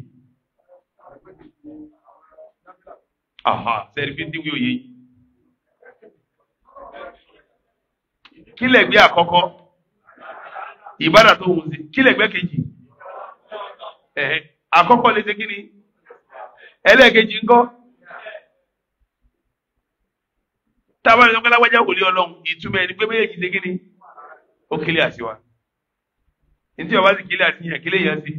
aha sẹ́ni fi ń dín wí òye yìí kílẹ̀ ẹgbẹ́ àkọ́kọ́ ìbádà tó wù sí kí lẹ́gbẹ́ kejì àkọ́kọ́ lè ṣe kí ni ẹlẹ́ẹ̀kejì ńkọ́ tábà ní sọ́kọ́lá wájà wòlé ọlọ́run ìtumọ̀ ẹni pé méjèèjì ṣe kí ni ó kílẹ̀ àti wa ntí ọba sì kílẹ̀ àti yàn kílẹ̀ yàn sí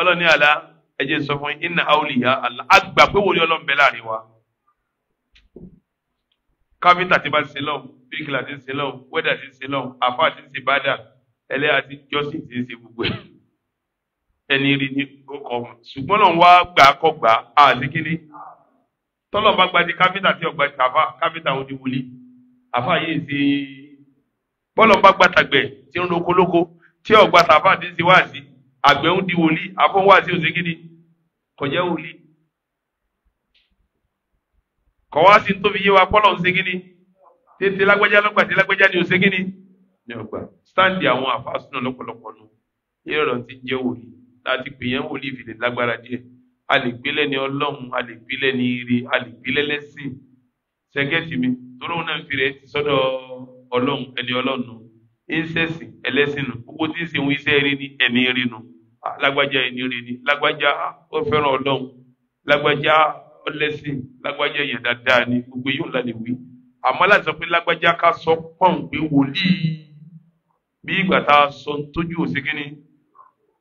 ọlọ́ni àlá ẹ̀jẹ̀ sọ fún iná àwòlíyà àlá àgbà pé wòlé ọlọ́run láàrin wa káfíńtà ti bá ṣe lọ́wọ́ bíkìlà ti ń ṣe lọ́hùn wẹ́dà ti ń ṣe lọ́hùn àfáà ti ń ṣe bádà ẹlẹ́yà ti ń jọ́sìn ti ń ṣe gbogbo ẹ̀ ẹni rí ní ọkọ̀ ṣùgbọ́n náà wá gbà kọ́ gbà á sí kíní tọ́lọ̀ bá gba ti káfíńtà tí ọgbà ti àfáà káfíńtà ò ní wuli àfáà yìí ṣe bọ́lọ̀ bá gba tàgbẹ̀ tí ń roko lóko tí ọgbà tàfáà ti ń ṣe wáàsí àgbẹ̀ ń di wòlíì àfọwọ́sí ò sí kíní kọjá wòlíì kọ̀wá sí ń tóbi yé wa pọ́lọ̀ ń ṣe kíní tètè lágbájá lọ́gbà tètè lágbájá ni òsè kíni ni ọgbà sítáǹdì àwọn àfàsùnà lọ́pọ̀lọpọ̀ nù eré ọ̀rọ̀ ti jẹ́ wòlíì láti pè yẹn wòlíì fìdí lágbára díẹ̀ a lè gbélé ni ọlọ́run a lè gbélé ni ire a lè gbélé lẹ́sìn sẹ́gẹ́tì mi tọ́lọ́run náà fi rẹ̀ ti sọ́dọ̀ ọlọ́run ẹni ọlọ́run nù ínsẹ̀sì ẹlẹ́sìn nù gbogbo tí ń sìn wọn rí ni ẹni rí nù lágbájá ẹni rí ni lágbájá ó fẹ́ràn ọlọ́run lágbájá ọlẹ́sìn lágbájá èèyàn dáadáa ni gbogbo yóò lálẹ́ wí àmọ́ láti sọ pé lágbájá ká sọ pọ́n pé wòlíì bí ìgbà tá a sọ tójú òsèkínní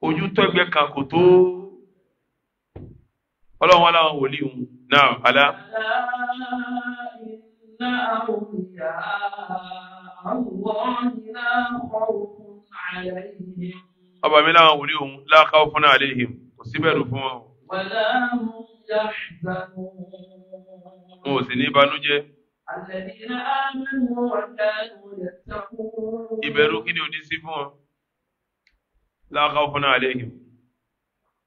ojú tó ẹgbẹ́ kan kò tó ọlọ́run aláwọn wòlíì hùn náà alá. ọba mi láwọn wòlíì hùn la khawfun alayhim kò síbẹ̀rù fún wọn. wọ́n ò sì ní banújẹ́. Ìbẹ̀rù kí ni ò ní sí fún ọ? La khawfun alayhim.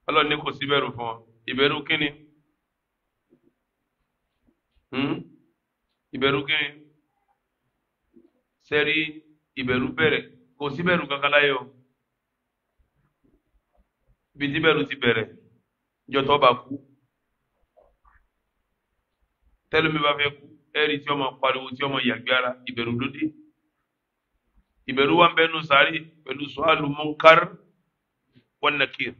Ọlọ́run ní kò sí bẹ̀rù fún ọ. Ìbẹ̀rù kí ni? Hmm? Ìbẹ̀rù kí ni? Sẹ́rí ìbẹ̀rù bẹ̀rẹ̀. Kò sí bẹ̀rù kankan láyé o. Ibi tí bẹ̀rù ti bẹ̀rẹ̀, ìjọ tó bá kú. Tẹ́lómi bá fẹ́ kú ẹ̀rí tí ọmọ pariwo tí ọmọ yàgbé ara ìbẹ̀rù lóde ìbẹ̀rù wa ń bẹnu sáré pẹ̀lú sọ́àlù munkar wan nakir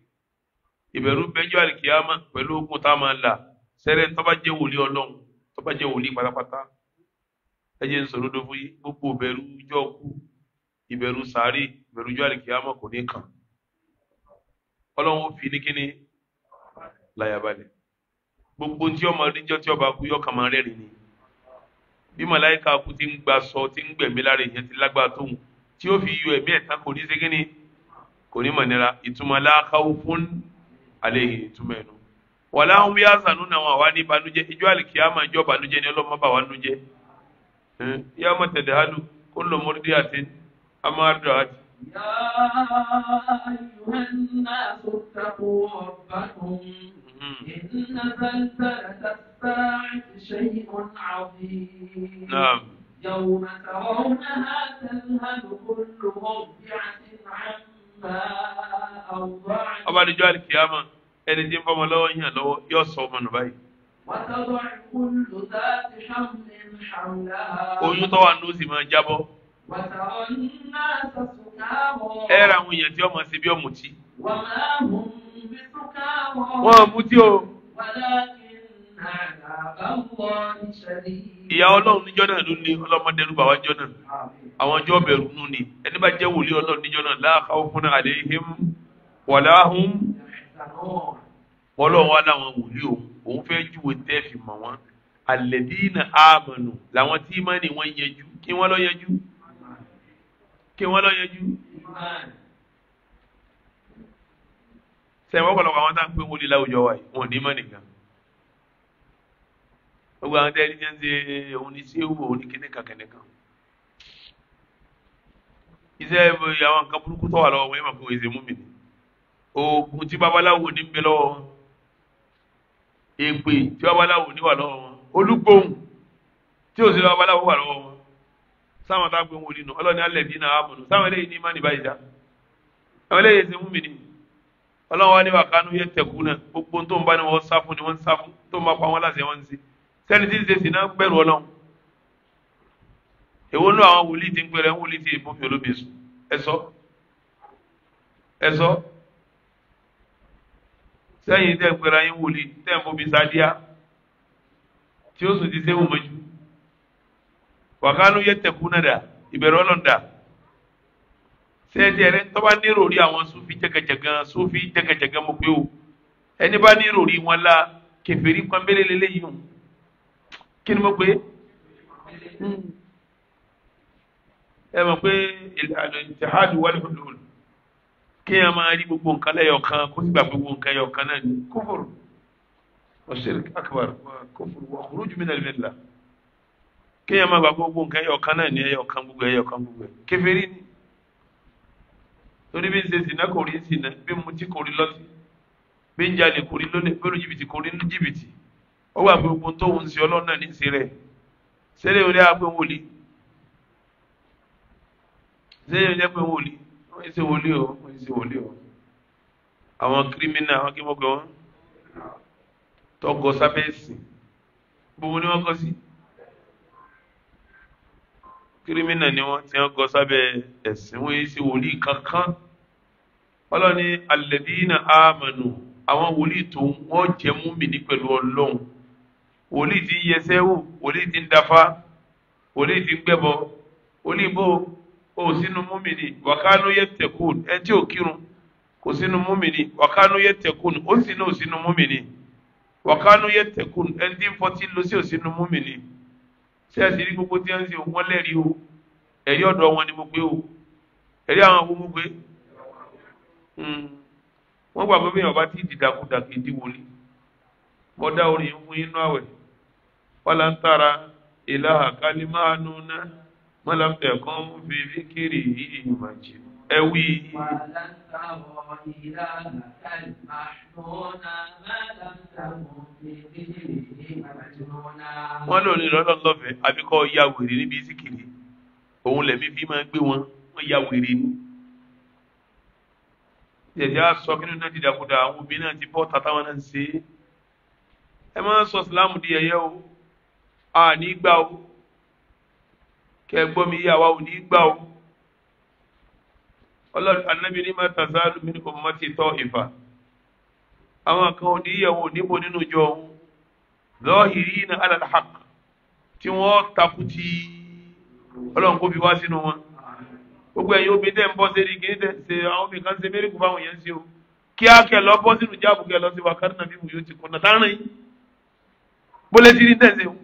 ìbẹ̀rù bẹjọ́ àlìkìyàmá pẹ̀lú ogun tá a máa là sẹ́rẹ̀ tọ́ba jẹ́ wòlíì ọlọ́run tọ́ba jẹ́ wòlíì pátápátá ẹ jẹ́ ń sọ̀rọ̀ lófin yìí gbogbo ìbẹ̀rù jọ́ kú ìbẹ̀rù sáré ìbẹ̀rù jọ́ àlìkìyàmá kò ní kàn ọlọ́run ó fi ní kíni láyàbalẹ̀ gbogbo tí ọmọ adéjọ́ tí ọba kú yọ kàn máa rẹ́rìn ni bí màláìka kú ti ń gba sọ ti ń gbẹ̀mí lára èèyàn ti lágbára tóun tí ó fi yọ ẹ̀mí ẹ̀ta kò ní segin kò ní mọ̀nira ìtumọ̀ aláàkáwó fún àlehìn ìtumọ̀ ẹ̀nu wàlá ń wí àṣànú náà wọn àwa ní banújẹ́ ìjọ àlìkíyàmá ìjọ banújẹ́ ni ọlọ́mọ bá wa nújẹ́ yá má tẹ̀lé hálù kó ń lọ mọ́rúdí àti amárùdọ̀ àti. yá ayuhan nasu taqu rabbakum. Hmm. إن زلزلة الساعة شيء عظيم نعم يوم ترونها تذهل كل مرضعة عما أرضعت أبا رجال القيامة ẹni tí ń fọmọ lọ́wọ́ yàn lọ́wọ́ yóò sọ ọmọ nù báyìí. oyún tó wà nù sì máa jábọ́. ẹ ra àwọn èèyàn tí ọmọ ṣe bí ọmọ tí. wàhálà mú wọn ò mutí o. ìyá ọlọ́run níjọ́ náà ló ní ọlọ́mọdé rúbà wá jọ́ náà àwọn ọjọ́ bẹ̀rù nù ni ẹni bá jẹ́ wòlíì ọlọ́run níjọ́ náà la khawfun alayhim wala hum ọlọ́run wá láwọn wòlíì òun òun fẹ́ júwe tẹ́ẹ̀fì mọ̀ wọ́n alẹ́dínà àmọ̀nù làwọn tí ìmánì wọn yẹjú kí wọ́n lọ yẹjú kí wọ́n lọ yẹjú sẹ́yìn ọ̀pọ̀lọpọ̀ àwọn táwọn pé wọ́n lè láwùjọ wa yìí wọn ò ní mọ̀ nìkan gbogbo àwọn tẹ́lẹ̀ jẹ́ ń ṣe òun ní sí ewu òun ní kíní kan kíní kan iṣẹ́ àwọn nǹkan burúkú tó wà wọn yẹn mọ̀ pé wọ́n ṣe mú mi ni oògùn tí babaláwo ní ń bẹ lọ́wọ́ wọn ègbè tí babaláwo ní wà lọ́wọ́ wọn olúgbòhùn tí ò sí babaláwo wà lọ́wọ́ wọn sáwọn tá a gbé wọn nínú ọlọ́ni alẹ́ dín náà á mọ̀nù sáwọn eléyìí ní má ní báyìí dá àwọn eléyìí ṣe mú mi nìyí ọlọ́run wa ní wà kánú yẹ tẹ̀kú náà gbogbo tó ń bá ní wọ́n sá fún ni wọ́n ń sá fún tó ń bá pa wọ́n láṣẹ wọ́n ń ṣe sẹ́ni tí ń ṣe sì náà bẹ̀rù ọlọ́run èwo nú àwọn wòlíì ti ń pẹrẹ ń wòlíì ti ìbò fi olóbi sùn ẹ sọ ẹ sọ sẹ́yìn tẹ́ ń ayé wòlíì tẹ́ ń bobi sadíà tí ó sùn ti sẹ́wọ̀n mọ́jú wà yẹ tẹ̀kú náà dà ìbẹ̀rù ọlọ́run dà sẹ́ẹ̀dì ẹ̀rẹ́ tó bá ní ròrí àwọn sufi jẹgẹjẹgan sufi jẹgẹjẹgan mo pé o ẹni bá ní ròrí wọn la kẹfẹ́rí pọ́nbélé lélẹ́yìí o kí ni mo pé ẹ mọ̀ pé ìlànà ìtìhádù wà lóhùn kí ẹ máa rí gbogbo nǹkan lẹ́yọ̀kan kó sì gbà gbogbo nǹkan ẹyọ̀kan náà ni kófòrò ọ̀sẹ̀rẹ̀ akbar kófòrò wà kúrò jù náà lẹ́la kí ẹ máa gbà gbogbo nǹkan ẹyọ̀kan náà ní ẹyọ̀kan gbogbo ẹyọ̀kan gbogbo kèfèrí ni. torí bí ń ṣe sìnà kò rí sìnà bí ń mutí kò rí lọ́tí bí n jalè kò rí lónìí bí jìbìtì kò rí jìbìtì ó wà gbogbo ń ṣe ọlọ́run náà ní rẹ̀ orí wòlíì orí wòlíì wọ́n o wọ́n ń ṣe wòlíì o àwọn kírímínà àwọn kí wọ́n tọkọ gbogbo kírímínà ni wọ́n ti ń gọ sábẹ́ ẹ̀sìn wọ́n yìí sí wòlíì kankan ọlọ́ni alẹ́dínà àmànù àwọn wòlíì tó wọ́n jẹ́ múmìnì pẹ̀lú ọlọ́run wòlíì ti ń yẹsẹ́ wò wòlíì ti ń dafa wòlíì ti ń gbẹ́bọ wòlíì bò ó sínú múmìnì wàkánú yẹ tẹ̀kùn ẹ tí ò kírun kò sínú múmìnì wàkánú yẹ tẹ̀kùn ó sì ní ò sínú múmìnì wàkánú yẹ tẹ̀kùn ẹ tí ń fọtí lọ sí ò sínú múmìnì ṣẹ́ẹ̀sì rí gbogbo tí wọ́n ń ṣe òun wọ́n lẹ́rìí o ẹ̀rí ọ̀dọ̀ wọn ni mo gbé o ẹ̀rí àwọn owó mo gbé hmm. wọ́n gbà pé bẹ́ẹ̀ ọba tí ìdìdàkudà kì í di wòlíì mo dá orin fún inú àwẹ̀ wọ́n ń tara ìlà àkálí máa nu ná mọ́lá ẹ̀kọ́ ń fi fíkìrì yìí ìmọ̀ jìnnà ẹwí. wọ́n lò ní lọ́lọ́lọ́fẹ̀ẹ́ àfikọ́ ya wèrè níbi síkìrì òun lẹ̀mí fi máa gbé wọn wọ́n ya wèrè ní. Ìjẹ̀jẹ̀ á sọ kínú náà dìdàkudà àwọn obìnrin náà ti bọ́ tata wọn náà ń ṣe é. Ẹ máa ń sọ Ìsìláàmù di ẹ̀yẹ o, a ní gbà o, kẹ́ gbọ́ mi yé àwa ò ní gbà o ọlọ́run anábì ní máa tazalu min ummati ta'ifa àwọn kan ò níyàwó níbo nínú ìjọ òun zahirina ala al-haq tí wọ́n takú tí ọlọ́run kó fi wá sínú wọn gbogbo ẹ̀yin obìnrin tẹ̀ ń bọ́ sí erigi tẹ̀ ṣe àwọn obìnrin kan ṣe mẹ́rìkù báwọn yẹn ń ṣe o kíákẹ́ lọ bọ́ sínú jáàbù kẹ́ lọ sí wa kárínà bí wùyó ti kùnà tárìn yín bólẹ́tì ní tẹ̀ ṣe o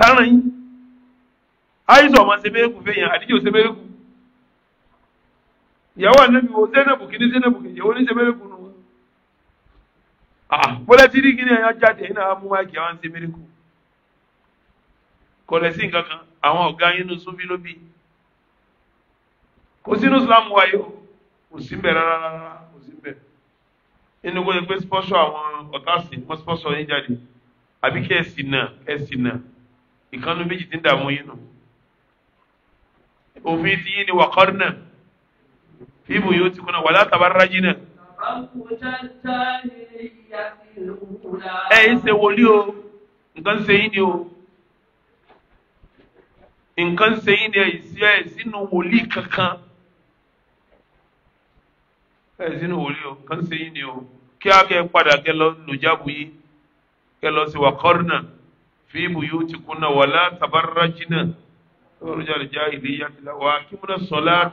tárìn yín àìsàn ọmọ ṣe mẹ́rìkù fẹ́yìn àdíjọ́ ṣe mẹ́rìkù ìyàwó ànábì wo Zainabu kìíní Zainabu kìíní ìyàwó oníṣẹ́ mẹ́rẹ̀kù nù wọn. Ah, ah, bọ́lá tí kìíní ẹ̀yàn jáde ẹ̀yìn náà mú máìkì àwọn ṣe mẹ́rẹ̀kù. kọ̀lẹ̀ sí nǹkan kan àwọn ọ̀gá yín nínú sunfi ló bí. kò sínú Islam wáyé o kò sí mbẹ rárá rárá kò sí mbẹ. inú kò yẹ pé spọ́ṣọ àwọn ọ̀tá sí mọ́ spọ́ṣọ yín jáde àbí kí ẹ sì nà ẹ sì nà ìkànnì méjì ti ń dààmú yín nù. òfin ti yín ni wàkọ́rì náà fi buyutikunna wala tabarrajina. ẹ yìí ṣe wòlí o nǹkan ṣe yín ni o nǹkan ṣe yín ni ẹ sínú wòlí kankan ẹ sínú wòlí o nǹkan ṣe yín ni o kí a kẹ padà kẹ lọ lòjáàbù yìí ورجع الجاهلية وأقمنا الصلاة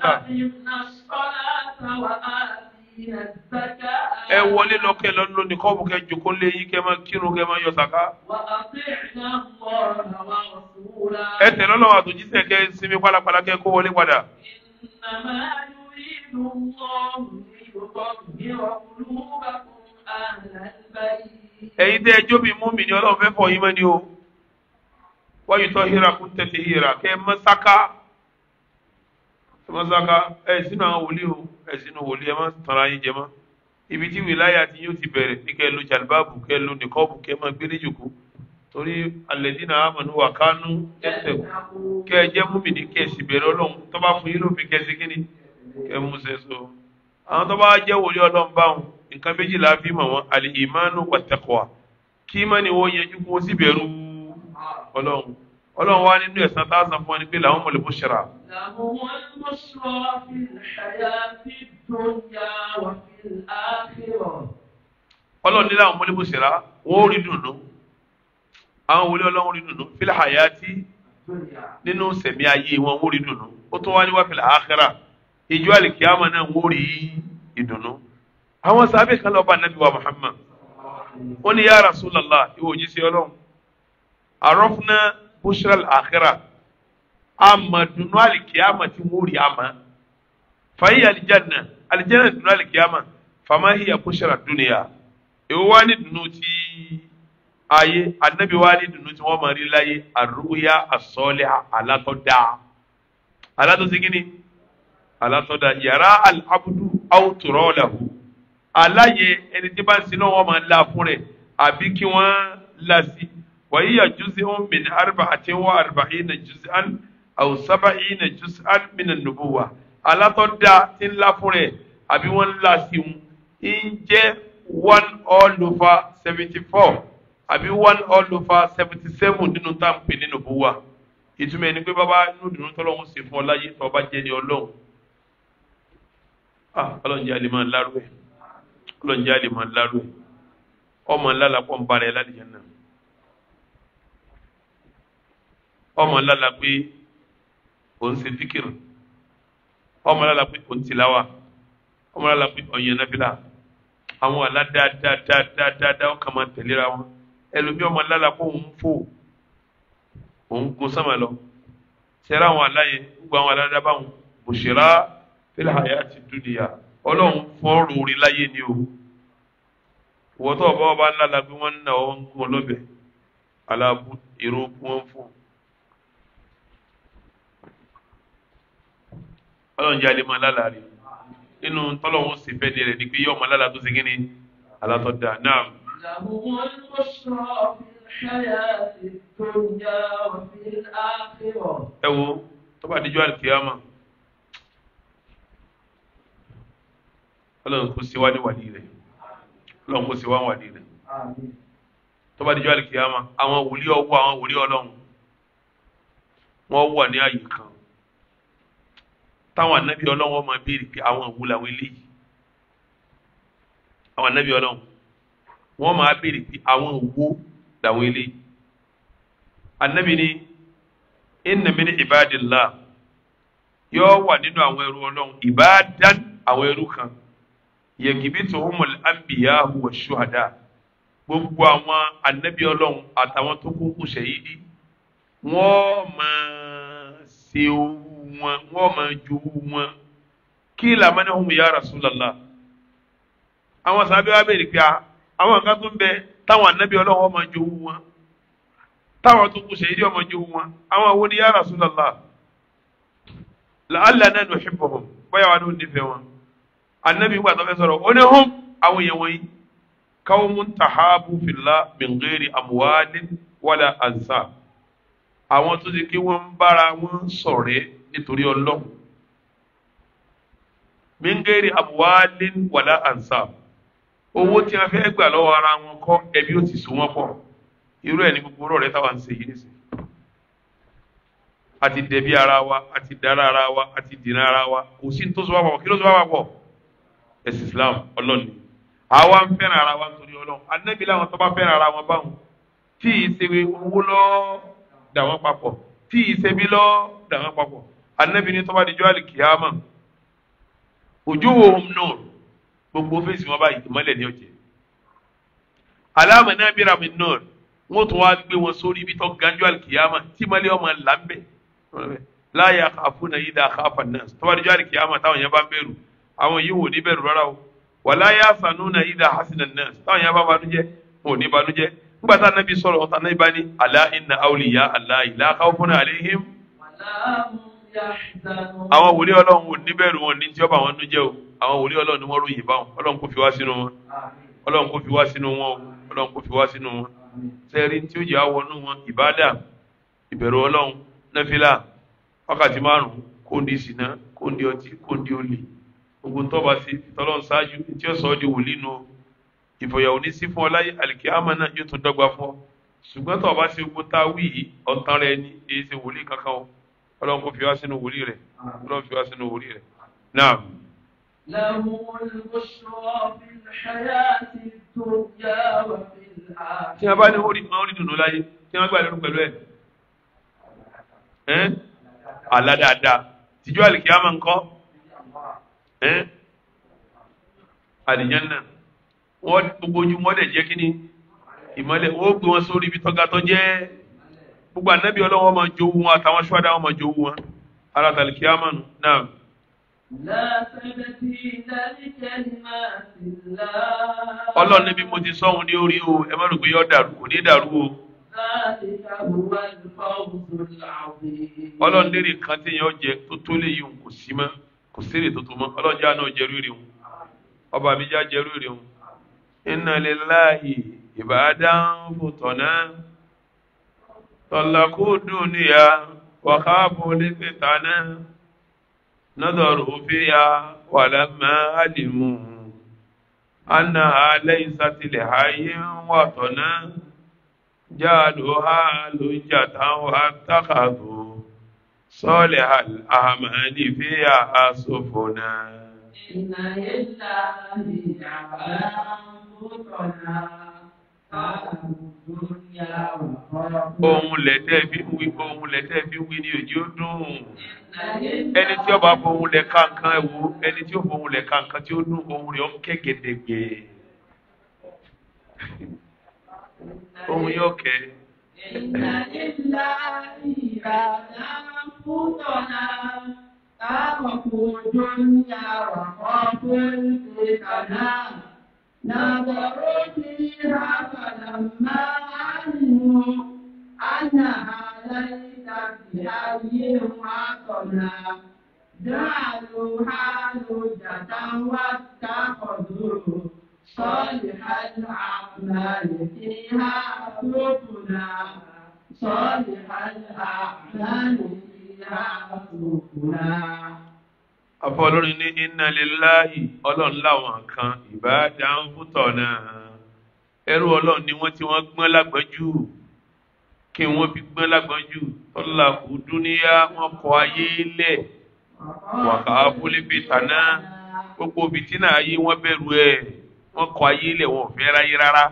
ẹ wọlé lọkẹ lọnà ní kọ́ọ̀bù kẹ jòkó lé yìí kẹ máa kírun kẹ máa yọ sàká. ẹ tẹ̀lé ọlọ́wọ́ àtòjíṣẹ́ kẹ sinmi pálapàla kẹ kó wọlé padà. ẹ̀yin tẹ́ ẹjọ́ bíi mú mi ni ọlọ́run fẹ́ fọ yín mọ́ ni o wáyé hira kó tètè hira kẹ mọsáká mọsáká ẹ sínú àwọn wòlíì o ẹ sínú wòlíì ẹ má tara yín jẹ mọ́ ibi tí wìláyà ti yóò ti bẹ̀rẹ̀ ní kẹ lo jalibaabu kẹ lo nìkọọbù kẹ má gbélé jòkó torí alẹ́dínà amọ̀nù wà kánú ẹsẹ̀ kẹ ẹ jẹ́ múmìnì kẹ ẹ sì bẹ̀rẹ̀ ọlọ́run tó bá fún yín lófin fi mọ̀ wọn alìmánu kí ọlọ́run ọlọ́run wá nínú ẹ̀sán tá a san fún ẹni pé làwọn mọ̀lẹ́ bó ṣẹra. ọlọ́run ní làwọn mọ̀lẹ́ bó ṣẹra wọ́n ó rí dùnú àwọn wòlé ọlọ́run rí dùnú fílẹ̀ àyàtì nínú sẹ̀mí ayé wọn wọ́n rí dùnú ó tó wá ní wá fílẹ̀ àkàrà ìjọ àlìkíyàmọ̀ náà wọ́n rí ìdùnnú àwọn sábẹ́ kan lọ́ọ́ bá nàbí wa Muhammad ó ní ya Rasulullah ìwọ òjíṣẹ́ ọlọ́run arọ́fúnná bushra àkírà amadunu alikiyama ti wúri ama fàyè alijanna alijanna dunu alikiyama famahiya bushra duniya èwo wá ní dunu ti ayé anabi wá ní dunu tí wọ́n máa rí láyé arúgbóyà asọ́lẹ̀ alátọ́dá alátọ́sígínì alátọ́dá yàrá alabudu awutọrọlahu aláyé ẹni tí bá ń sin náà wọ́n máa la fún rẹ̀ àbí kí wọ́n la sí. وهي جزء من أربعة وأربعين جزءا أو سبعين جزءا من النبوة alátọ́dá tí ń la fún rẹ̀ àbí wọ́n ń la sí un ń jẹ́ one all over seventy four àbí one all over seventy seven nínú tá à ń pè nínú buwa ìtumọ̀ ẹni pé bàbá inú dùnú tọ́lọ́hún ṣe fún ọ láyé tó bá jẹ́ ni ọlọ́run ah ọlọ́run jẹ́ àlèmọ́ lárú ẹ̀ ọlọ́run jẹ́ àlèmọ́ lárú ẹ̀ ọmọ ọmọ lala pé ò ń ṣe fíkìrì ọmọ lala pé ò ń tìláwà ọmọ lala pé ò ń yẹn náfìlà àwọn àlá dáadáadáadáa ó kà máa tẹ̀léra wọn ẹlòmíì ọmọ lala pé òun fò òun gun sánmà lọ sẹ́rẹ́ àwọn àlá yẹn gbogbo àwọn àlá dábàá wọn bùṣírà fil hayati dunya ọlọ́run fọ́ọ̀rù orí láyé ni o wọ́tọ̀ ọba ọba ńlá la gbé wọn ń nà ọ́ ń gun ọlọ́bẹ̀ aláàbù èrò kún wọn fún un. ọlọ́run jẹ́ alẹ́ máa lálàá rẹ̀ nínú tọ́lọ́run sì fẹ́ ní rẹ̀ ni pé yọ ọmọ lálàá tó ṣe kíni alátọ́ da náà. ẹ wo tó bá dijọ́ àlùkìyàmà ọlọ́run kò sí wá ní wàdí rẹ̀ ọlọ́run kò sí wá ní wàdí rẹ̀ tó bá dijọ́ àlùkìyàmà àwọn wòlíọ̀ wọ àwọn wòlíọ̀ ọlọ́run wọ́n wà ní àyè kan táwọn anabi Ọlọ́run ọmọ béèrè pé àwọn òwú làwọn eléyìí àwọn anabi Ọlọ́run wọ́n máa béèrè pé àwọn òwú làwọn eléyìí anabi ni inna min ibadillah yóò wà nínú àwọn ẹrú Ọlọ́run ìbádán àwọn ẹrú kan yẹ̀gìbí tó humul anbiya wa shuhada gbogbo àwọn anabi Ọlọ́run àtàwọn tó kú kù ṣẹ̀yìn dí wọ́n máa ṣe owó wọn wọ́n máa jowú wọn kila manahum ya rasulallah àwọn sábẹ́ wa bẹ̀rẹ̀ pé àwọn kan tó ń bẹ táwọn anabi ọlọ́wọ́ máa jowú wọn táwọn tó kù sẹ́yìn ọmọ jowú wọn àwọn wo ni ya rasulallah la'allana nuhibbuhum bóyá wà ló ń nífẹ̀ẹ́ wọn anabi wà tó fẹ́ hum àwọn èèyàn wọ̀nyí qawmun tahabu fillah min ghairi amwalin wala ansab àwọn tó ti kí wọ́n nítorí ọlọ́ mingeri abuwalin wàlá ansab owó tí a fẹ́ gbà lọ́wọ́ ara wọn kọ́ ẹbí ó ti so wọ́n pọ̀ irú ẹ̀ ní gbogbo rọ̀ rẹ táwọn ń ṣe yìí nìsín àti dẹ̀bi ara wa àti dára ara wa àti dìnnà ara wa kò sí tó so wá papọ̀ kí ló so wá papọ̀ ẹ̀sìn Islam ọlọ́ni àwa ń fẹ́ràn ara wa nítorí ọlọ́run anábì làwọn tó bá fẹ́ràn ara wọn báwọn tí ì ṣe owó lọ́ọ́ dà wọ́n papọ̀ tí ì ṣe bí lọ́ọ́ dà wọ́n papọ̀ anabi ní tọ́ba dijọ́ alikiyama ojú wo nur gbogbo fèsì wọn báyìí ìmọ́lẹ̀ ní ọ̀jẹ̀ aláàmì náà bíra mi nur wọn tún wá gbé wọn sórí ibi tó ganjọ́ alikiyama tí ìmọ́lẹ̀ ọmọ làmbẹ́ láyé àkàfúnà yìí dá àkàfà náà tọ́ba dijọ́ alikiyama táwọn yẹn bá ń bẹ̀rù àwọn yìí wò ní bẹ̀rù rárá o wàlá yà sànú náà yìí dá hasinà náà táwọn yẹn bá banújẹ́ wọn ò ní banújẹ́ nígbà tá anabi sọ̀rọ̀ ọ̀tá náà bá ní alá inna awliya Allah la khawfun alayhim àwọn wòlíì ọlọ́run ò níbẹ̀rù wọn ní tí ọba àwọn nú jẹ́ o àwọn wòlíì ọlọ́run ni wọ́n ròyìn báwọn ọlọ́run kò fi wá sínú wọn ọlọ́run kò fi wá sínú wọn o ọlọ́run kò fi wá sínú wọn sẹ́ẹ̀rí tí ó yà á wọnú wọn ìbádà ìbẹ̀rù ọlọ́run náfìlà wákàtí márùn kó ń di ìsìná kó ń di ọtí kó ń di olè gbogbo tó bá sí tọ́lọ́n ṣáájú tí ó sọ ọ́ di wòlíì nu ìfọ̀yàwó ní sí fún ọ láyé àlìkíyàmá náà yóò tún dọ́gba fún ọ ṣùgbọ́n tó bá sí gbogbo tá a wí yìí ọ̀tán rẹ ní èyí ṣe wòlíì kankan o ọlọ́run kò fi wá sínú wòlí rẹ̀ ọlọ́run fi wá sínú wòlí rẹ̀ náà. له tí a bá ní orí máa ń rí dùnú láyé tí wọ́n gbà lérò pẹ̀lú ẹ̀ àlá dáadáa tìjú àlìkíyàmá ń kọ́ àlìjánná wọ́n gbogbo ojú wọ́n jẹ́ kínní ìmọ́lẹ̀ wọ́n gbé wọn sórí ibi tọ́ga jẹ́ gbogbo ànábì ọlọ́run wọn máa jowú wọn àtàwọn ṣúwádà wọn máa jowú wọn ara tàlìkì amánu náà. ọlọ́run níbi mo ti sọ́hun ní orí o ẹ má rò pé yóò dàrú kò ní dàrú o. ọlọ́run lérè kan tí èèyàn jẹ tó tó lè yìí kò sí mọ́ kò sérè tó tó mọ́ ọlọ́run já náà jẹ́rú èrè wọn ọba mi já jẹ́rú èrè wọn. inna lillahi ìbàdàn fòtọ̀ náà. طلقوا الدنيا وخافوا الفتنة نظروا فيها ولما علموا أنها ليست لحي وطنا جعلوها لجة واتخذوا صالح الأعمال فيها سفنا إن إلا من جعل أنفسنا ohun lẹ́tẹ̀ fi ń wí ohun lẹ́tẹ̀ fi wí ni òjì ó dùn ẹni tí ó bá ohun lẹ̀ kankan ẹ wo ẹni tí ó fọ ohun lẹ̀ kankan tí ó dùn ohun rẹ̀ ó ń ké gedegbe ohun yóò kẹ́. Táwọn kò jọ ní àwọn ọkọ̀ tó ń ṣe kànáà. نظروا فيها فلما علموا أنها ليست بأيهم عقلا جعلوها لجة واتخذوا صالح الأعمال فيها سفلا صالح الأعمال فيها سفلا afọlórin ní inna lillahi ọlọ́run láwọn kan ìbáàdá ń fútọ̀ náà ẹrú ọlọ́run ni wọ́n ti wọ́n gbọ́n lágbọ́njú kí wọ́n fi gbọ́n lágbọ́njú tọ́lá òdúníyá wọ́n kọ ayé lẹ̀ wàkà fúlébí tàná gbogbo bìtínà ayé wọ́n bẹ̀rù ẹ̀ wọ́n kọ ayé lẹ̀ wọ́n fẹ́ ráyé rárá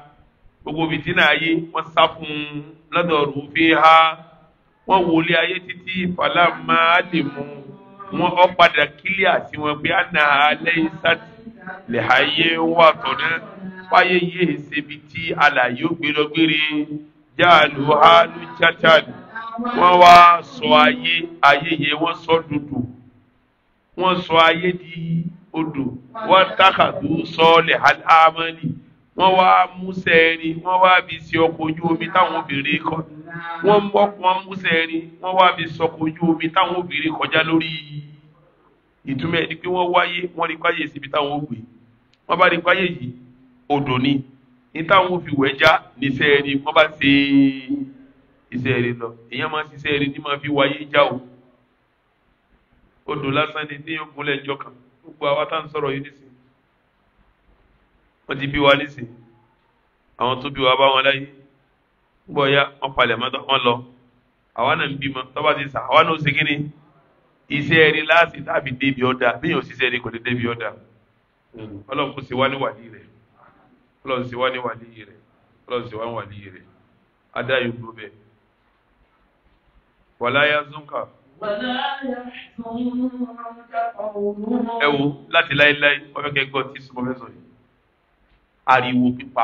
gbogbo bìtínà ayé wọ́n sá fún un lọ́dọ̀ rúfin ha wọ́n wọlé ayé títí fàlámà á lè mú un wọn ọ padà kílíà sí wọn pé àná alẹ́ ìsàtì lè ayé wà tọ̀nà fáyé yéé ṣebi tí alàyè ó gbéra gbére jáàlú hálú chátàlú wọn wá sọ ayé ayé yẹn wọn sọ dúdú wọn sọ ayé di odò wọn tàkàtú sọ lè hálú ámánì wọ́n wá músẹ̀ ẹrin wọ́n wá fi ṣe ọkọ̀ ojú omi táwọn obìnrin kọ wọ́n ń bọ́ wọ́n músẹ̀ ẹrin wọ́n wá fi ṣọkọ̀ ojú omi táwọn obìnrin kọjá lórí ìtumọ̀ ẹni pé wọ́n wáyé wọ́n rí páyé síbi táwọn ògbé wọ́n bá rí páyé yìí odò ni ní táwọn fi wẹ̀ já níṣẹ́ ẹrin wọ́n bá ṣe iṣẹ́ ẹrin lọ èèyàn máa ṣiṣẹ́ ẹrin ní máa fi wáyé já o odò lásán ni ní ogunlẹ̀ ìjọ kan gbogbo àwa tá à ń sọ̀rọ̀ yìí wọ́n ti bí wa nísìn àwọn tó bí wa bá wọn láyé gbọ́ ya wọ́n palẹ̀ mọ́tò wọ́n lọ àwa náà ń bímọ tọ́ba ti sà àwa náà ó segin ni iṣẹ́ ẹni láti tàbí débi ọ̀dà bíyàn òṣìṣẹ́ ẹni kò ní débi ọ̀dà ọlọ́run kò sí wá ní wàlí rẹ̀ ọlọ́run sí wá ní wàlí rẹ̀ ọlọ́run sí wá ní wàlí rẹ̀ adáyé gbó bẹ́ẹ̀ wàlá zunka. ẹ wo láti láéláé wọ́n fẹ́ kẹ́ gbọ́ tí sùpọ̀ fẹ́ sọ yìí ariwo pípa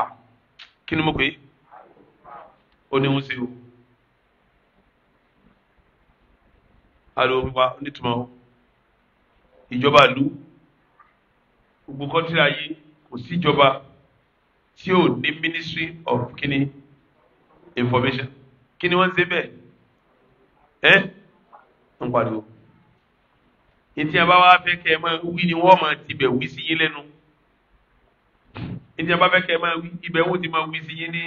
kí ni mo pè é ó ní wọ́n ṣe o ariwo pípa nítumọ̀ ìjọba ìlú gbogbo kọ́ńtírì ayé kò sí ìjọba tí ò ní ministry of kini information kí ni wọ́n ṣe bẹ́ẹ̀ ẹ́ ń pariwo ìtìyàbá wa fẹ́ kẹ́ ẹ máa wí ni wọ́n máa ti bẹ̀ wí sí yín lẹ́nu ìdí ọba fẹ́ kẹ́ ẹ máa wí ibẹ̀ wo ti máa wí sí yín ní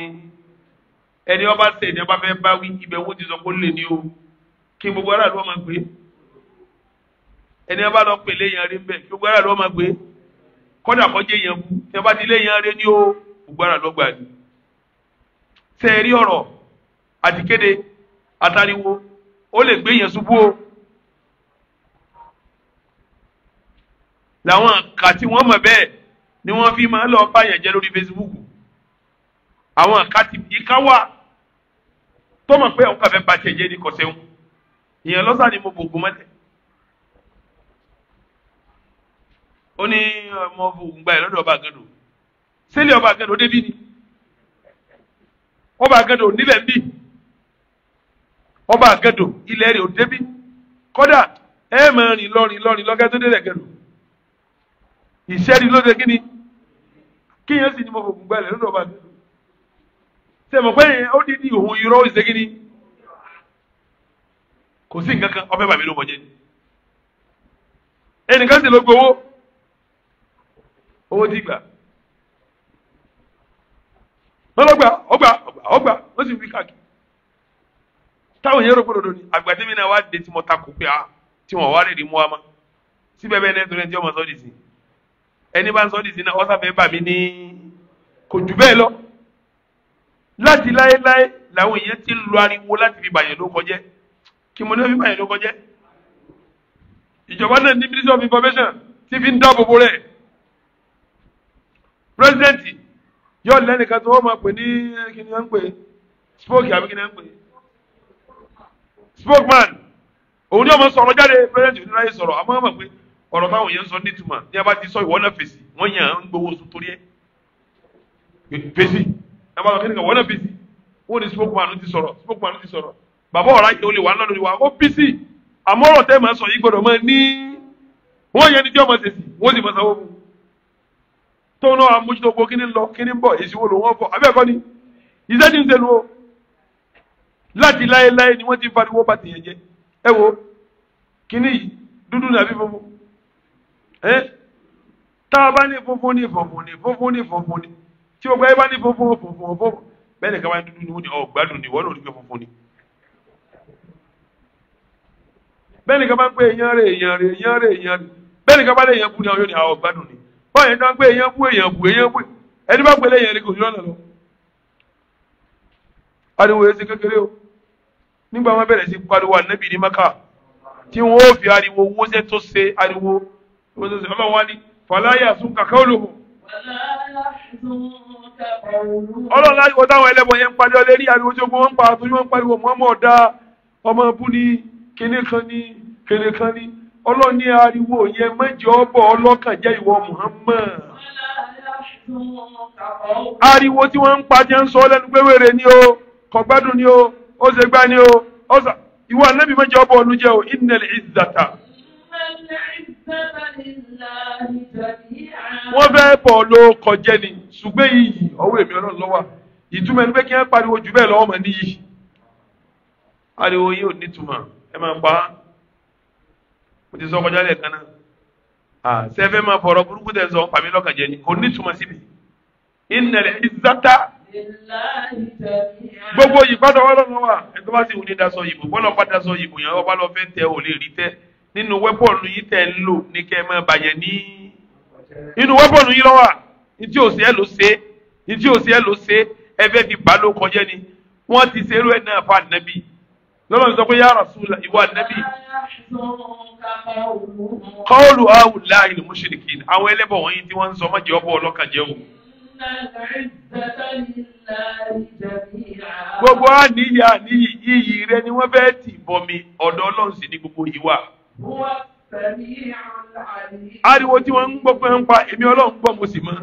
ẹni ọba ṣe ìdí ọba fẹ́ bá wí ibẹ̀ wo ti sọ kó lè ní o kí gbogbo aráàlú ọmọ gbé ẹni ọba lọ pèlè yẹn rí bẹ́ẹ̀ gbogbo aráàlú ọmọ gbé kọ́dà kọjá yẹn kú ẹni ọba ti lé yẹn ní o gbogbo aráàlú ọgbà ni. sẹ́ẹ̀rí ọ̀rọ̀ àtikéde àtàríwo ó lè gbé yẹn ṣubú o. làwọn kàtí wọn mọ̀ bẹ́ẹ̀ ni wọ́n fi máa lọ báyàn jẹ́ lórí Facebook àwọn àkàtì ìka wà tó mọ̀ pé ọkọ̀ fẹ́ bàtì ẹ̀jẹ̀ ní kọ̀sẹ́hún ìyẹn lọ́sàn ni mo bògùn mọ́tẹ́ ó ní ọmọ bògùn gbà yẹn lọ́dọ̀ ọba àgàdo sẹ́lẹ̀ ọba àgàdo débí ni ọba àgàdo nílẹ̀ ń bì ọba àgàdo ilẹ̀ rẹ̀ ò débí kódà ẹ máa rìn lọ́rin lọ́rin lọ́gẹ́ tó délẹ̀ ìṣẹ́ni ló ṣe kíni kíyàn sì ni mo fòkùn gbẹlẹ̀ lọ́dọ̀ bá dúdú ṣe mọ̀ pé ó di ní òun irọ́ ìṣe kíni kò sí nǹkan kan ọbẹ̀ bàbí ló mọ̀ jẹ́ ni ẹnìkan sì ló gbowó owó ti gbà wọ́n lọ gbà ọgbà ọgbà wọ́n sì wí káàkiri táwọn yẹn rò pé dodo ni àgbàtí mi náà wá dé tí mo ta kò pé a ah, tí wọ́n wá lè rí mú wa mọ́ síbẹ̀ bẹ́ẹ̀ ní ẹ̀ tó lẹ́ni tí ọmọ sọ́ọ́ dì sí i ẹni bá ń sọ ní sinna ọsàfẹ́ bà mí ní kò jù bẹ́ẹ̀ lọ láti láéláé làwọn èèyàn ti ń lo ariwo láti fi bàyẹ̀ ló kọjẹ́ kí mo ní fi bàyẹ̀ ló kọjẹ́ ìjọba náà ní ministry of information ti fi ń dáàbò rẹ̀ president yóò lẹ́nìkan tó wọ́n máa pè ní eh, kí ni wọ́n ń pè spoke àbí kí ni wọ́n ń pè spoke man òun ni wọ́n sọ̀rọ̀ jáde president yóò ní láyé sọ̀rọ̀ àmọ́ wọ́n máa pè é ọ̀rọ̀ táwọn yẹn ń sọ nítumọ̀ ní a bá ti sọ ìwọ náà fèsì wọ́n yàn án ń gbowó oṣù torí ẹ̀ fèsì ẹ bá sọ kíni kan wọ́n náà fèsì wọ́n ní spokesman ti sọ̀rọ̀ spokesman ti sọ̀rọ̀ bàbá ọ̀rá yìí ó lè wà náà lórí wa ó bí sí àmọ́ ọ̀rọ̀ tẹ́ máa sọ yìí gbọ́dọ̀ máa ní wọ́n yẹn ní jọ́ máa wọ́n sì máa sanwó fún un tóun náà amójútó gbó kíní lọ kíní bọ̀ èsì wo ló wọ́n bọ̀ àbẹ́ ẹ̀kọ́ ni iṣẹ́ ti ń ṣe lu o láti láéláé ni wọ́n ti fariwo bá tìyẹn jẹ ẹ wo kíní yìí dúdú nàbí funfun tá a bá ní funfun ní funfun ní funfun ní funfun ní tí o gba ẹ bá ní funfun funfun funfun bẹ́ẹ̀ nìkan wáyé dúdú ni wọ́n ní ọ̀ gbádùn ni wọ́n lò ní pé funfun ni. bẹ́ẹ̀ nìkan bá ń pé èèyàn rẹ̀ èèyàn rẹ̀ èèyàn rẹ̀ èèyàn rẹ̀ bẹ́ẹ̀ nìkan bá lé èèyàn bú ni àwọn yóò ní ọ̀ gbádùn ni báwo yẹn tó ń pé èèyàn bú èèyàn bú èèyàn bú ẹni bá pèlè èèyàn rẹ̀ kò yọ̀nà lọ. ariwo yẹn ti o nígbà wọn bẹ̀rẹ̀ sí pariwo ní maka tí òṣèṣe ọlọ́run wá ní fàlàyà sún kaka olóhùn. ọlọ́run láti wọ́n táwọn ẹlẹ́bọn yẹn ń pariwo lérí ariwo tí wọ́n ń pa àtúnyí wọ́n ń pariwo ọmọ ẹbú ni ní ariwo yẹn ọlọ́kàn jẹ́ ìwọ Muhammad. ariwo tí wọ́n ń pa jẹ́ ń ni o kọ̀gbádùn ni o ó ṣe gbá ni o ìwọ anábì wọ́n fẹ́ bọ̀ ló kọjẹ́ ni ṣùgbẹ́ iyì ọwọ́ èmi ọlọ́run lọ́wọ́ ìtumọ̀ ẹni pé kí wọ́n pariwo jù bẹ́ẹ̀ lọ́wọ́ mọ̀ níyì ariwo yìí ò nítumọ̀ ẹ máa pa á mo ti sọ kọjá lẹ́ẹ̀kan náà sẹ́fẹ́ máa fọ̀rọ̀ burúkú tẹ̀ sọ pàmí lọ́kàn jẹ́ ni kò nítumọ̀ síbi ìnẹ̀lẹ̀ ìzátá gbogbo yìí gbọ́dọ̀ wọ́n lọ́wọ́ ẹni tó bá sì wù ní dasọ ìbò bọ́lọ̀ bá dasọ ìbò yẹn ọba nínú wẹ́pọ̀nù yìí tẹ̀ ń lò ní kẹ́ ẹ máa bàyẹ̀ ní. inú wẹ́pọ̀nù yìí lọ́wọ́ ìdí òsì ẹ̀ ló ṣe ìdí òsì ẹ̀ ló ṣe ẹ fẹ́ fi bá ló kọjá ni wọ́n ti ṣe eré náà fún ànábì lọ́wọ́ sọ pé ya Rasul ìwọ ànábì. kọ́ọ̀lù àwùlá ìlú mushrikin àwọn ẹlẹ́bọ̀ wọ̀nyí tí wọ́n ń sọ mọ́jẹ́ ọ̀bọ̀ ọlọ́kàjẹ́ wò gbogbo àníyàn níyì yíyí rẹ ni wọ́n fẹ́ẹ́ tì bọmi ọ̀dọ̀ Ọlọ́run sì ni gbogbo yìí wà. ariwo tí wọn ń gbọ́ pé ń pa èmi ọlọ́run gbọ́ mo sì mọ̀.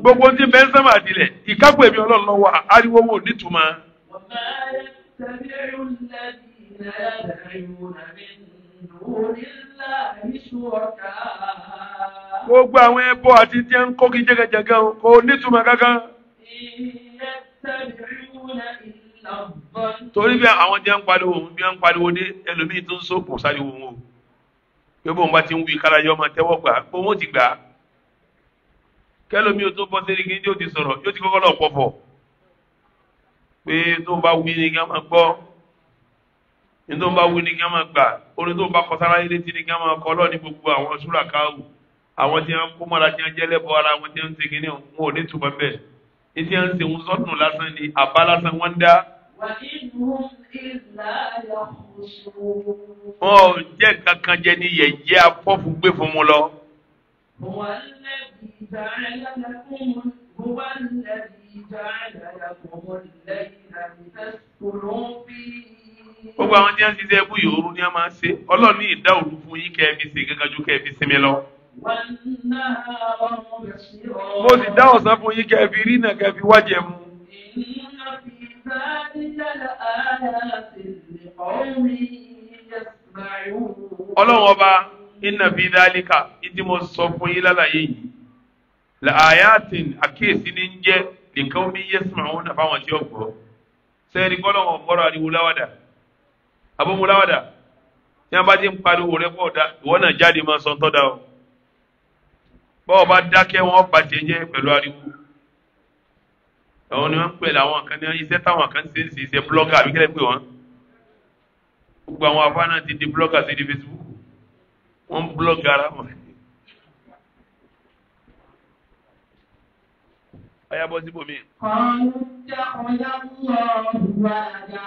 gbogbo tí bẹ́ẹ̀ sábà dilẹ̀ èmi ọlọ́run lọ́wọ́ ariwo wo nítumọ̀. gbogbo àwọn ẹbọ àti tí ń kó kí jẹgẹjẹgẹ ń kó nítumọ̀ kankan. torí bí àwọn jẹ́ ń pariwo òun bí wọ́n ń pariwo dé ẹlòmíì tó ń sókun sáriwo wọn o pé bóun bá ti ń wí kára yọ ọmọ tẹ́wọ́ gbà bóun ó ti gbà á kẹlòmíì tó bọ́ sẹ́ni yóò ti sọ̀rọ̀ yóò ti kọ́kọ́ lọ pé tó bá wí ni kí wọ́n máa gbọ́ nítorí wọn bá wí ní kí wọn máa gbà orin tó ń bá kọ sára ilé tí kí wọn máa kọ lọ ní gbogbo àwọn súrà káwù àwọn tí wọn kó mọ́ra tí wọn jẹ́lẹ́bọ ara wọn tí wọn ń segin ní wọn ò ní túbọ̀ bẹ́ẹ̀ ní tí wọn ń segin sọ́tún lásán ni àbá lásán wọn dá. wọn ò jẹ́ kankan jẹ ní yẹ̀yẹ́ afọ́fù gbé fún mu lọ. wọn lè bí bàrẹ̀ lọ́dọ̀ هو الذي جعل لكم الليل لتسكنوا فيه gbogbo àwọn tí wọn ti ṣe ẹbú yòórù ni wọn máa ṣe Ọlọ́run ní ìdá òru fún yín kẹfì sí gẹ́gẹ́ ju kẹfì sinmi lọ. mo sì dá ọ̀sán fún yín kẹfì rí náà kẹfì wájẹ mu. Ọlọ́run ọba iná bíi dálíkà ìdí mo sọ fún yín lálàyé yìí làáyàtìn àkíyèsí ní ń jẹ́ nìkan omi yẹ́sùn àwọn náà fáwọn tí ó gbọ́ sẹ́ẹ̀rì gbọ́dọ̀ wọn gbọ́dọ̀ ariwo láwàdà abomulawada tí wọn bá ti ń pariwo rẹ pọ̀ da ìwọ náà jáde máa sọ tọ́ da o bọ́ọ̀ bá dákẹ́ wọn bá tiẹ̀ jẹ́ pẹ̀lú ariwo àwọn ni wọn ń pè láwọn kan ní iṣẹ́ táwọn kan ṣe ń ṣe iṣẹ́ blọ́gà àbí kílẹ̀ pé wọ́n gbogbo àwọn afá náà ti di blọ́gà sí di Facebook wọ́n ń blọ́gà ara wọn. ọyá síbòmí. ọ̀run jẹ́ ọ̀yá ìwà àjà.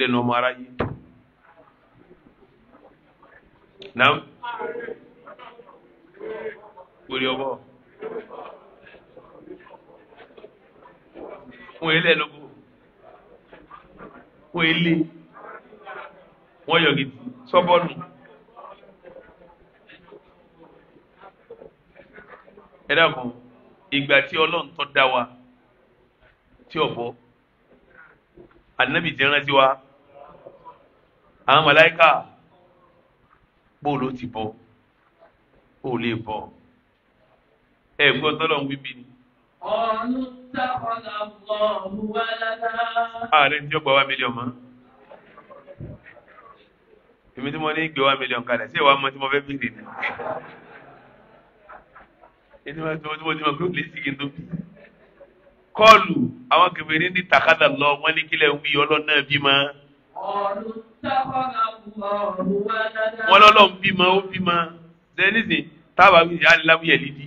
lẹ́nu ọmọ aráyé nam wòlé ọbọ wọn èlé ẹnugbó wọn èlé wọn yọ gidi sọbọnù ẹ dàgbọn ìgbà tí Ọlọ́run tó dá wa tí ọ̀bọ ànábì ti rántí wa àwọn màláíkà bó ló ti bọ ó lè bọ ẹ gbọ́ tọ́lọ́run wíbí ni. ọ̀nù sáfọ̀nà ọ̀hún wà ládàá. ààrẹ tí ó gba wá mílíọ̀nù mọ́ èmi tí mo ní gbé wá mílíọ̀nù kalẹ̀ sí ìwà ọmọ tí mo fẹ́ bèrè ni ẹni wá tí mo ti mọ̀ pé ó lè sìgì tó bí kọ́ọ̀lù àwọn kèfèrí ní tàkàdà lọ wọ́n ní kílẹ̀ ń wí ọlọ́nà bí máa wọ́n lọ́lọ́ ń bímọ ó bímọ dẹ́nìsìn tábà wí ìyánilábúyẹ̀ lídí.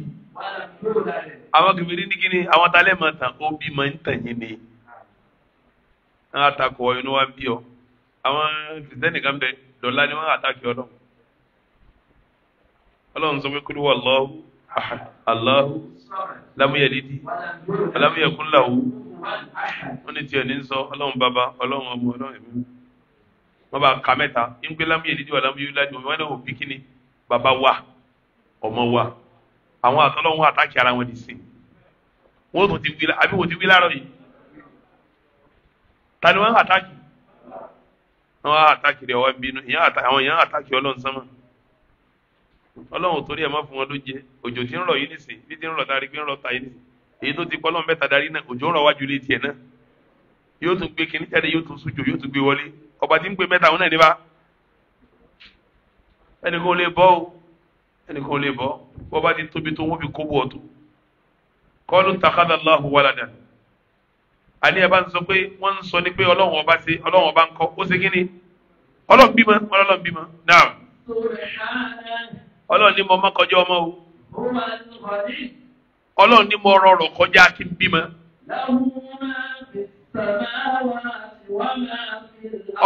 àwọn kìfìrí ní kíni àwọn talẹ́ máa tàn ó bímọ ń tàn yín ni. wọ́n àtakọ̀ ọ̀yọ́ ni wọ́n bí ọ. àwọn kìrìsìtẹ́nì kan bẹ dọ̀la ni wọ́n àtakì ọlọ́run. ọlọ́run sọ pé kúrú wà lọ́wọ́ aláhu lámúyẹ̀ lídí alámúyẹ̀ kúnláwù. wọ́n ní tiẹ̀ ní sọ ọlọ́run bàbá ọlọ́run ọmọ ọlọ́run ẹ̀mí. Baba bá ka mẹ́ta ńpẹ lámú yẹlẹ díwà lámú yẹlẹ díwà wọn wa ọmọ wa àwọn àtọlọ́wọ́n àtàkì ara wọn nìsín wọn tún ti wí la àbí wọn ti wí láàárọ̀ yìí tani wọn àtàkì wọn àtàkì rẹ wọn bínú àwọn èèyàn àtàkì ọlọ́run sánmà ọlọ́run torí ẹ̀ má fún wọn ló jẹ òjò tí ń rọ̀ yìí nìsín bí ti ń rọ̀ darí pé ń rọ̀ ta yìí nìsín èyí tó ti kọ́ ọlọ́run mẹ́ta darí náà òjò ń rọ̀ wájú ilé tiẹ̀ náà. yóò tún gbé kíní jáde yóò tún sójò yóò tún gbé wọlé ọba tí ń gbé mẹ́ta òun náà níbà ẹnì kan lè o ẹnì kan lè tóbi tó fi kó Allahu àní bá ń sọ pé ń sọ ni pé ọlọ́run ọba ṣe ọlọ́run ọba ń kọ́ ó ṣe bímọ bímọ náà ní mo kọjá ọmọ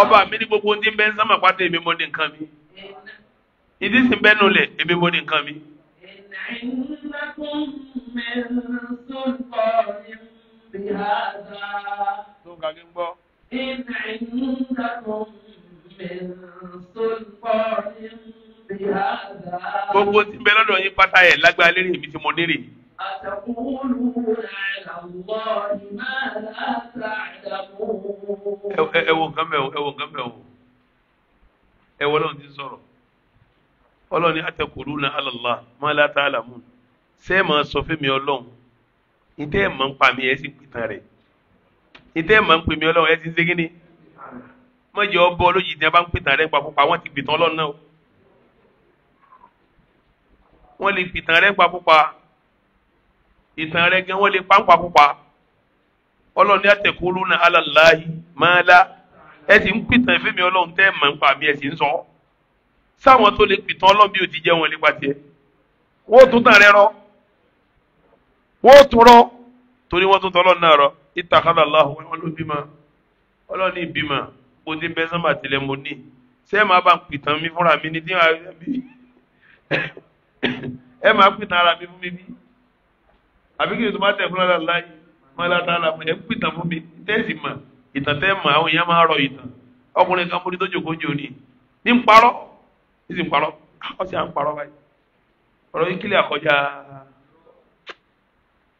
ọba mi ní gbogbo ndí bẹ́ẹ̀ sámà pátá èmi mo ní nǹkan mi ìdí sì bẹ́ẹ̀ nulẹ̀ èmi mo ní nǹkan mi. tó ga kí n gbọ́. gbogbo tí bẹ́ẹ̀ lọ́dọ̀ yín pátá yẹ lágbára lérí èmi tí mo ní ẹ wo nǹkan bẹ́ẹ̀ o ẹ wo nǹkan bẹ́ẹ̀ o ẹ wo ọlọ́run ti sọ̀rọ̀ ọlọ́run ni àtẹkùrú na alàlá máa látà àlàmú sẹ́ máa sọ fẹ́mi ọlọ́run ìdẹ́ ẹ̀ máa ń pa mi ẹ̀ sì pìtàn rẹ̀ ìdẹ́ ẹ̀ máa ń pè mí ọlọ́run ẹ̀ sì ń ṣe kíni mọ̀jẹ̀ ọbọ̀ olójijì ni bá ń pìtàn rẹ̀ papòpọ̀ àwọn ti pìtàn ọlọ́run náà wọ́n lè pìtàn rẹ̀ papòpọ̀ ìtàn rẹ̀ gan wọ́n lè pàǹpà pupa ọlọ́run ní àtẹ̀kúrú náà alàláhi máa la ẹ sì ń pìtàn ìfẹ́ mi ọlọ́run tẹ́ mọ̀ nípa mi ẹ sì ń sọ sáwọn tó lè pìtàn ọlọ́run bí òtí jẹ́ wọn lè pàtẹ́ wọ́n tún tàn rẹ rọ wọ́n tún rọ torí wọ́n tún tọ́ ọlọ́run náà rọ ìtàkàlà aláhùn wọn ló bímọ ọlọ́run ní ìbímọ mo ti bẹ́ sọ́mà tilẹ̀ mo ní ṣé máa bá ń pìtàn mi fúnra mi ní tí wọ́n á bí àbí kí ni tó bá tẹ̀ fúnra rà láyé máa láta ara ẹ̀ ń pìtàn fún mi tẹ́sí mà ìtàn tẹ́ mà àwọn èèyàn máa rọ ìtàn ọkùnrin kan múri tó jòkó jò ní ní ń parọ́ ní sì ń parọ́ ọ ah, sì à ń parọ́ báyìí ọ̀rọ̀ yìí kílẹ̀ àkọjá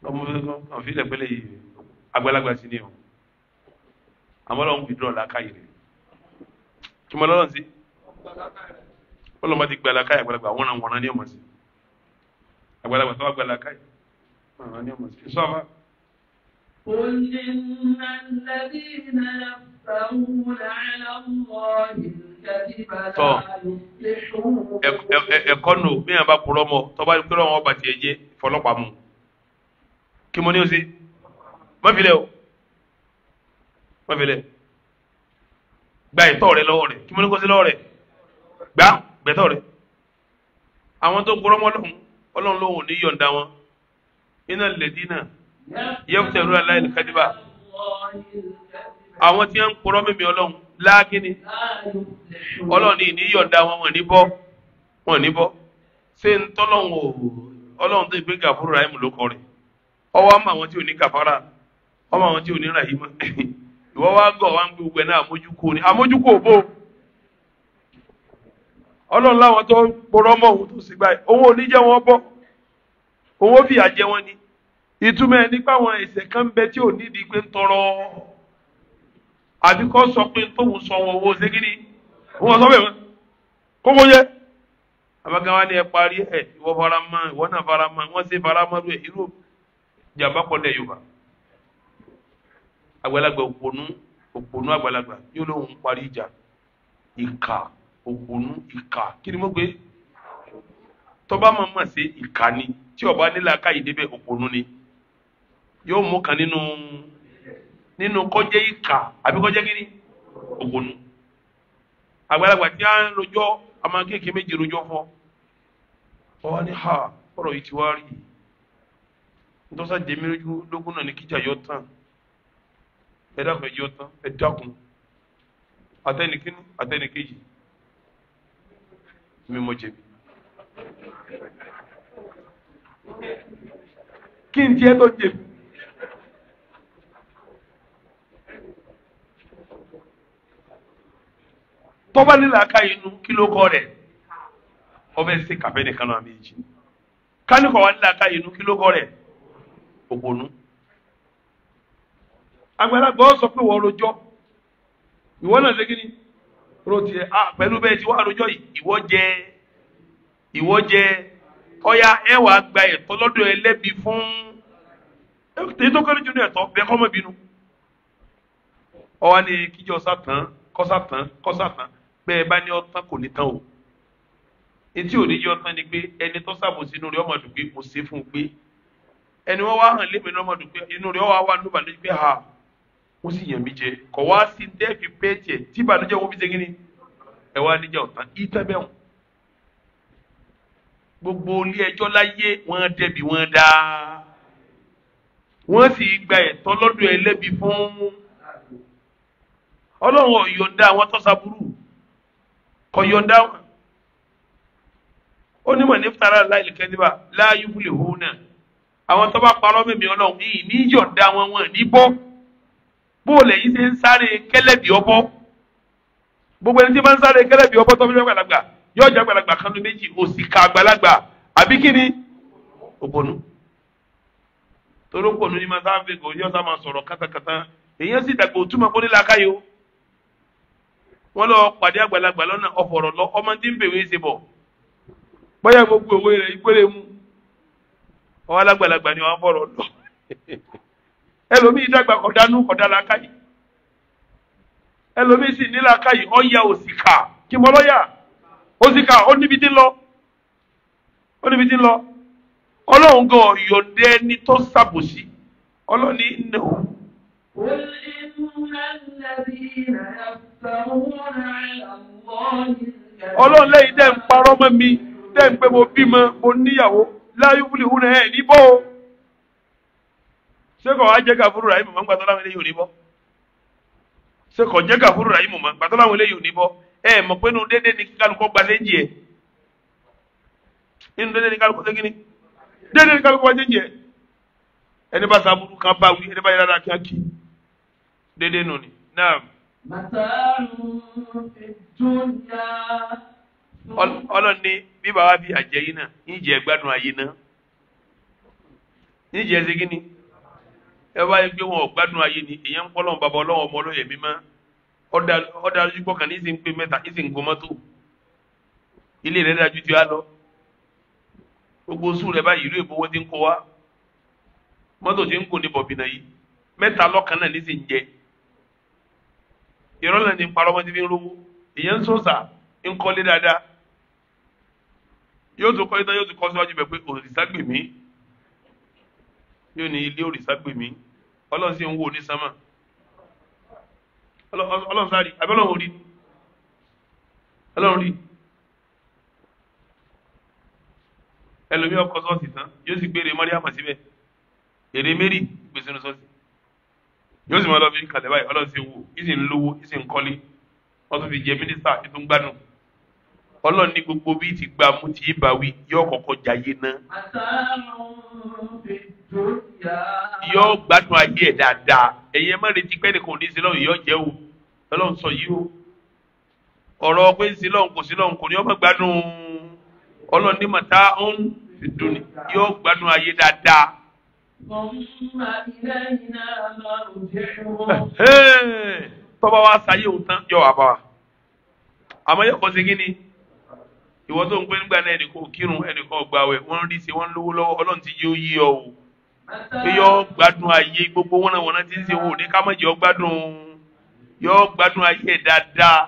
ọmọ àfihàn ìpínlẹ̀ yìí àgbàlagbà sí ni o àmọ́ lọ́wọ́ fi dúró làákàyè rẹ̀ kí mo lọ́rọ̀ sí ọlọ́mọdé gbẹ làákàyè àgbàlagbà wọ́n náà wọ́n náà ní ọmọ sí àgbàlagbà tó wà gbẹ làákàyè àwọn ní ọmọ sí sọ́mọ́. قل إن الذين يفترون على الله الكذب لا يفلحون e- e- e- ẹ̀kọ́ nù bí yẹn bá kúrọ́ mọ́ tọ́ba kúrọ́ wọn bàtì ẹ̀jẹ̀ fọlọ́pàá mu kí mo ní o sí mọ́fìlẹ́ o mọ́fìlẹ́ gba ìtọ́ rẹ lọ́wọ́ rẹ kí mo ní kó sí lọ́wọ́ rẹ gbá gbẹ̀tọ́ rẹ àwọn tó kúrọ́ mọ́ ọlọ́run ọlọ́run lòun ò ní yọ̀ǹda wọn iná lẹ́dínà yẹ́fùtẹ̀rù aláìlẹ́kẹ́dìbà àwọn tí wọ́n ń purọ́ mímí ọlọ́run láàkíní ọlọ́run ní ìníyọ̀dá wọn wọ́n ní bọ́ wọ́n ní bọ́ ṣé ń tọ́lọ́run o ọlọ́run tó gbé gàfúrú ráìmù ló kọ rẹ̀ ọwọ́ àmọ́ àwọn tí ò ní kàfárà ọmọ àwọn tí ò ní ràhímà ìwọ́ wa gọ̀ wá ń gbé gbẹ náà àmójúkò ni àmójúkò bò ọlọ́run láwọn tó purọ́ mọ́ òun tó sì gbà òun ò ní jẹ́ wọn bọ́ owó fìyà jẹ wọn ni ìtumọ̀ ẹ̀ nípa àwọn ẹ̀ṣẹ̀ kan bẹ tí ò nídìí pé ń tọrọ àbí kọ́ sọ pé tóun sọ wọn owó ṣégiri wọn sọ bẹ́ẹ̀ kókó yẹ abagawa ni ẹ parí ẹ ìwọ fara mọ́ ìwọ náà fara mọ́ wọn ṣe fara mọ́ rẹ irú jàmbá pọ̀ lẹ̀ yorùbá àgbàlagbà òpònú òpònú àgbàlagbà yóò lóun parí ìjà ìkà òpònú ìkà kí ni mo gbé tọ́ba máa ma ṣe ìkànnì tí ọba nílà káyìí débẹ̀ òpònú ni yóò mú kan nínú nínú kọjẹ́ ìkà àbí kọjẹ́ kí ni òpònú àgbàlagbà tí a ń rojọ́ a máa kéèké méjì rojọ́ fọ́ ọba ní ha ọ̀rọ̀ yìí ti wá rí ntọ́sá jẹ́mi lógún náà ní kíjà yọ tán ẹ dákun ẹ yọ tán ẹ dákun atẹnikínní atẹnikejì mi mọ kí n tiẹ̀ tó jẹ. tọ́ba nílà ká inú kí ló kọ́ rẹ̀ ọbẹ̀ ṣe kàfẹ́ nìkan náà méjì kánìkọ̀ wà nílà ká inú kí ló kọ́ rẹ̀ ògbónú. àgbàlagbà sọ pé wọ́n rojọ́ ìwọ náà lẹ́gìnì rò tiẹ̀ ah, pẹ̀lú bẹ́ẹ̀ ọ̀ya ẹ wà gba ẹ̀tọ́ lọ́dọ̀ ẹlẹ́bi fún èyí tó kéré jù ní ẹ̀tọ́ bẹ́ẹ̀ kọ́mọ bínú ọ̀wá ni kíjọ sátán kọ́sátán kọ́sátán bẹ́ẹ̀ bá ní ọtán kò ní tán o etí òdíjọ tán ni pé ẹni tó sábò sí inú rẹ̀ ọmọ dùgbé kò sí fún un pé ẹni wọn wá hàn lémi ní ọmọ inú rẹ̀ wá wà ní ìbànújẹ́ pé ha wọn sì yàn mí jẹ kọ wá sí dẹ́ẹ̀fì pẹ́ẹ́tì ẹ̀ tí ìbànújẹ́ wọn fi ṣe kí ni ẹ wá níjà ọ̀tán ìtẹ́bẹ̀wọ̀n gbogbo ilé ẹjọ́ láyé wọ́n dẹ̀bi wọ́n dá wọ́n sì gba ẹ̀tọ́ lọ́dọ̀ ẹlẹ́bi fún ọlọ́run ọ̀yọ̀ǹda àwọn tọ́sàbúrú kọ̀yọ̀ǹda wọn ó ní mọ̀ ní fara láìlè kẹ́díbà láàyè wúlò hó náà àwọn tó bá parọ́ mímí ọlọ́run yìí ní yọ̀ǹda wọn wọn ní bọ́ bóòlù ẹ̀yìn ṣe ń sáré kẹ́lẹ́bì ọbọ̀ gbogbo ẹni tí wọ́n ń sáré kẹ́lẹ́bì ọbọ̀ tó fi fẹ́ pàdàgbà yóò jẹ́ agbalagba kan ní méjì òsìkà àgbàlagbà àbí kí ni òpònú torí òpònú ma màá sáfẹ́ kò yóò sá máa sọ̀rọ̀ kátàkátà èèyàn sì dàgbà òtúmọ̀ kó nílá káyò wọ́n lọ pàdé agbalagba lọ ọmọdé ń bèwé ṣe bọ̀ bóyá gbogbo òwe rẹ̀ ìgbére mu alágbàlagbà ni lọ ẹlòmíì dàgbà ẹlòmíì sì kí ó sì ká ó níbi tí ń lọ ó níbi tí ń lọ ọlọ́run gan yọ̀ǹde ẹni tó ṣàbòsí ọlọ́ni nà ó. قل إن الذين يفترون على الله ọlọ́run lẹ́yìn dẹ́ ń parọ́ mọ́ mi dẹ́ ń pé mo bímọ mo níyàwó láyé wúlò ìhun ẹ̀ ní bọ́ o. ṣé kò wá jẹ́ gàfúrú ràhìmù mọ́ gbàtọ́ láwọn eléyìí ò ní bọ́ ṣé kò jẹ́ gàfúrú ràhìmù mọ́ gbàtọ́ láwọn eléyìí ò ní bọ́ ẹ eh, mọ̀ pé inú déédéé ni kálukọ́ gba léjì ẹ̀ e. inú déédéé ni kálukọ́ lẹ́gìnì déédéé ni kálukọ́ gba léjì ẹ̀ e. ẹni bá sàbúrú kan bá wí ẹni bá yẹ dáadáa kí á kì í déédéé nù ni náà. ọlọ́run ní bí bàbá fi àjẹ yín náà ń jẹ gbádùn ayé náà ń jẹ ṣe kí ni ẹ bá yẹ pé wọn ò gbádùn ayé ni èèyàn ń pọ́ lọ́wọ́ bàbá ọlọ́wọ́ ọmọ ọlọ́yẹ̀ mímọ́. ọ̀dájú pọ̀ kàn ní ìsìn pé mẹ́ta ìsìn nǹkan mọ́tò ilé rẹ̀ dájú ti á lọ gbogbo sùn rẹ̀ báyìí ìlú ìbówó ti ń kó wa mọ́tò ti ń kó ní bọ̀bìnà yìí mẹta lọ́kàn náà ní jẹ náà ní parọ́ mọ́ fi ń rówó ìyẹn ń sọ̀sà ń kọ́lé dáadáa yóò tún kọ́ yóò tún kọ́ ọlọ́run sáré àbí ọlọ́run rí ọlọ́run rí ẹlòmíì ọkọ ṣọ́ọ̀ṣì tán yóò sì gbére mọ́ríàmà síbẹ̀ èrè mẹ́rì gbèsè ní ṣọ́ọ̀ṣì yóò sì máa lọ fi kàlẹ́ báyìí ọlọ́run sì wò ìsì ń lówó ìsì ń kọ́lé wọ́n tún fi jẹ mínísítà ètò ń gbádùn ọlọ́run ní gbogbo bí ti gba mú ti bá yóò kọ́kọ́ jayé náà. yóò gbádùn ayé ẹ̀ dáadáa ẹ̀yin ẹ má retí pé ẹnìkan ò ní sí lọ́hùn yìí ọ̀jẹ́ o ọlọ́run sọ yìí o ọ̀rọ̀ pé sí lọ́hùn kò sí lọ́hùn kò ní ọmọ gbádùn ọlọ́run ní màtá ń dùn yóò gbádùn ayé dáadáa. tọ́ba wa sáyé òun tán jọ wà bá wa àmọ́ yóò kọ́ sí kí ni ìwọ tó ń pè nígbà náà ẹnìkan ò kírun ẹnìkan ò gbàwẹ̀ wọ́n rí sí wọ́n lówó lọ́wọ́ ọlọ́run pé yọ gbádùn ayé gbogbo wọn wọn ti ń ṣe wò ní ká má jẹ́ ọ yọ gbádùn ayé dáadáa.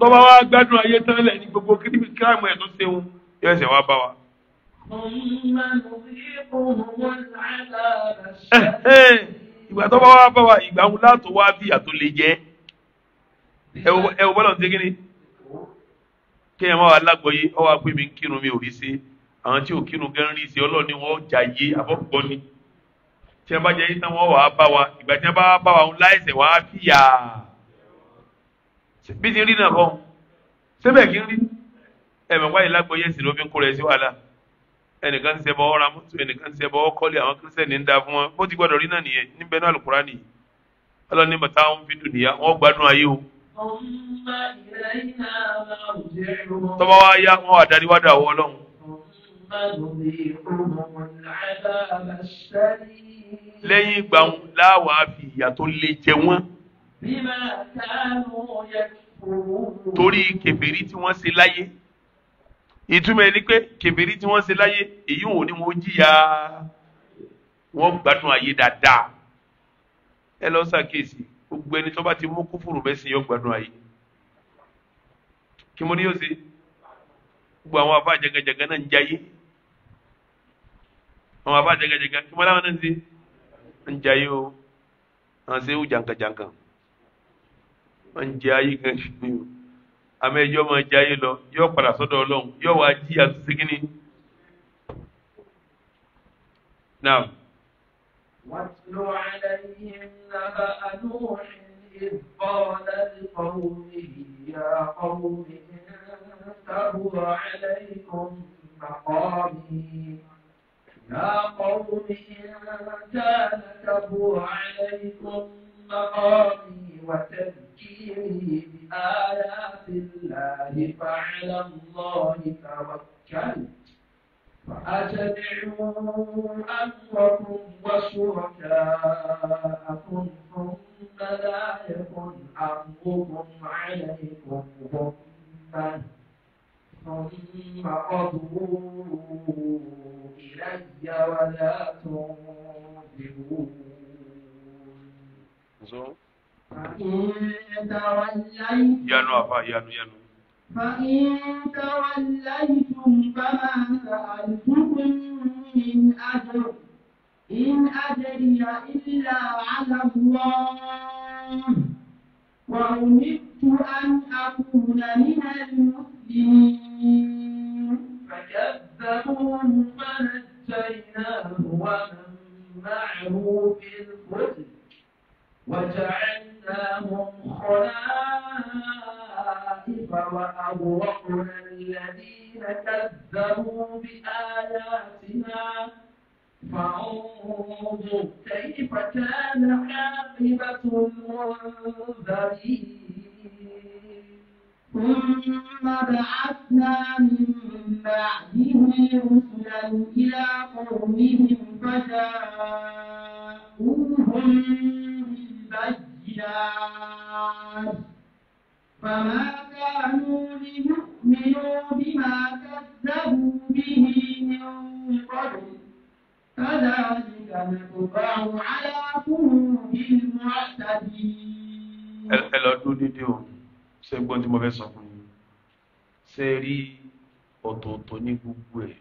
tọ́ba wa gbádùn ayé tẹ́lẹ̀ ní gbogbo kírímù kírámù ẹ̀ tó ṣe wọn yọ ẹsẹ̀ wa bá wa. ìgbà tọ́ba wa bá wa ìgbà wọn látò wá bí ìyà tó lè jẹ́ ẹ wò bọ́lá ń ṣe kí ni kí ẹ má wà lágbọ́yé ọ wá pé mi ń kírun mi ò rí sí i àwọn tí ò kírun gan rí sí ọlọ́run ni wọ́n jà yé abọ́pọ̀ ni tí wọ́n bá jẹ́ yín tán wọ́n wàá bá wa ìgbà tí wọ́n bá bá wa ń láìsẹ̀ wàá fìyà bí ti rí náà kọ́ sẹ́bẹ̀ kí ń rí ẹ̀mẹ̀ wáyé lágbóyè sí ló fi ń kó rẹ̀ sí wàhálà ẹnìkan ń ṣẹbọ ọ̀ra mọ́tò ẹnìkan ń ṣẹbọ ọkọ́lé àwọn kírísítẹ́nì ń da fún wọn bó ti gbọ́dọ̀ rí náà nìyẹn níbẹ̀ wa yá wọn àdáríwádà wọ ọlọ́run lẹ́yìn ìgbà wọn láwàá fi ìyà tó le jẹ wọ́n. torí kèfèrí tí wọ́n ṣe láyé ìtumọ̀ ẹni pé kèfèrí tí wọ́n ṣe láyé èyí ò ní wọ́n jìyà wọ́n gbádùn ayé dáadáa ẹ lọ ṣàkíyèsí gbogbo ẹni tó bá ti mú kúfùrù bẹ́ẹ̀ sì yọ gbádùn ayé kí mo ní yóò ṣe gbogbo àwọn afá jẹgẹjẹgẹ náà ń jayé àwọn àbá jẹgẹjẹgẹ kí wọn láwọn náà ń jẹ ayé o àwọn ṣe wù jàǹkàjàǹkà wọn ń jẹ ayé gan ṣe o àmọ́ ẹjọ máa jẹ ayé lọ yóò padà sọ́dọ̀ Ọlọ́run yóò wá jí àtúnṣe kínní. Now. عليهم نبأ نوح إذ قال لقومه يا قوم إن تبر عليكم مقامي يا قوم إن كان كبر عليكم مقامي وتذكيري بآيات الله فعلى الله توكلت فأتبعوا أمركم وشركاءكم ثم لا يكن أمركم عليكم غمة فقضوا إلي ولا تنظرون فإن توليتم فإن توليتم فما سألتكم من أجر إن أجري إلا على الله وأمرت أن أكون من المسلمين الدين فكذبوه ومن معه في الفلك وجعلناهم خلائف وأغرقنا الذين كذبوا بآياتنا فانظر كيف كان عاقبة المنذرين ثم بعثنا من بعده رسلا إلى قومهم فجاءوهم بالبينات فما كانوا ليؤمنوا بما كذبوا به من قبل كذلك نطبع على قلوب المعتدين ṣe gbọ́n tí mo fẹ́ sọ fún yín ṣe rí ọ̀tọ̀ọ̀tọ̀ ní gbogbo ẹ̀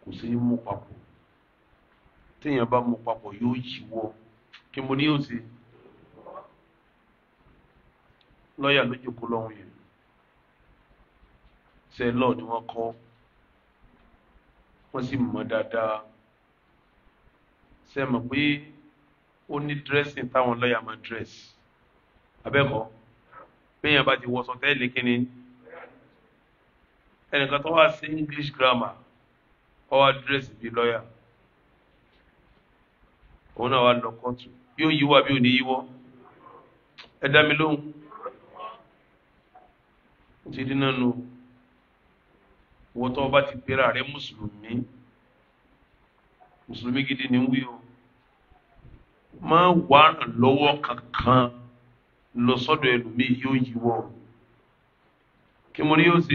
kò sí mú papọ̀ téèyàn bá mú papọ̀ yóò yíwọ́ kí mo ní yóò ṣe lọ́ọ̀yà ló jókòó lọ́hùn yẹn ṣe lọ́ọ̀ ni wọ́n kọ́ wọ́n sì mọ̀ dáadáa ṣe mọ̀ pé ó ní dírẹ́sìn táwọn lọ́ọ̀yà máa dírẹ́sì abẹ́kọ̀ọ́ bẹ́yẹn bá ti wọ̀sọ̀ tẹ́lẹ̀ kíni ẹnìkan tó wá sí English grammar ó wá dírẹ́sì bíi lọ́ọ̀yà òun náà wá lọ kóòtù yóò yíwọ́ àbí òní yíwọ́ ẹ dá mi lóhùn ti dín náà nù wọ́n tó bá ti pera rẹ̀ mùsùlùmí mùsùlùmí gidi ni wí o máa wà lọ́wọ́ kankan lọ sọ́dọ̀ ẹlòmíì yóò yí wọ́ kí mo ní yóò ṣe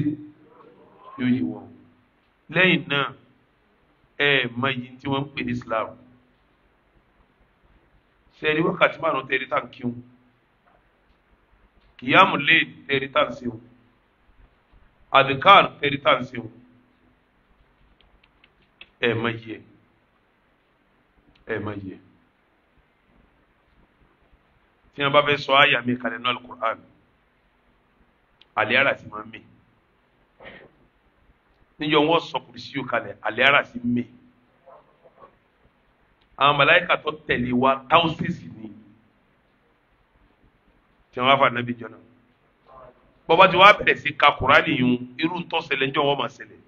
yóò yí wọ́ lẹ́yìn náà ẹ mọ iye tí wọ́n ń pè ní Islam ṣe ẹni wákàtí márùn tẹ̀rí tá à ń kírun kìyàmù lè tẹ̀rí tá à ń ṣeun àdìkàr tẹ̀rí tá à ń ṣeun ẹ mọ iye ẹ mọ iye tí wọn bá fẹ́ sọ àyà mi kalẹ̀ náà alukur'an àlẹ́yàrá sì máa ń mì níjọ wọn sọ kùrìsì yóò kalẹ̀ àlẹ́yàrá sì mì àwọn màláíkà tó tẹ̀lé wa thousands ni tí wọn bá fà nábì jọ náà bọ́bá tí wọ́n á bẹ̀rẹ̀ sí ka kùránì yìí irú tó ṣẹlẹ̀ níjọ wọn máa ṣẹlẹ̀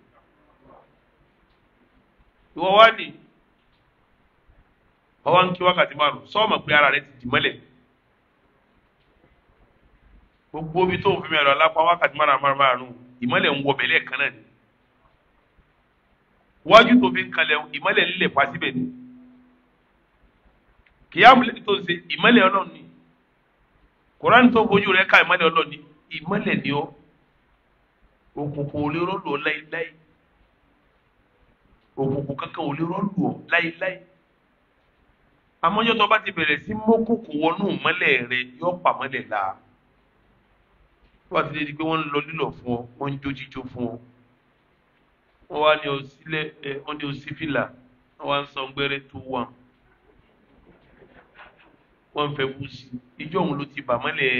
ìwọ wá ní ọwọ́ ń kí wákàtí márùn sọ́ọ̀mọ̀ pé ara rẹ ti dì mọ́lẹ̀ gbogbo omi tó ń fi mi àlọ́ alápá wákàtí márùn-ún márùn-ún ìmọ̀lẹ̀ ń wọbẹ̀ lẹ́ẹ̀kan náà ni wájú tó fi ń kalẹ̀ ìmọ̀lẹ̀ lílẹ̀ pa síbẹ̀ ni kìyàmù tó ń ṣe ìmọ̀lẹ̀ ọlọ́run ni koran tó fojú rẹ ká ìmọ̀lẹ̀ ọlọ́run ni ìmọ̀lẹ̀ ni ó òkùnkùn ò lè rọ́lù ọ láíláí òkùnkùn kankan ò lè rọ́lù ọ láíláí àmọ́jọ́ tó bá ti bẹ̀rẹ̀ sí mọ́kùnkùn wọnú ìmọ̀lẹ̀ rẹ yọ pàmọ́lẹ̀ láà wọ́n ti lè di pé wọ́n ń lọ lílọ̀ fún ọ wọ́n ń jó jíjó fún ọ wọ́n wá ní osílẹ̀ ẹ wọ́n ní osífìlà wọ́n wá ń sọ gbẹ́rẹ́ tó wà wọ́n ń fẹ́ wú sí ijó òun ló ti bà mọ́lẹ̀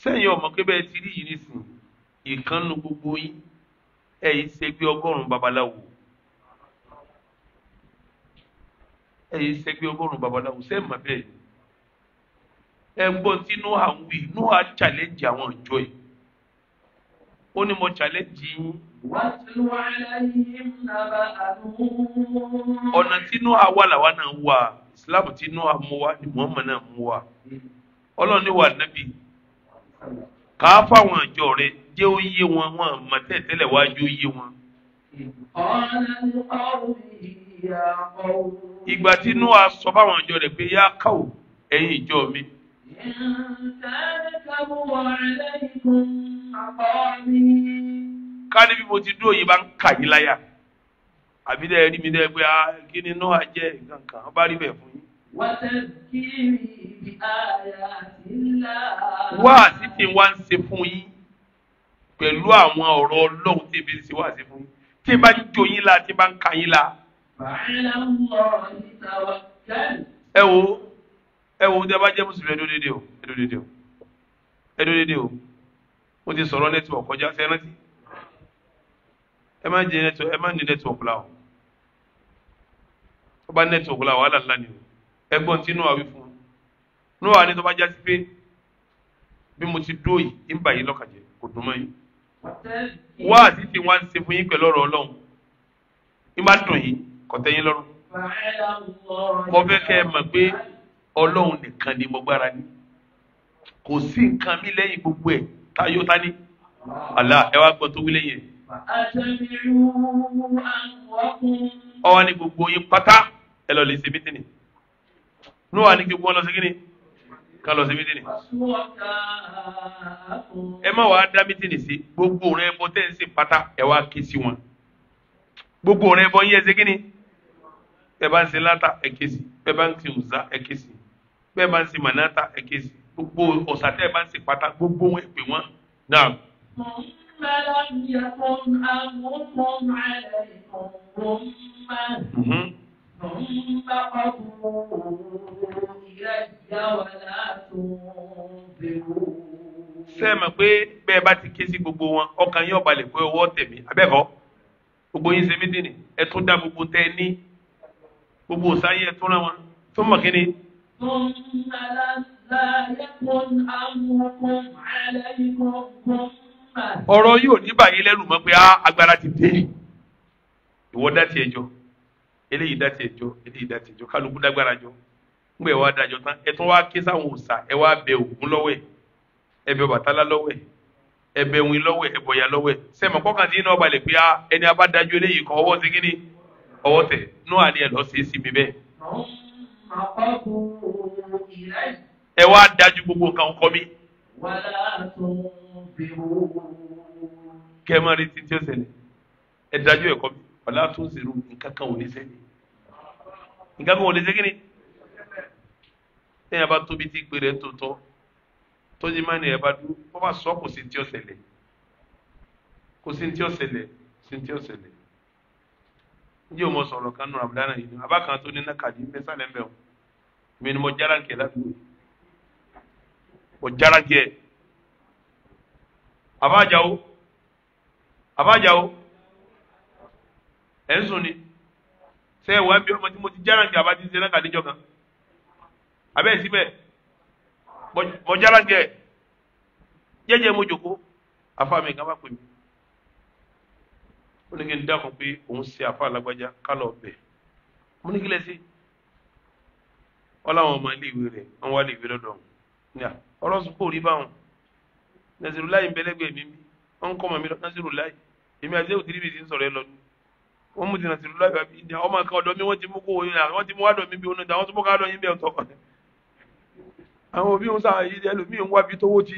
sẹ́yìn ọmọ pé bẹ́ẹ̀ ti rí yìí nísìn ìkànnù gbogbo yín ẹ̀yìn ṣẹgbẹ́ ọgọ́rùn-ún babaláwo ẹ̀yìn ṣẹgbẹ́ ọgọ́rùn-ún babaláwo sẹ́ẹ̀ mà bẹ́ẹ̀ ni ẹgbọ́n tí Nóà ń wí Nóà challenge àwọn ìjọ ẹ̀ ó ní mo challenge yín. ọ̀nà tí Nóà wà làwa náà wà Islam tí Nóà mú wa ni Muhammad náà mú wa ọlọ́run ní wà nábì kà á fáwọn ìjọ rẹ jẹ́ ó yé wọn wọn àmọ́ tẹ́tẹ́lẹ̀ wá jó yé wọn. ìgbà tí Nóà sọ fáwọn ìjọ rẹ pé yá káwọ́ ẹ̀yin ìjọ mi ká níbi mo ti dúró yìí bá ń kà yín láyà àbí dẹ́ rí mi dẹ́ pé a ah, kí ni Nóà jẹ́ nǹkan kan bá rí bẹ̀ fún yín. wá sí ti wá ń ṣe fún yín pẹ̀lú àwọn ọ̀rọ̀ Ọlọ́run tí èmi ṣe wá sí fún yín tí bá ń jó yín la tí bá ń ka yín la. ẹ wo ẹ wo tí a bá jẹ́ mùsùlùmí ẹdó dédé o ẹdó dédé o ẹdó dédé o mo ti sọ̀rọ̀ network kọjá sí ẹrántí ẹ má jẹ network ẹ má ní network la o tó bá network la wàhálà ńlá ni o ẹ gbọ́n tí Nóà wí fún un Nóà ní tó bá já sí pé bí mo ti dó yìí ń bà yín lọ́kàn jẹ́ kò dùn mọ́ yín wá àtìsí wá ń ṣe fún yín pẹ̀lú ọ̀rọ̀ ọlọ́run ń bá dùn yín kò lọ́rùn kò kẹ́ ẹ mọ̀ pé ọlọ́run nìkan ni mo gbára ní kò sí nǹkan mi lẹ́yìn gbogbo ẹ̀ táyọ̀ tání Allah ẹ wá gbọ́ tó wí lẹ́yìn ẹ̀. ọwọ́ ni gbogbo yín pátá ẹ lọ lè ṣe mítìnì ní wàá ní kí wọ́n lọ sí kíni ká lọ sí mítìnì. ẹ má wàá dá mítìnì sí gbogbo rẹ bọ́ tẹ́ ń sè pátá ẹ wá ké sí wọn gbogbo rẹ bọ́ yín ẹ ṣe kíni ẹ bá ń ṣe láta ẹ ké sí ẹ bá ń ṣe òòzà ẹ ké sí bẹ́ẹ̀ bá ń ṣe mànáta ẹ̀kejì gbogbo ọ̀sà bá ń ṣe pátá gbogbo wọn pè wọ́n náà. sẹ́ẹ̀mọ̀ pé bẹ́ẹ̀ bá ti ké sí gbogbo wọn ọkàn yóò balẹ̀ pé ọwọ́ tẹ̀mí abẹ́kọ̀ọ́ gbogbo yín ṣe mí dì ní ẹ tún dá gbogbo tẹ́ ẹ ní gbogbo ọ̀sà yẹn tún ra wọn tó mọ̀ kí ni. ثم لا يكن أمركم عليكم ọ̀rọ̀ yóò ní báyìí lẹ́rù mọ́ pé ah, agbára ti dé ìwọ dátì ẹjọ́ eléyìí dátì ẹjọ́ eléyìí dátì ẹjọ́ kálukú dágbára jọ ń bẹ̀ wá dájọ́ tán ẹ tún wá ké sáwọn òòṣà ẹ wá bẹ Ògún lọ́wọ́ ẹ ẹ bẹ Ọbàtálá lọ́wọ́ ẹ ẹ bẹ Ìwìn lọ́wọ́ ẹ ẹ bọ̀yà lọ́wọ́ ẹ sẹ́mi iná balẹ̀ pé ah, ẹni abádájọ́ eléyìí kan ọwọ́ sí kíní ọwọ́ tẹ̀ nú àní ẹ̀ lọ́ sí sí mi bẹ́ẹ̀ ẹ wá dájú gbogbo nǹkan ń kọ́ mi. kẹ́ ẹ máa retí tí ó ṣẹlẹ̀ ẹ dájú ẹ̀kọ́ mi wàlá tó zèrú nǹkan kan ò ní sẹ́ni nǹkan kan ò ní sẹ́kìnì. tẹ́yìn bá tóbi tí gbé rẹ̀ tó tọ́ tọ́jú máa ní ẹ̀ bá dúró wọ́n bá sọ kò sí tí ó ṣẹlẹ̀ kò sí tí ó ṣẹlẹ̀ sí tí ó ṣẹlẹ̀ njẹ́ o mọ̀ sọ̀rọ̀ kan nù abudulayi yìí ni abá kan tó ní nákàdí mẹ́sàn-án lẹ́mbẹ̀ẹ́ min mo jaranke lafi o jaranke a b'a jawo a b'a jawo ẹ ń sùn ni ṣe ẹ wà ń bí ọmọ tí mo ti jaranke a b'a ti sẹ́nà kàdé jọ kan a bẹ́ẹ̀ síbẹ̀ mo jaranke jẹ́jẹ́ mo jòkó afa mi kàn bá pè mí ó ní kí n dákun pé òun ṣe afa alágbájá kálọ̀ ọ̀bẹ mo ní kí lẹ́sìn wọn làwọn ọmọ iléèwé rẹ̀ wọn wá iléèwé lọ́dọ̀ wọn ọ̀rọ̀ sùkúù rí báwọn nàzírù láì ń bẹlẹgbẹ mi bí wọn kọ́ ọmọ mi lọ nàzírù láì èmi àti ẹ̀wù tìrìbì ti ń sọ̀rọ̀ ẹ lọ wọn mú ti nàzírù láì wá bí ìdí àwọn ọmọ akẹ́ ọ̀dọ́ mi wọ́n ti mú kó wọ́n yìí wọ́n ti mú wá dọ̀ mi bí onídàá wọ́n tún mú ká dọ̀ yín bẹ́ẹ̀ tọ́ àwọn òbí wọn sáà yìí ẹlòmíì ń wá bí tówó ti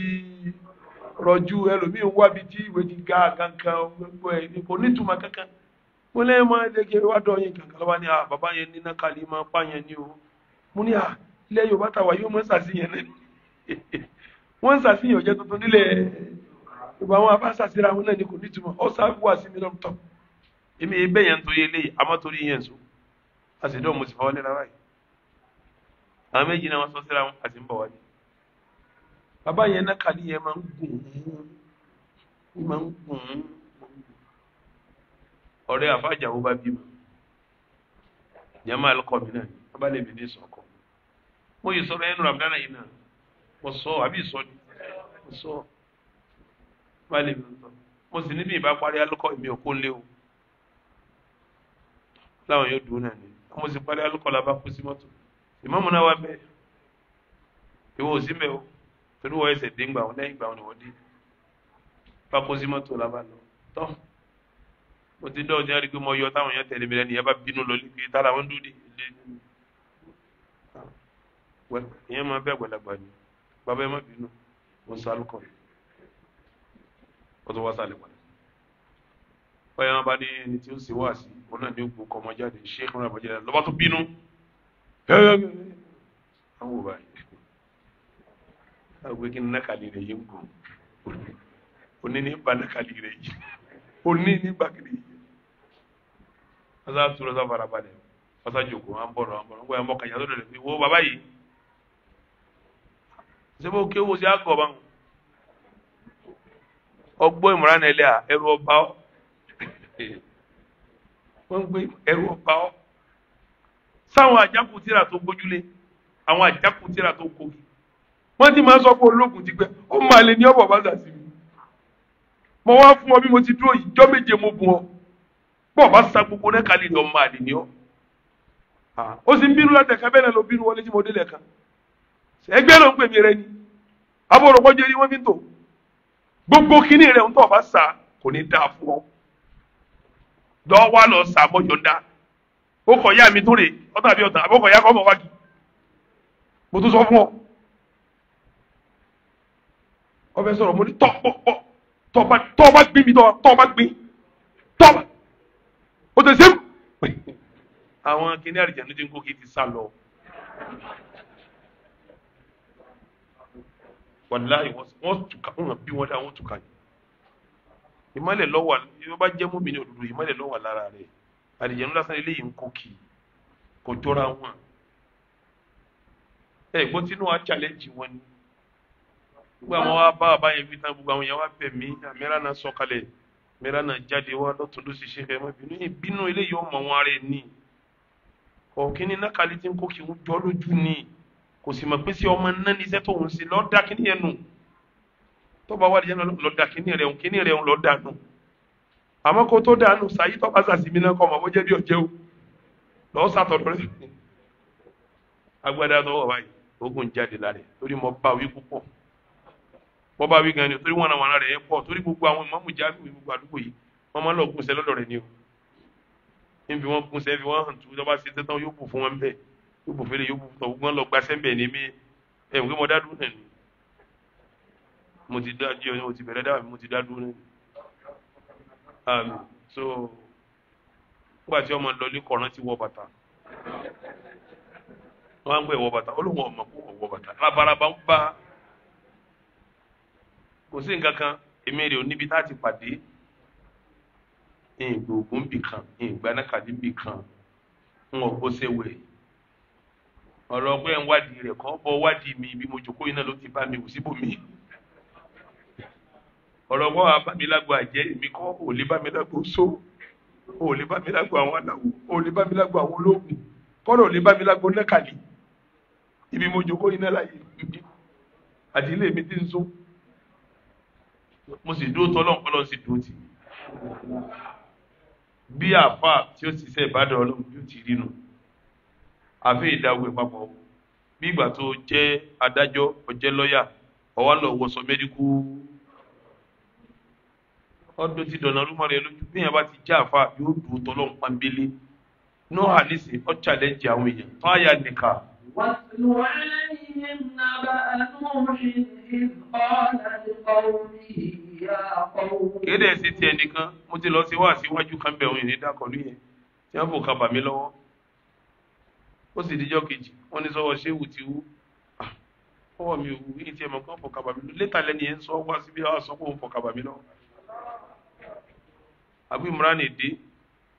rọjú ẹlòmíì ń wá bí tí ìwé ti ga kankan gbogbo ẹ kò nítumọ̀ kankan wọn lẹ́yìn máa ń lé kí wá dọ̀ yín kankan lọ́wọ́ ni ah, bàbá yẹn níná kàlí máa pààyàn ní o mo ní à ah, ilẹ̀ yorùbá tàwa yóò mọ̀ ṣàṣìyàn náà wọ́n ń ṣàṣìyàn ọ̀jẹ̀ tuntun nílẹ̀ yorùbá wọn afá ṣàṣìra wọn náà ni kò nítumọ̀ ọ̀sá wà sí mi lọ́m tọ̀ èmi ẹgbẹ́ yẹn torí eléyìí àmọ́ torí yẹn sùn àṣìdọ́ mo sì fọwọ́ lẹ́ra báyìí àwọn méjì náà wọ́n sọ síra wọn àti ń bọ̀ wáyé bàbá yẹn náà kàlí yẹn máa ń gùn ún máa ń gùn ún ọ̀rẹ́ àfáàjà wo bá bímọ jẹ́mọ́ alukọ́ mi náà bá lè mi ní sọ̀kọ́ mo yìí sọ̀rọ̀ ẹnu ramadana yìí náà mo sọ àbí sọ ni mo sọ báyìí mi sọ mo sì níbi ìbá parí alukọ mi ò kó lé o láwọn yóò dùn náà ni mo sì parí alukọ la bá kú sí mọ́tò ìmọ̀mù náà wà bẹ́ẹ̀ ìwọ ò sí mẹ́ o torí wọ́n ẹsẹ̀ dé ńgbà wọn lẹ́yìn ìgbà wọn ni wọ́n dé bá kó sí la bá lọ tọ́ mo ti dọ́ọ̀ jẹ́ àdìgbò mọ́ yọ táwọn yẹn tẹ̀lé mi lẹ́nu yẹn bá bínú lọ lé pé tá làwọn dúró dé ilé wẹ ìyẹn máa bẹ àgbàlagbà ni bàbá ẹ má bínú mo sọ alukọ o tó wá sálẹ padà báyọ̀ wọn bá ní ẹni tí ó ṣe wá sí òun náà ní ó gbó kọmọ jáde ṣé kúrò àbọ̀jẹ́ rẹ lọ́ba tó bínú àwọn ò báyìí àwọn ìgbékin nákàlì rẹ yé ń gbó òní ní ba nákàlì rẹ yé òní ní gbàgìrì yé wọ́n sá túrọ́ sá farabalẹ̀ wọ́n sá jòkó wọn bọ̀rọ̀ wọn bọ̀rọ̀ wọn gbọ́ kàjá tó lè fi wo bàbá yìí sebo kéwò sí àgọ̀bá ọgbọ́ ìmọ̀ràn ẹlẹ́ à ẹrù ọba ọ wọ́n ń gbé ẹrù ọba ọ sáwọn àjákù tíra tó gbójúlé àwọn àjákù tíra tó kógi wọ́n ti máa ń sọ pé ológun ti gbẹ ó máa lè ní ọ̀bọ̀ bá dà sí mi mo wá fún ọ bí mo ti dúró yìí jọ́ méje mo bù ọ bọ́ọ̀ bá sa gbogbo náà kálí ni ọ máa lè ní ọ ó ah, sì ń bínú látẹ̀ka bẹ́ẹ̀ náà ló bínú wọlé tí mo dé lẹ́ẹ̀kan ẹgbẹ́ ló ń pèmí rẹ ni abúrò pọ́jọ́ ni wọ́n fi ń tò gbogbo kínní rẹ̀ ń tọ́ bá sà kò ní dáa fún ọ dọ́wọ́ lọ sà bọ́jọ́ dáa ó kọ̀ ya mi tó rè ọ̀tá àbí ọ̀tá àbọ̀kọ̀ ya kọ́ mọ̀ wá kì mo tún sọ fún ọ. ọbẹ̀ sọ̀rọ̀ mo ní tọ́ pọ̀ pọ̀ tọ́ ọba gbé mi tọ́ ọba gbé tọ́ ọba ó tẹ̀ sí. àwọn kìnìún àrìjẹ̀nu ti ń kó kí ti sá lọ. wàláhì wọ́n tùkà wọ́n bí wọ́n dá wọ́n tùkà yìí ìmọ̀lẹ̀ lọ́wọ́ yóò bá jẹ́ mọ́mí ní òdodo ìmọ̀lẹ̀ lọ́wọ́ lára rẹ̀ àlìjẹ̀nu lásán eléyìí ń kó kì í kò jọra wọn ẹ gbọ́ tínú wa challenge wọn ni gbogbo àwọn wa bá àbá yẹn fi tán gbogbo àwọn yẹn wá bẹ̀ mí àmẹ́rà náà sọ̀kalẹ̀ àmẹ́rà náà jáde wá lọ́tún ló sì ṣe kẹ́ mọ́bìnú yìí bínú eléyìí ọmọ wọn rẹ̀ ní kọ̀ọ̀kínní nákàlí ti ń kó kì í jọ́ lójú ní kò sì mọ̀ pé sí ọmọ náà ní iṣẹ́ tó ń ṣe lọ́ọ́ dá kíní yẹn nù tó bá wà lè jẹ́ lọ́ọ́ dá kíní rẹ̀ kíní rẹ̀ lọ́ọ́ dá nù àmọ́ kó tó dànù sàyí tó bá sàsìmí náà kọ́ ọmọ bó jẹ́ bí ọ̀jẹ́ o lọ́ọ́ sàtọ̀dọ̀ rẹ̀ agbada tó wà báyìí ogun jáde lára ẹ̀ torí mo bá wí púpọ̀ mo bá wí gan ni torí wọn náà wọn náà rẹ̀ torí gbogbo àwọn ìmọ̀mù jáde gbogbo àdúgbò yìí wọn máa lọ gúnṣẹ́ lọ́dọ̀ rẹ̀ ni o níbi wọn gúnṣẹ́ fi wọn hàn tó bá ṣe tẹ́tàn yóò bò fẹlẹ yóò bò tọ gbọ́n lọ gba sẹ́ńbẹ̀ ní mi ẹ n kí mo dá dúró náà ni mo ti dá jẹ mo ti bẹ̀rẹ̀ dá mi mo ti dá dúró náà ni so nígbà tí ọmọ lọ ní kọ̀ọ̀rán ti wọ bàtà wọn á ń gbé wọ bàtà olóhùn ọmọ kò wọ bàtà labalábá ń bá kò sí nǹkan kan èmi rè ò níbi tá pàdé ìgbòògùn bì kan ìgbànàkàdé bì kan ń ọgbó sẹwẹ̀ẹ́ ọ̀rọ̀ pé ń wádìí rẹ̀ kọ́ bọ́ wádìí mi bí mo jòkó iná ló ti bá mi kò síbò mi ọ̀rọ̀ pé wàá bá mi lágbo àjẹ́ èmi kọ́ ò lè bá mi lágbo só ò lè àwọn aláwo ò lè àwọn olóògùn kọ́dọ̀ ò lè nẹ́kàlì ibi mo jòkó iná láyé àti ilé mi ti ń sún mo sì dúró tọ́lọ́ pé lọ́n sì dúró tì bí àáfàá tí ó ṣiṣẹ́ Ìbàdàn ọlọ́run yóò ti rí nu àfi ìdáwó ìpapọ̀ bí ìgbà tó jẹ́ adájọ́ ọjẹ́ lọ́ọ̀yà ọwọ́ lọ wọṣọ mẹ́díkù ọdún ti dọ̀nà rúmọ̀ rẹ lójú bí yẹn bá ti já àfa yóò dùn tọ́lọ́ pàmbélé náà àníṣe ọ́ challenge àwọn èèyàn tó àyà nìka. واتل عليهم نبأ نوح إذ قال لقومه يا kéde ẹsẹ tiẹ nìkan mo ti lọ sí wá síwájú kan bẹ òun ìní dákọlù yẹn tí wọn bò kábàámi lọ́wọ́ ó sì dijọ́ kejì wọ́n ní sọ́wọ́ ṣéwù ti wú ah, ọwọ́ mi ò wú yìí tiẹ̀ mọ̀ kó fọkàbà mi lọ létà lẹ́nu yẹn ń sọ wá síbi àwọn sọ pé òun fọkàbà mi lọ. àbú imran èdè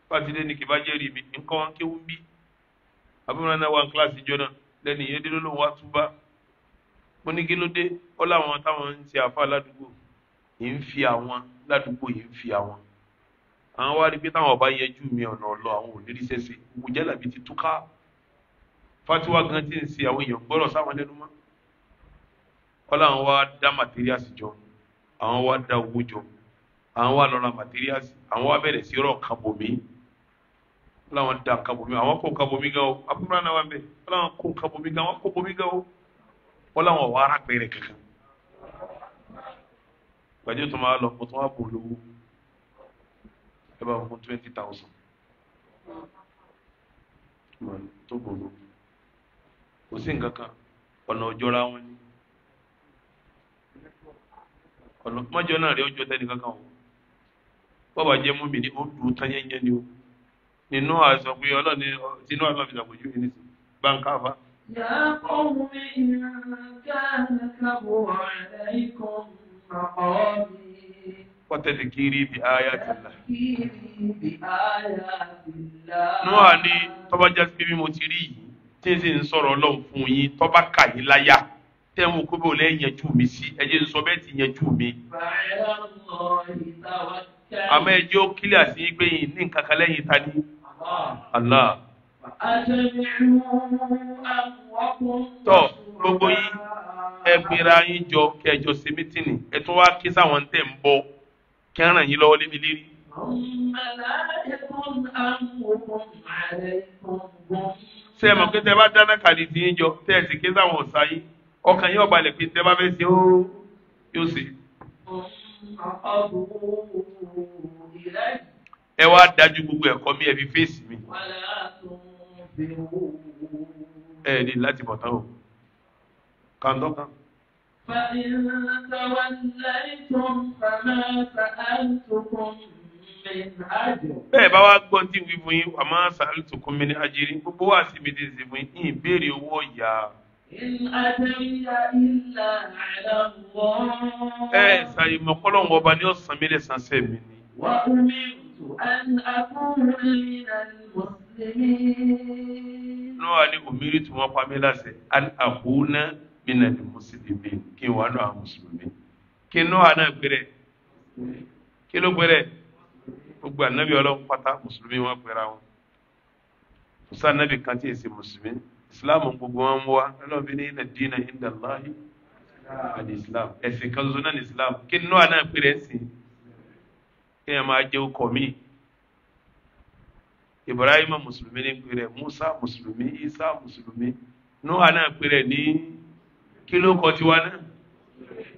pàtìlẹ ní kìbá jẹ́rìí mi nǹkan wọn kéwú bí àbú imran náà wà ní kíláàsì ìjọ náà lẹ́nu yẹn délé lóun wá túbá mo ní kí ló dé ó láwọn táwọn ń ṣe àfa ládùúgbò yìí ń fi àwọn ládùúgbò yìí ń fi àwọn àwọn wá rí pé táwọn ọba yẹjú mi ọ̀nà ọ̀lọ́ àwọn ò ní rí sẹ́sẹ́ òkú jẹ́làbí ti túká fatiwa gan ti ń ṣe àwọn èèyàn gbọ́dọ̀ sáwọn lẹ́nu mọ́ kọ́lá àwọn wa dá materials jọ àwọn wa dá owó jọ àwọn wa lọ́ra materials àwọn wa bẹ̀rẹ̀ sí rọ̀ kabomi kọ́lá àwọn da kabomi àwọn kò kabomi gan o abúlé náà wà ń bẹ̀ kọ́lá àwọn kò kabomi gan àwọn kò bomi gan o kọ́lá àwọn wà ara pẹ̀rẹ̀ kankan gbàdúrà tó máa lọ mo tó máa bò lówó ẹ bá fún twenty thousand tó bò lówó kò sí nǹkan kan ọ̀nà òjọra wọn ni ọ̀nà mọ́jọ náà rẹ̀ ọjọ́ tẹ́ni kankan o bọ́bà jẹ́ mú mi ní ó dùn tán yẹn ni o nínú àṣọ pé ọlọ́run ní tinú àlọ́ fi ṣàpèjú yìí nìsín bá ń káfa. يا قوم إن كان كبر عليكم مقامي wọ́tẹ̀lẹ̀kiri bí ayati Allah. Nùwà ni tọ́bajá sí bí mo ti rí yìí. tí n sì ń sọ̀rọ̀ ọlọ́run fún yín tọ́ba kà yín láyà tẹ́ ń bó yanjú mi sí ẹjẹ́ jẹ́ sọ bẹ́ẹ̀ ti yanjú mi. àmọ́ ẹ ó kílẹ̀ àti ní nǹkan kan lẹ́yìn gbogbo yín jọ kẹjọ ẹ tún wá kí sáwọn tẹ̀ ń yín lọ́wọ́ lébi ṣe é mọ̀ pé tẹ́ bá dáná kàlí tí ń jọ tẹ́ ẹ̀ sì ké sáwọn ọ̀sá yìí ọkàn yóò balẹ̀ pé tẹ́ bá fẹ́ ṣe ó yóò ṣe. ẹ wá dájú gbogbo ẹ̀kọ́ mi ẹ fi fèsì mi. ẹ ní láti bọ̀ tán o kàńtọ́ kan. فإن توليتم فما سألتكم bẹ́ẹ̀ bá wá gbọ́n tí wí fún yín wà máa sàálù tó kún mi ní ajírí gbogbo wà síbi tí sì fún yín ìbéèrè owó ìyá. ẹ ṣàyè mọ̀kọ́lọ́ wọn ọba ní ọ̀sán mi lẹ́sàn sẹ́ mi ni. Nọ́wà ni òmìnirí tí wọ́n pa mí láṣẹ, àkúnná mi nà ní Mùsùlùmí, kí n wà náà Mùsùlùmí. Kí Nọ́wà náà gbẹrẹ? Kí ló gbẹrẹ? gbogbo ànábì ọlọ́run pátá mùsùlùmí wọn pera wọn Musa sí ànábì kan tí èsì mùsùlùmí Islam gbogbo wọn mú wa ọlọ́run bí ní iná dínà ìdá láàyè àti ìsìláàmù ẹ̀sìn kan ṣoṣo náà ní ìsìláàmù kí nínú àná péré ẹ̀sìn kí máa jẹ́ ọkọ̀ míì ibrahima mùsùlùmí ní péré musa mùsùlùmí isa mùsùlùmí nínú àná péré ní kí ló kọ tiwa náà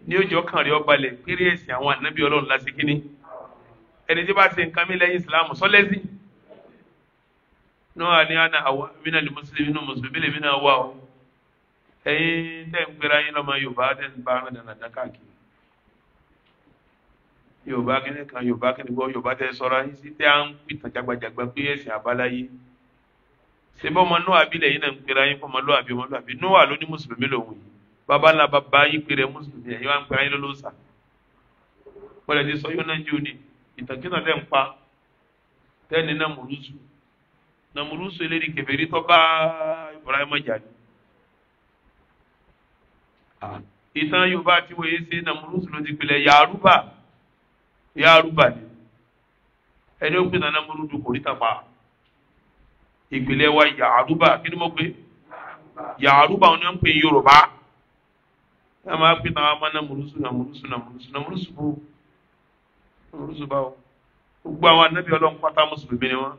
ní ọjọ́ kan rí ọbalẹ̀ péré ẹ̀sìn àwọn ànábì ọlọ́run lásìkíní ẹni tí bá ṣe nǹkan mi lẹ́yìn islam sọ́lẹ́sì náà ni àná àwa mina lè mùsùlùmí nù mùsùlùmí lè mina wà o ẹ̀yin tẹ̀ ń pera yín lọ́mọ yorùbá tẹ̀ ń bá ara dànù àdàkà kiri yorùbá kìíní kan yorùbá kìíní gbọ́ yorùbá tẹ̀ sọ́ra yín sí tẹ́ à ń pìtàn jagbajagba pé ẹ̀sìn àbáláyé sebo ọmọ nua bi lẹ́yìn náà ń pera yín fún ọmọlúwàbí ọmọlúwàbí nua ló ní mùsùlùmí lòun yìí baba ńlá baba yín pèrè mùsùlùmí ẹ̀yin wá ń pera yín lọ́lọ́sà wọ́n lè ti sọ yóò náà jù ní ìtàkìtà lẹ́ ń pa tẹ́ni Nàmúrúsù Nàmúrúsù eléyìí kèfèrí tó bá Ibrahima jà ní. ìtàn Yorùbá tí wọ́n yé ṣe Nàmúrúsù ló ti pilẹ̀ Yàrúbà Yàrúbà ni ẹni ó pè nà Nàmúrúsù kò rí tàpá ìpìlẹ̀ wa Yàrúbà kí ni mo pè Yàrúbà wọn ni wọ́n pè Yorùbá ẹ máa pè nà wọn máa Nàmúrúsù Nàmúrúsù Nàmúrúsù Nàmúrúsù kú rúṣù báwo gbogbo àwọn anábì ọlọ́run pátá mùsùlùmí ni wọ́n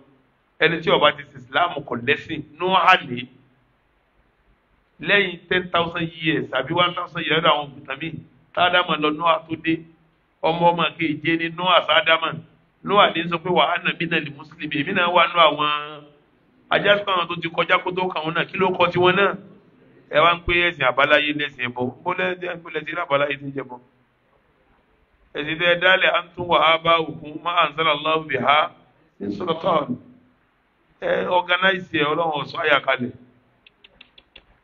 ẹni tí ó bá ti ṣe ìsìláàmù kò lẹ́sìn ní àlè lẹ́yìn ten thousand years àbí one thousand years lọ́dọ̀ àwọn bùtàmí tádàmà lọ Nóà tó dé ọmọ ọmọ kejì ní Nóà sádàmà Nóà ní sọ pé wàhánà mí náà lè mùsùlùmí èmi náà wà nù àwọn ajásí kan àwọn tó ti kọjá kó tó kàn wọn náà kí ló kọ tiwọn náà ẹ wá ń pé ẹ̀sìn àbáláyé lẹ́sìn ẹbọ bó lẹsìn àbáláyé ti ń jẹbọ. yace da dale antum wa abaukum ma anzalallahu biha min sultan ẹ organize ẹ Ọlọ́run ọsọ àyàkálẹ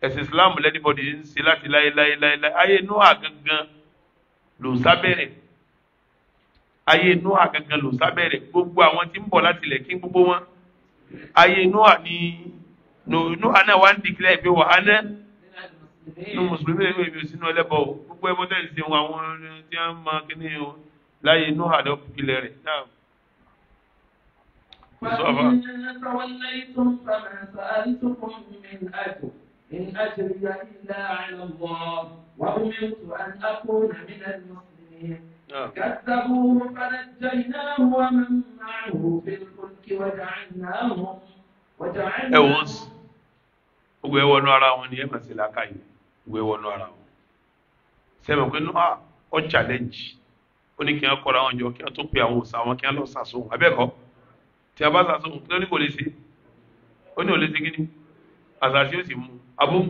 ẹ̀sìn Islam lẹnibọdì ń ṣe láti láéláéláé ayé Noah gangan ló sábẹ̀rẹ̀ ayé Noah gangan ló sábẹ̀rẹ̀ gbogbo àwọn tí ń bọ̀ gbogbo wọn ayé Noah ni Noah náà wan ń dìkìlẹ̀ pé wàhánẹ́. inú mùsùlùmí lè fi sínú ẹlẹ́bọ̀ o gbogbo ẹbọ tẹ̀ ń sin wọn àwọn tí wọ́n máa kíní o láyé inú àdó ilẹ̀ rẹ̀ náà. Sọ́fà. كذبوه فنجيناه ومن معه في الفلك وجعلناهم وجعلناهم. ẹ wọ́n sùn gbogbo ẹ wéwọnú ara wọn sẹ́mi pé nù ah, ọ challenge ó ní kí wọ́n kọ́ra wọn jọ kí wọ́n tún pe àwọn òòsà wọn kí wọ́n lọ sàsóhun abẹ́ẹ̀kọ́ tí a bá sàsóhun kí ló kò lè ṣe ó ní ò lè ṣe kí ni àṣàṣì ó sì mú abóhùn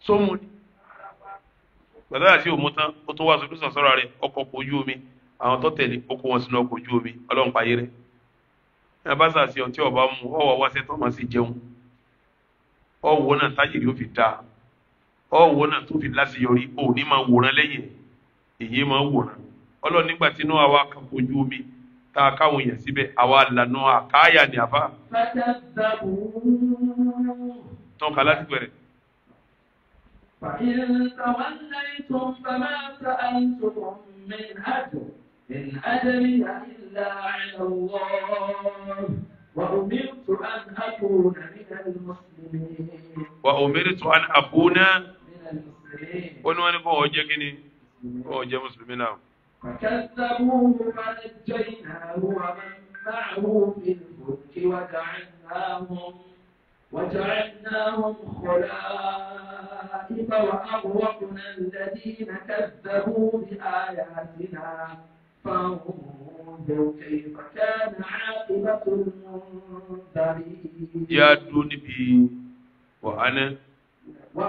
sóhun ni gbàdúrà sí òmu tán ó tún wá sódú sọ̀sọ́ra rẹ̀ ọkọ̀ kò ojú omi àwọn tó tẹ̀lé ó kó wọn sínú ọkọ̀ ojú omi ọlọ́run payé rẹ̀ ní abáṣà sí ọtí ọba mu ọwọ́ wáṣẹ́ tó máa sì jẹun ọwọ́ náà táyé yóò fi dáa ọ̀wọ́ náà tó fi láṣeyọrí òní máa wòran lẹ́yìn èyí máa wòran ọlọ́run nígbà tí náà wá kan ojú omi tá a káwọn èèyàn síbẹ̀ àwa lànà àkáyà ní àbá. tán kà láti bẹ̀rẹ̀. وأمرت أن أكون من المسلمين وأمرت أن أكون ó ní wọ́n ní kó wọ́n jẹ́ kí ni kó wọ́n jẹ́ mùsùlùmí náà. فكذبوه فنجيناه ومن معه في الفلك وجعلناهم وجعلناهم خلائف وأغرقنا الذين كذبوا بآياتنا فانظر كيف كان عاقبة المنذرين. يا دوني بي وأنا ó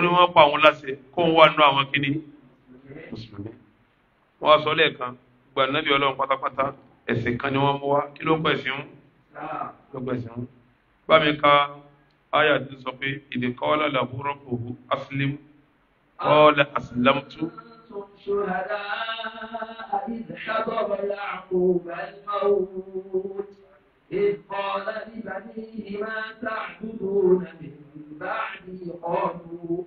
ní wọ́n pa àwọn láṣẹ kó wà nù àwọn kìíní mùsùlùmí wọ́n sọ lẹ́ẹ̀kan gbà nábì ọlọ́run pátápátá ẹ̀sìn kan ni wọ́n mú wá kí ló pẹ̀sìn ń ló pẹ̀sìn ń bá mi ka aya ti sọ pé ìdè kọ́lá làbú rọ́pòhù aslim kọ́lá aslamtu. شهداء إذ حضر يعقوب الموت إذ قال لبنيه ما تعبدون من بعدي قالوا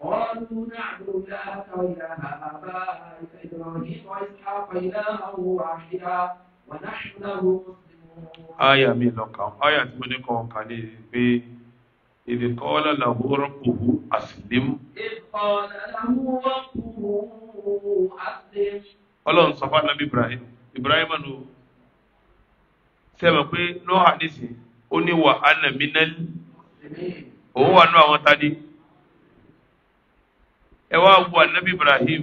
قالوا نعبد إلهك وإله آبائك إبراهيم وإسحاق إلها واحدا ونحن له مسلمون آية من لقام آية من لقام قليل إذ قال له ربه أسلم إذ قال له ربه أسلم Ọlọ́run sọ fún إبراهيم إبراهيم Ibrahim sẹ́mi pé ní hadisi ó ní wà ánà mí náà òun wà nù àwọn tani ẹ wá wo anabi Ibrahim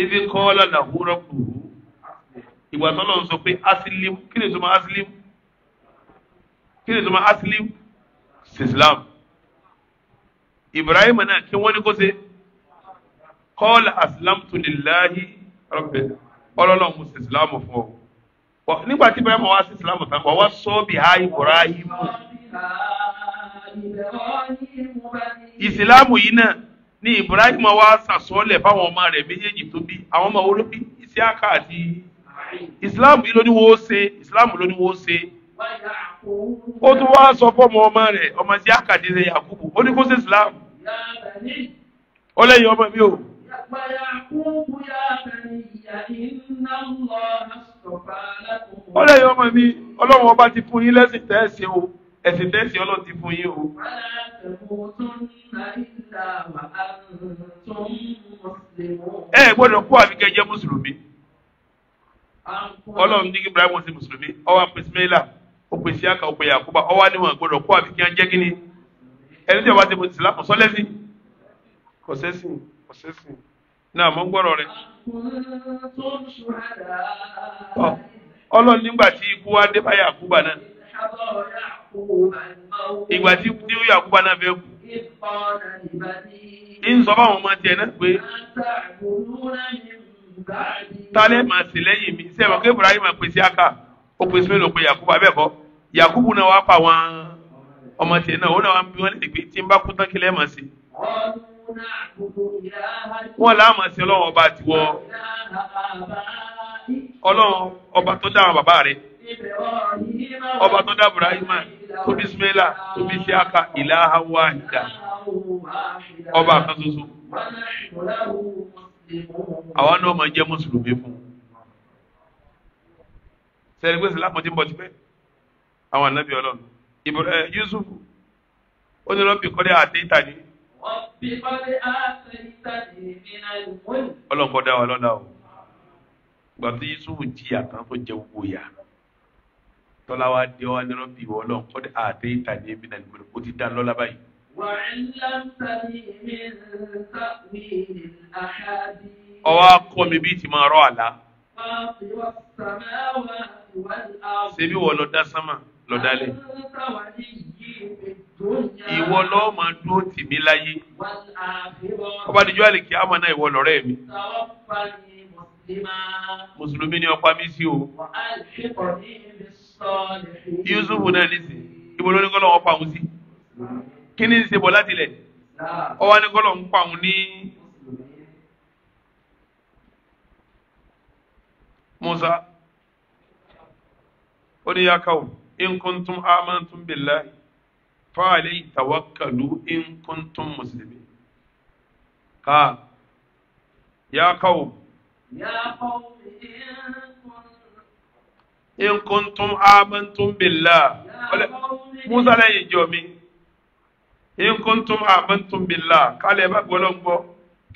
ibi kọ́ọ́lá lahu rabbuhu ìgbà tó lọ sọ pé asilim kí ni ìtumọ̀ asilim kí ni ìtumọ̀ asilim sislam Ibrahim náà kí wọ́n ní kó ṣe kọ́ọ́lá aslamtu lillahi rabbil ọlọ́lọ́ mu sislam fún ọ nígbà tí Ibrahim wá sí Islam tán wọ́n wá sọ bí ha Ibrahim ìsìláàmù yìí náà ni Ibrahim wá sàsọ́lẹ̀ fáwọn ọmọ rẹ̀ méjèèjì tó bí àwọn ọmọ olóbi Isiaka àti ìsìláàmù yìí ló ní wọ́n ṣe ìsìláàmù ló ní wọ́n ṣe ó tún wá sọ fọ́mọ ọmọ rẹ̀ ọmọ Isiaka àti Yakubu ó ní kó ṣe ìsìláàmù ó lẹ́yìn ọmọ mi o ọlẹ́ yìí ọmọ mi ọlọ́run ọba ti fún yín lẹ́sìn tẹ́ẹ̀sì o ẹ̀sìn tẹ́ẹ̀sì ọlọ́run ti fún yín o. ẹ gbọ́dọ̀ kú àfi kẹ́ jẹ́ mùsùlùmí ọlọ́run ní Ibrahim ṣe mùsùlùmí ó wá pe Ismaila ó pe Isiaka ó pe Yakuba ó wá ní wọn gbọ́dọ̀ kú àfi kí jẹ́ kínní ẹni tí wọ́n bá ti mọ̀ ìsìlámù sọ́lẹ́sìn kọ̀sẹ́sìn kọ̀sẹ́sìn. náà mọ́ gbọ́rọ̀ rẹ̀. ọlọ́run nígbà tí ikú wá dé bá Yakuba náà ìgbà tí ikú Yakuba náà fẹ́ kú ń sọ ọmọ tiẹ̀ náà pé tálẹ̀ máa sì lẹ́yìn mi sẹ́wọ̀n kí Ibrahim pèsè aka ó pèsè mélòó pé Yakuba bẹ́ẹ̀ kọ́ Yakubu náà wá pa àwọn ọmọ tiẹ̀ náà ó náà wá bí lè gbé tí wọ́n láàmà sí ọlọ́run ọba àtiwọ́ ọlọ́run ọba tó dá àwọn bàbá rẹ̀ ọba tó dá burahima tó bisimilá tó bisiaka ìlàhà wáhidà ọba kan ṣoṣo àwa náà máa jẹ́ mùsùlùmí fún sẹ́ni pé sìlámù ti ń bọ̀ tipẹ́ àwọn ànábì ọlọ́run eh, Yusuf ó ní lọ́bì kọ́lé àdéhìtà ni ọlọ́nkọ́ dá wa lọ́la o gbà tó yusufu jìyà kan tó jẹ gbogbo yà tọ́lá wa dé wa lọ́rọ́ bí wọ́n lọ́n kọ́ àtẹ ìtàgé mi nà lùmọ́lù ó ti dá lọ́la báyìí. ọwọ́ akọ́ mi bí ti máa rọ́ àlá. ṣebí wọ́n lọ dá sánmà lọ dálẹ̀ ìwọ lọ́ọ́ máa dúró tì mí láyé ọba àdìjọ́ àlèkè àmọ́ náà ìwọ lọ́rẹ́ mi mùsùlùmí ni ọ̀pá mi sí o Yusuf náà nìsín ibo ló ní kọ́ lọ́wọ́ pa òun sí kí ni ń láti lẹ̀ ọwọ́ ní kọ́ lọ́wọ́ ń pa òun ní. Musa ó ní yá káwọn in kuntum amantum billahi. فعليه توكلوا إن كنتم مسلمين قال يا قوم يا قوم إن كنتم آمنتم بالله موسى لا يجومي إن كنتم آمنتم بالله قال يا باب ولنبو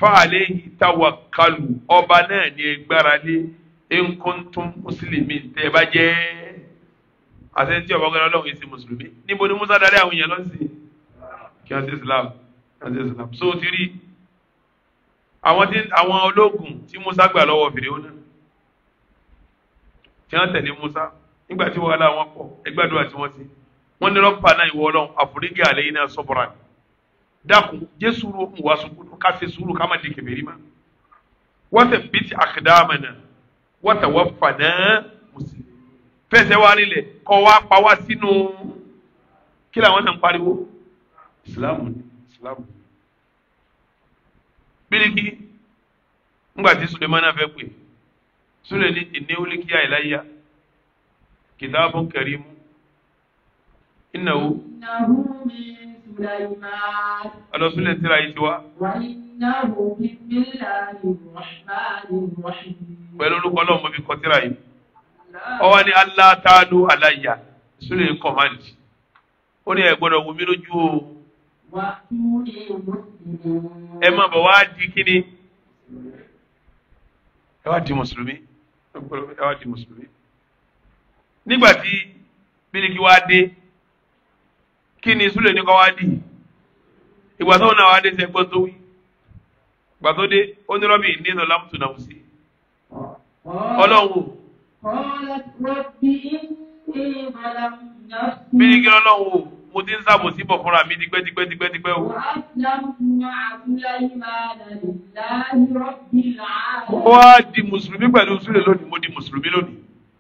فعليه توكلوا أبانا نيجبرالي إن كنتم مسلمين تبجي àti tí ọba gbẹdọ lọhùn èsì mùsùlùmí níbo ni musa darí àwọn èèyàn lọ sí kí wọn ṣe islam kí wọn ṣe islam so ti rí àwọn tí àwọn ológun tí musa gbà lọ́wọ́ fìdíwọ náà tí wọn tẹ̀lé musa nígbà tí wàhálà wọn pọ̀ ẹgbàdúrà tí wọn ti wọn ní rọpa náà ìwọ Ọlọ́run àforíjì àlẹ yìí náà sọbọra dákun jésù ro wà sùkúrú ká ṣe sùúrù ká má di kèmẹrí má wọ́n tẹ̀ bìtì àkàdáàmà náà wọ́n tẹ̀ wọ́n fà náà mùsùlùmí fẹsẹ̀ wa nílẹ̀ kọ́ wa pa wá sínú kí làwọn náà ń pariwo islam islam bíríkì ńgbà tí sulemana fẹ́ pè sule ní ìníwólíkì àìláyà kìtàbù kẹrìmù ìnáwó. ìnáwó mi Sulaiman. ọ̀dọ̀ sule tíra yìí ti wá. wà ìnáwó bíbélà ìwọ̀n bá ìwọ̀n. pẹ̀lú olùkọ́ náà mo fi kọ́ tíra yìí ọwọ́ ni Allah ta'alu alayya sùlẹ̀ kọ̀mándì ó ní ẹ gbọ́dọ̀ wù mí lójú o ẹ má bọ̀ wá di kíni ẹ wá di mùsùlùmí ẹ wá di mùsùlùmí nígbà tí bíríkì wá dé kí ni sùlẹ̀ ní kọ́ wá di ìgbà tó náà wá dé sẹ́gbọ́n tó wí gbàtó dé ó ní rọ́bì nínú lámùtù náà sí ọlọ́run. قالت رب إني ظلمت نفسي بيجي لهم mo ti ń sábò síbọ̀ fúnra mi dípẹ́ dípẹ́ dípẹ́ dípẹ́ o. ó wá di mùsùlùmí pẹ̀lú sílẹ̀ lónìí mo di mùsùlùmí lónìí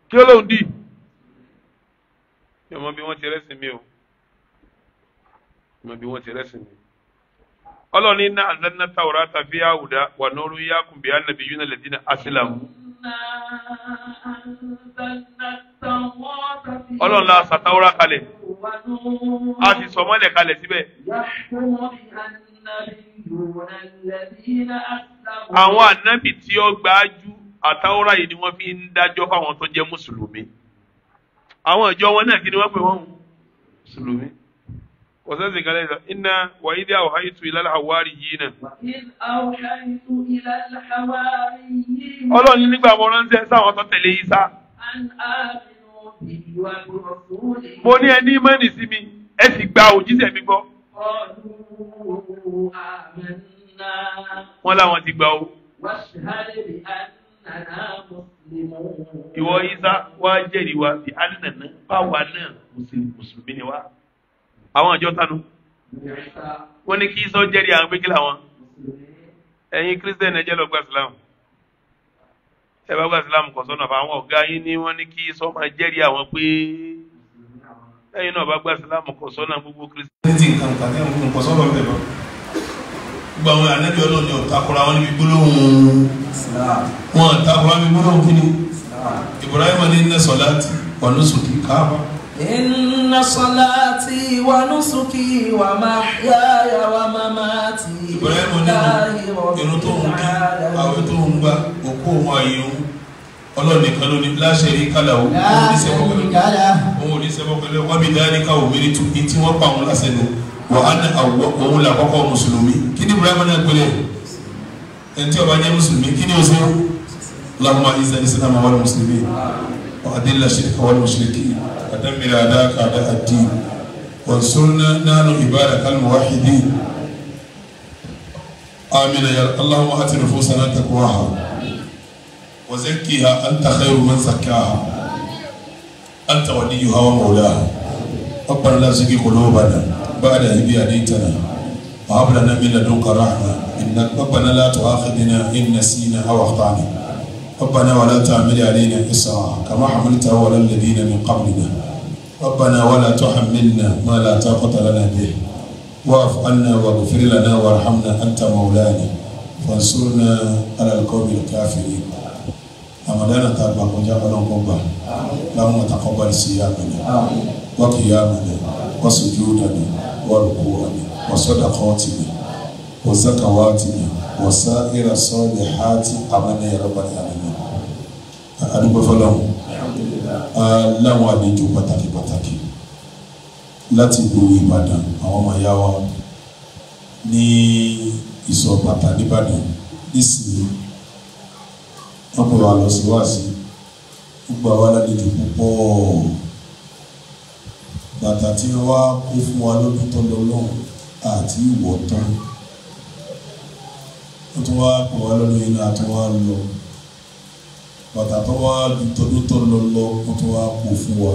kí ló dì. mi mọ bí wọ́n ti rẹ́sìn mi o mi mọ bí wọ́n ti rẹ́sìn mi. ọlọ́ọ̀ni náà àdánná tàwọ̀rá tàbí àwùdá wà nóoru yá kùnbíyá nàbí àṣìlámù ọlọ́run la sàtàwọ́rá kalẹ̀ a sì sọ mọ́lẹ̀ kalẹ̀ síbẹ̀. àwọn ànábì tí ó gbájú àtàwọ́rá yìí ni wọ́n fi ń dájọ́ fáwọn tó jẹ́ mùsùlùmí àwọn ìjọ wọn náà kí ni wọ́n pè wọ́n mùsùlùmí wasansi kala yi inna wa idi awo hayi tu ilal hawari yi na. ọlọ́run nígbà mo ránṣẹ́ sáwọn tó tẹ̀lé yìí sá. mo ní ẹni mẹ́rin sí mi ẹ sì gba òjíṣẹ́ mi gbọ́. wọ́n láwọn ti gbà o. ìwọ isa wá jẹ́rìí wa bí alẹ́ nàná báwa náà mùsùlùmí ni wa àwọn àjọ tanu wọ́n ní kí sọ jẹ́rìí àwọn pé kí làwọn ẹ̀yin kírísítẹ́nì ẹ̀jẹ̀ lọ gba islam ẹ bá gba islam kọ̀ sọ́nà fún àwọn ọ̀gá yín ni wọ́n ní kí sọ máa jẹ́rìí àwọn pé ẹ̀yin náà bá gba islam kọ̀ sọ́nà gbogbo kírísítẹ́nì. ní nǹkan kan ní nǹkan kan sọ́nà bẹ̀rẹ̀ gbogbo àwọn ànábì ọlọ́run ni ọ̀takùrọ̀ àwọn níbi gbólóhùn wọn ọ̀takùrọ̀ àwọn níbi gbólóhùn kí ni Ibrahim ní nẹ́sọ̀láàtì wa nusuki káàbà. إن صلاتي ونسكي ومحياي ومماتي Ibrahim ní irun tó ń kí àwẹ̀ tó òun òun ní láṣẹ rí òun ní sẹ́fọ́ pẹ̀lú wọn bí dáadé ká òun méjì tí wọ́n pa òun lásẹ̀ lọ wà á ní òun là kọ́kọ́ mùsùlùmí kí ni Ibrahim náà gbélé ẹni tí ó bá mùsùlùmí kí ni o ṣe Allahumma izza al-islam wal muslimin wa adilla ash-shirka wal mushrikin. ودمر أداك أداء الدين وانصرنا نانو عبادك الموحدين آمين يا اللهم آت نفوسنا تقواها وزكيها أنت خير من زكاها أنت وليها ومولاها ربنا لا زكي قلوبنا بعد هدي هديتنا وهب لنا من لدنك رحمة إنك ربنا لا تؤاخذنا إن نسينا أو أخطأنا ربنا ولا تعمل علينا إصرا كما حملته على الذين من قبلنا ربنا ولا تحملنا ما لا طاقة لنا به واعف عنا واغفر لنا وارحمنا أنت مولانا فانصرنا على القوم الكافرين رمضان تابع وجاء لهم لهم تقبل صيامنا وقيامنا وسجودنا وركوعنا وصدقاتنا وزكواتنا وسائر الصالحات أمنا يا رب العالمين adúgbòfọlọ́hún láwọn àlejò pàtàkì pàtàkì láti gbòòrò Ìbàdàn àwọn ọmọ ìyá wa ní ìsọ̀ bàtà nìbàdàn nísìnyí wọ́n pè wá lọ síwáàsí gbogbo àwọn alálejò púpọ̀ bàtà tí wá kó fún wa lọ́dún tó lọ lọ́hùn àti ìwọ̀ tán wọ́n tún wá pè wá lọ́dún yìí náà tó wá lọ bàtà tó wá tọdún tó lọ lọ kó tó wá kó fún wa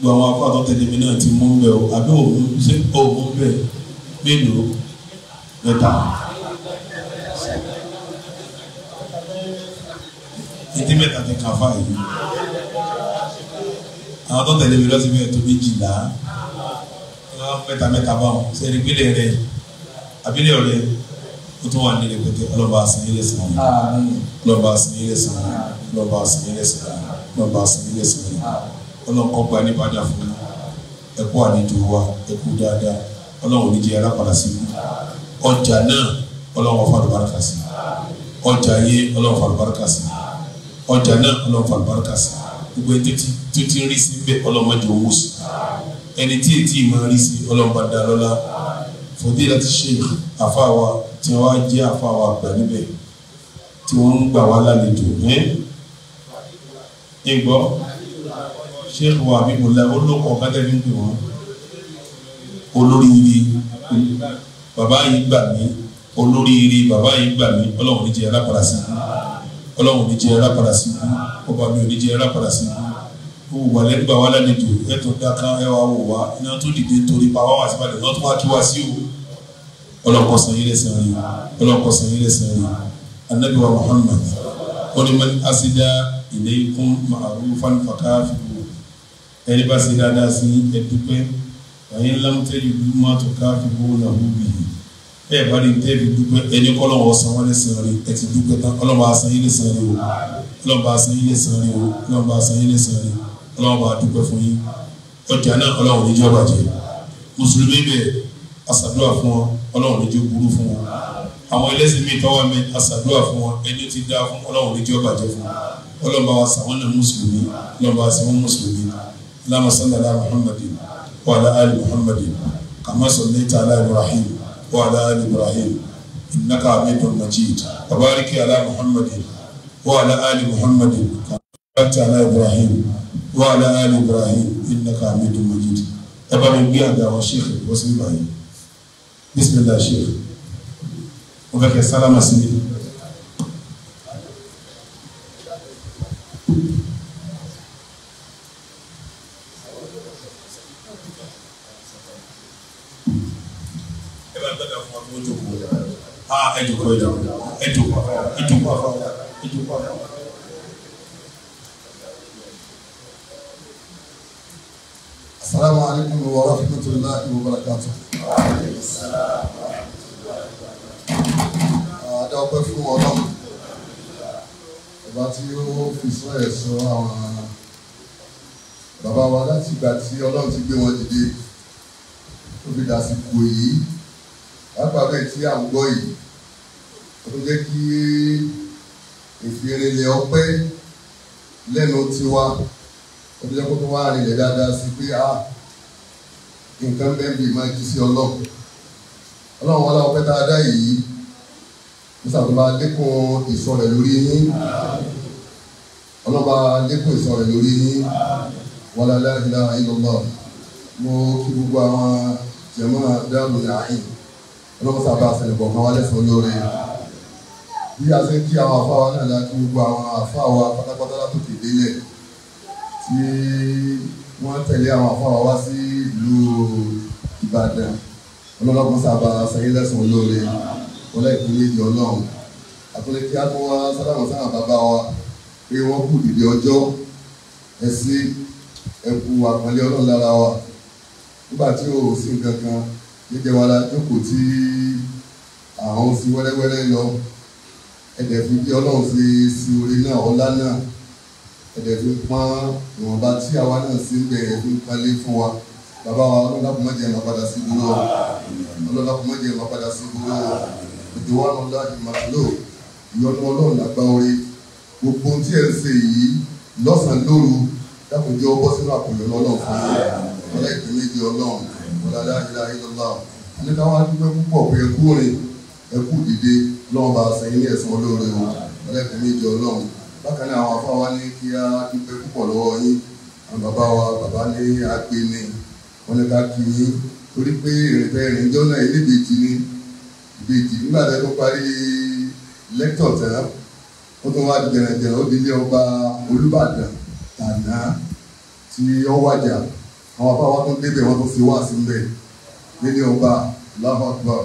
gbogbo àwọn akọ àtọ tẹlẹmí náà ti mú bẹ o àbí òun ṣe òun bẹ mélòó mẹ́ta. ètí mẹ́ta ti kàfa yìí àwọn tó tẹlẹmí lọ sí mẹ́ta tó méjìlá mẹ́ta mẹ́ta báwọn sẹni gbélé rẹ àbílẹ̀ ọ̀rẹ́ ó tún wà ní ìdèkòtè ọlọ́ba àsìnyílẹ̀ sàn ọlọ́ba àsìnyílẹ̀ sàn ọlọ́ba àsìnyílẹ̀ sàn ọlọ́ba àsìnyílẹ̀ sàn ọlọ́kọ́ gba ní bàdà fún mi ẹ̀kú àlejò wa ẹ̀kú dáadáa ọlọ́run ní jẹ́ alápàdà sí mi ọjà náà ọlọ́run fàlù báràkà sí ọjà yé ọlọ́run fàlù báràkà sí ọjà náà ọlọ́run fàlù báràkà sí gbogbo ẹni tó ti rí sí bẹ́ẹ̀ ọlọ́run mọ̀jọ owó sí ẹni tí ètí ìmọ̀ rí sí ọlọ́run bá dá lọ́lá fòdí láti ṣe àfáà wa tí wọ́n jẹ́ àfáwà àgbà níbẹ̀ tí wọ́n ń gbà wá lálejò ní ìgbọ́ ṣéèkù àbíbùlá olóko kátẹ́bí ń pè wọ́n olóríire bàbá yìí gbà mí olóríire bàbá yìí gbà mí ọlọ́run ní jẹ́ ẹ̀rá padà sí i ọlọ́run ní jẹ́ ẹ̀rá padà sí i ọba mi ò ní jẹ́ ẹ̀rá padà sí i gbogbo wà lẹ́nu gbà wá lálejò ẹ̀tọ́ dáká ẹwà wò wá iná tó dìde torí pa wá wá síbàdàn lọ́tún wá kí wá sí o ọlọ́kọ̀sán yìí lẹ́sẹ̀ rí ọlọ́kọ̀sán yìí lẹ́sẹ̀ rí muhammad onímọ̀lì asida ilaykum ma'rufan fakafiru ẹni bá ṣe dáadáa sí ẹdúpẹ́ ẹ̀yin lámútẹ́ yìí má tó káfíwó làwù bìyì ẹ̀ bá rí tẹ́ẹ̀bì dúpẹ́ ẹni kọ́lọ́wọ́ san wọ́n lẹ́sẹ̀ rí ẹ̀ ti dúpẹ́ tán ọlọ́mọ asan yìí o ọlọ́mọ asan yìí lẹ́sẹ̀ rí o ọlọ́mọ asan yìí lẹ́sẹ̀ adúpẹ́ fún yín ọjà náà ọlọ́wọ́ níjọba jẹ mùsùlùmí bẹ́ẹ̀ asàdúrà fún ọ ọlọ́run lójú burú fún wọn àwọn ẹlẹ́sìn mi tọ́wọ́ mi àṣàdúrà fún wọn ẹni tí dáa fún ọlọ́run lójú ọba jẹ fún wọn ọlọ́run bá wa sàwọn náà mùsùlùmí ọlọ́run bá wa sàwọn mùsùlùmí lámà sàlàlá muhammadu wa ala ali muhammadu kàmá sọ̀lẹ́ tààlà ibrahim wa ala ali ibrahim innaka hamidun majid wa bariki muhammadu wa ala ali muhammadu kàmá tààlà ibrahim wa ala ibrahim innaka hamidun majid ẹ bá mi gbé àgbà wa bisimilah ṣe o fẹ́ kẹ́ sálámà sí mi. Ah, ẹ jòkó ẹ jòkó ẹ jòkó ẹ jòkó ẹ jòkó. السلام عليكم ورحمة الله وبركاته. وعليكم السلام ورحمة الله وبركاته. أدعوكم في ورحمة ọba tí ó fi sọ ẹ̀ sọ àwọn bàbá wa láti ìgbà tí ọlọ́run ti gbé wọn dìde ó fi dàsìkò yìí lápapọ̀ ẹ̀ tí à ń gbọ́ yìí ó tó jẹ́ kí ìfìrìnlẹ̀ ọpẹ́ lẹ́nu tiwa ọdún yẹn kó tó wá rìn lẹ̀ dáadáa sí pé a ah, nǹkan bẹ́ẹ̀ bí máa jí sí ọlọ́run ọlọ́run wọn láwọn pẹ́ dáadáa yìí nígbà tó bá lékún ìsọ rẹ̀ lórí yín ọlọ́ba lékún ìsọ rẹ̀ lórí yín wala la ilaha illallah mo kí gbogbo àwọn jẹ̀mọ́ dáàbò yàáyìn ọlọ́run sábà àṣẹlẹ̀ bọ̀ kan wálé sọ lórí bí a ṣe ń kí àwọn afáwa náà láti gbogbo àwọn afáwa pátápátá látòkè délẹ̀ tí wọ́n tẹ̀lé àwọn afọ́wà wá sí ìlú Ìbàdàn ọlọ́lọ́gbọ́n sábà sẹ́yìn lẹ́sùn olóore ọlọ́ ìpínlẹ̀ èdè ọlọ́run àtúnlẹ̀ kí á tún wá sálámù sáwọn bàbá wa pé wọ́n kù dìde ọjọ́ ẹ̀sí ẹ̀kú àpọ́nlé ọlọ́run lára wa nígbà tí ò sí nǹkan kan jẹjẹ wa la jókòó tí àwọn sí wẹ́lẹ́wẹ́lẹ́ lọ ẹ̀dẹ̀ fi bí ọlọ́run ṣe sí orí náà ọlá náà ẹ̀dẹ̀ fi ń pọ́n ìwọ̀nba tí àwa náà sí ń bẹ̀ ẹ̀ fi ń kalẹ̀ fún wa bàbá wa ọlọ́dàkùn má jẹ́ ìmọ̀ padà sí ìdúró ọlọ́dàkùn má jẹ́ ìmọ̀ padà sí ìdúró ètò wa náà láti máa lò ìyọnu ọlọ́run àgbà orí gbogbo ohun tí ẹ̀ ń ṣe yìí lọ́sàn-án lóru dákòjọ́ bọ́ sínú àpòyọ ọlọ́run fún wa ọlá ìpínlẹ̀ èdè ọlọ́run ọlá aláìlá ìlọ́lá nígbà wa dúpẹ́ púpọ̀ pé ẹkú rìn ẹkú dìde lọ́wọ́ bá a sẹ́yìn ní ẹ̀sán olóore wọn ọlá ìpínlẹ̀ èdè ọlọ́run bákan náà àwọn afáwa ní kí á dúpẹ́ púpọ̀ lọ́wọ́ yín àwọn bàbá wa bàbá ní agbeni wọn ní ká yín torí pé ìrìnfẹ́ ìrìnjọ́ náà ilé ìbejì ni ìbejì nígbà tó tó parí lẹ́tọ̀ tán ó tún wá jẹ̀rẹ̀jẹ̀rẹ̀ ó di ilé ọba Olúbàdàn tànà tí ó wájà àwọn afáwa tó débẹ̀ wọn tó fi wá sí mbẹ̀ nílé ọba lọ́kọ̀ọ́kọ̀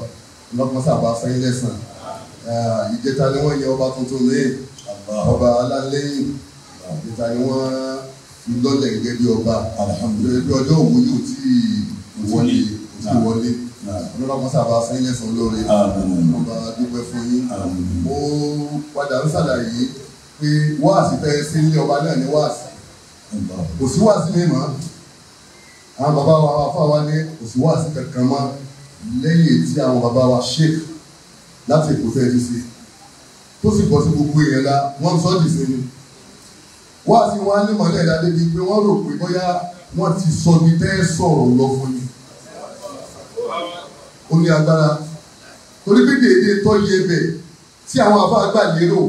lọ́kọ̀ọ́sàbà fẹ́yìn ìjẹta ni wọ́n yẹ ọba tuntun lẹ́yìn ọba alálẹ́yìn níta ni wọ́n fi lọ́lẹ̀ gẹ́gẹ́ bí ọba bí ọjọ́ òun yóò tí wọlé tí wọlé ọlọ́run kan sábà fún yín lẹ́sùn lóore ọba dúpẹ́ fún yín ó padà ń ṣàlàyé pé wáàsí fẹ́ sí ilé ọba náà ní wáàsí kò sí wáàsí mi mọ́ àwọn bàbá wa wà fáwa ní kò sí wáàsí kankan mọ́ lẹ́yìn tí àwọn bàbá wa ṣèkì láti èkó fẹ́ẹ́ ti ṣe tó sì bọ̀ sí gbogbo èèyàn la wọ́n sọ dì sí ni wọ́n á sì wọ́n á lè mọ̀lẹ́ ìdá débi pé wọ́n rò pé bóyá wọ́n ti sọ ní tẹ́ sọ̀rọ̀ lọ fún ni ó ní agbára torí pé dèédé tó yẹ bẹ̀ tí àwọn àbá àgbà lérò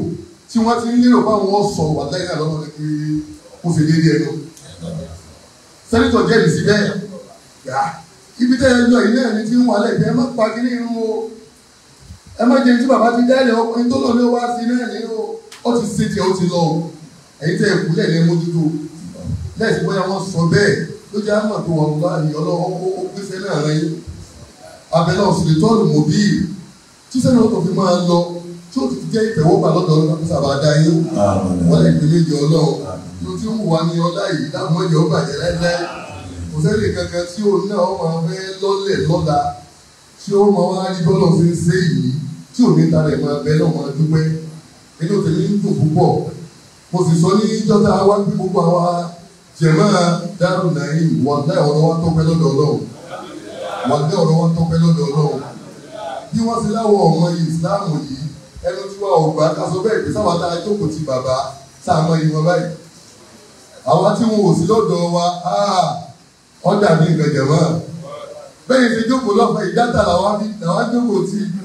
tí wọ́n ti ń lérò báwọn sọ wà láyé náà lọ́nà kí ó fi déédé ẹ̀ lọ sẹ́nitọ̀ jẹ́rìí sí bẹ́ẹ̀ ibi tẹ́ ẹ lọ ilé ẹ̀ ní ń wà lẹ́gbẹ̀ẹ́ má pa kí ní irun o ẹ má jẹ́ tí bàbá ti dálẹ̀ ọkùnrin tó lọ ní wá sí náà ní ó ti ṣe tiẹ̀ ó ti lọ ẹ̀yin tẹ́ ẹ̀kú lẹ́ẹ̀lẹ́ mójútó lẹ́ẹ̀sì bóyá wọ́n sọ bẹ́ẹ̀ ló jẹ́ àmọ̀ tó wà wá ní ọlọ́wọ́ ó pèsè náà rẹ abẹ́lẹ́ ọ̀sìn tọ́lù tí sẹ́ni ó fi máa lọ tí ó ti jẹ́ ìtẹ̀wọ́gbà lọ́dọ̀ sábà dá yín wọ́n lè pè méjì ọlọ́ọ̀ tó ti ń wà ní ọlá yìí dáhùn ọjọ́ bàjẹ́ láíláí kò sẹ́ni kankan tí òun náà máa fẹ́ lọ́lẹ̀ lọ́la tí ó máa wá rí bọ́lọ̀ fi ń ṣe yìí tí ò ní tara ẹ̀ máa bẹ náà máa dúpẹ́ inú tèmi ń dùn púpọ̀ mo sì sọ ní jọ́tà wá bí gbogbo àwa jẹ̀mọ́ Daaru Naim wà láì ọ̀rọ̀ wa tọ́pẹ́ lọ́dọ̀ ọlọ́run wà láì ọ̀rọ̀ wa tọ́pẹ́ lọ́dọ̀ ọlọ́run bí wọ́n ti láwọ̀ ọmọ ìsìláàmù yìí ẹnu tí wọ́n ò gbà kásọ bẹ́ẹ̀ pé sáwọn tá a jókòó ti bàbá tá a mọ ìwọ báyìí àwa tí wọn ò sí lọ́dọ̀ wa ọ̀dà ní ìgbẹ̀jẹ̀ mọ́ bẹ́ẹ̀ ti jókòó lọ́pọ̀ ìjátà làwọn jókòó ti ìlú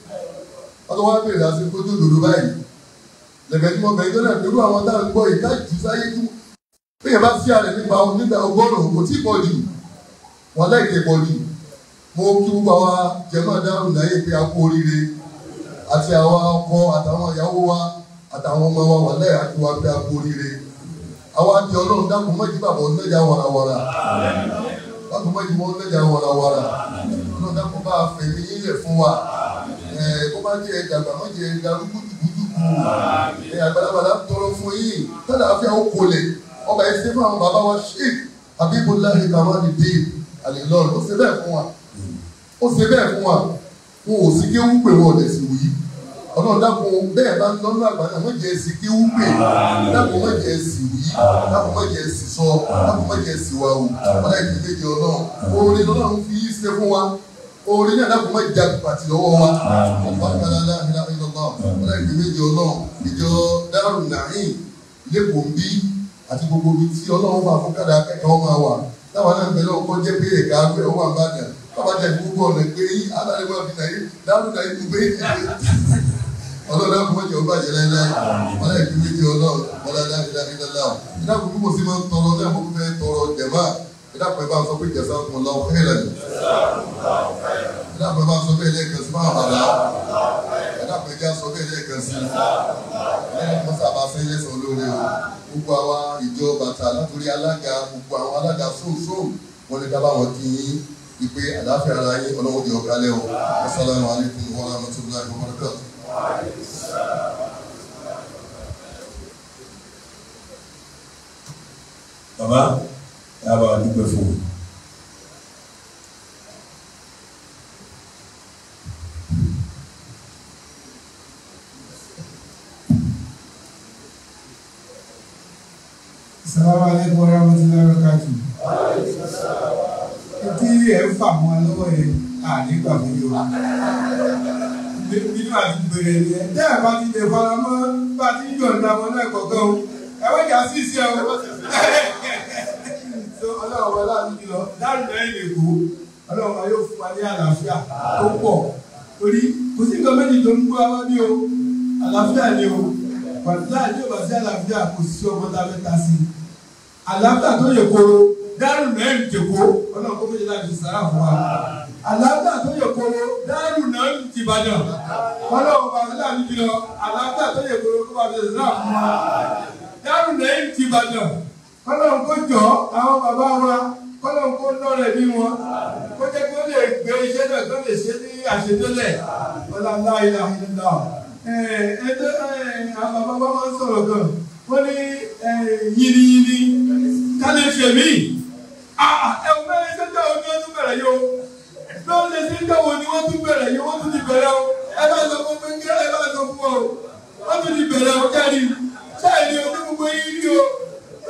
ọtọ́ wá bèrè àsìkò tó dòdò báyìí lẹ̀kẹ́ tí mo bẹ̀ ẹjọ́ náà pẹ̀lú àwọn tá à ń gbọ́ yìí káàkiri sáyé tú bẹ́ẹ̀ bá sí àrẹ nípa nígbà ọgọ́rùn-ún kò tí ì pọ̀ jù wọn láìpẹ́ pọ̀ jù mo kí gbogbo àwa jẹ̀mọ́ dáhùn láyé pé a kú oríire àti àwa ọkọ àtàwọn ìyàwó wa àtàwọn ọmọ wa wà láyé àti wa pé a kú oríire àwa àti ọlọ́run dákun mọ́jú bàbá ọlọ́jà wàràwàrà dákun mọ́jú bàbá ọlọ́jà wàràwàrà ọlọ́run dákun bá a fẹ̀mí yín lẹ̀ fún wa bó bá jẹ ẹ̀dàgbà má jẹ ẹ̀dàrúgbó dùgbùdù ẹ̀ àgbàlagbàlà tọrọ fún yìí tọ́lá àfẹ́ òkòlè ọba ẹ̀ ṣe fún àwọn bàbá wa sheik abibulahi kamadi dee alilọ́ọ̀lù ó ṣe bẹ́ẹ̀ fún wa ó ṣe bẹ́ẹ̀ fún wa wọn ò sí kéwú pè wọ́n ọ̀dẹ̀ sí wòye ọlọ́run dákun bẹ́ẹ̀ bá ń lọ́nà àgbàdo àwọn jẹ́ èsì kí wú pè dákun má jẹ́ èsì wí dákun má jẹ́ èsì sọ dákun má jẹ́ èsì wa o ọlọ́run ìdílé jẹ ọlọ́run orin lọ́lọ́run fi í ṣe fún wa orin náà dákun má jà pàtì lọ́wọ́ wa ọ̀pọ̀ àgbàlá ìlà ìlọ́lá ọ̀pọ̀lá ìlú méjì ọlọ́run ìjọ Daaru Naim lẹ́kọ̀ọ́ bí àti gbogbo ibi tí ọlọ́run wà fún kàdà akẹ́kọ̀ọ́ máa wà láwọn náà bẹ̀rẹ̀ ọkọ̀ jẹ́ pé ẹ̀ka abẹ́ ọwọ́ àbàdàn kábàjá ìgbógbó ọ̀nà pé alárẹ̀wọ̀ àbìnàyé Daaru Naim gbé ọlọ́run náà fọwọ́ jẹ́ ọba jẹ́ láíláí ọlọ́run ìlú méjì ọlọ́run ọlọ́run ìlà ìlọ́lá ìlà ẹ̀dá pẹ̀ bá sọ pé jẹ̀sà ọkùnrin lọ fún ìlẹ̀ ẹ̀dá pẹ̀ bá sọ pé ilé kan sí máa bàdá ẹ̀dá pẹ̀ já sọ pé ilé kan sí ẹ̀dá pẹ̀ sábà fẹ́ ilé sọ lórí o gbogbo àwa ìjọ bàtà látòrí alága gbogbo àwọn alága sóòsó wọn lè dábàá wọn kí yín ìpè àdáfẹ́ ara yín ọlọ́wọ́ di ọ̀gá lẹ́wọ̀n assalamu alaikum wa rahmatullahi Baba yàrá a dúpẹ́ fún un. Assalamu alaikum warahmatullahi wabarakatuh. Tí ẹ ń fà mọ́ lọ́wọ́ yẹn, a nígbà fún yóò. Nínú àti gbèrè ni ẹ, tẹ́ ẹ̀ bá ti jẹ fara mọ́, bá ti ń yọ̀ǹda mọ́ náà kọ̀ọ̀kan o, ẹ wọ́n jà sí iṣẹ́ o ọlọ́run ọlá mi jùlọ láàrin ẹ̀yìn èkó ọlọ́run ayé fún wa ní àlàáfíà tó pọ̀ torí kò sí nǹkan méjì tó ń gbé wa ní o àlàáfíà ni o pàtàkì àti òbá sí àlàáfíà kò sí ọmọ tá a fẹ́ ta sí àlàáfíà tó yẹ kóró dárù náà ń jèkó ọlọ́run kó méjì láti sàrà fún wa àlàáfíà tó yẹ kóró dárù náà ń jìbàdàn ọlọ́run bá fẹ́ jùlọ àlàáfíà tó yẹ kóró kó bá fẹ́ sàrà fún wa dárù náà ń jìbàdàn kọ́lọ́n kó jọ àwọn bàbá wa kọ́lọ́n kó lọ́rẹ̀ bí wọn kó jẹ́ kó lè gbé iṣẹ́ náà tó lè ṣe ní àṣetólẹ̀ ọ̀là ńlá ilà ìlà ẹ̀ẹ́dẹ́ àwọn bàbá wa máa sọ̀rọ̀ gan wọ́n ní yìnyínní kálí fèmí ẹ̀wọ̀n mẹ́rin tó omi ọdún bẹ̀rẹ̀ yó lọ́ọ̀lẹ̀ tí ń dáwọ̀ ni wọ́n tún bẹ̀rẹ̀ yó wọ́n tún ti bẹ̀rẹ̀ o ẹ bá sọ fún mi ẹ bá sọ fún ọ wọ́n tún ti bẹ̀rẹ̀ o jáde jáde o ní gbogbo yín rí o.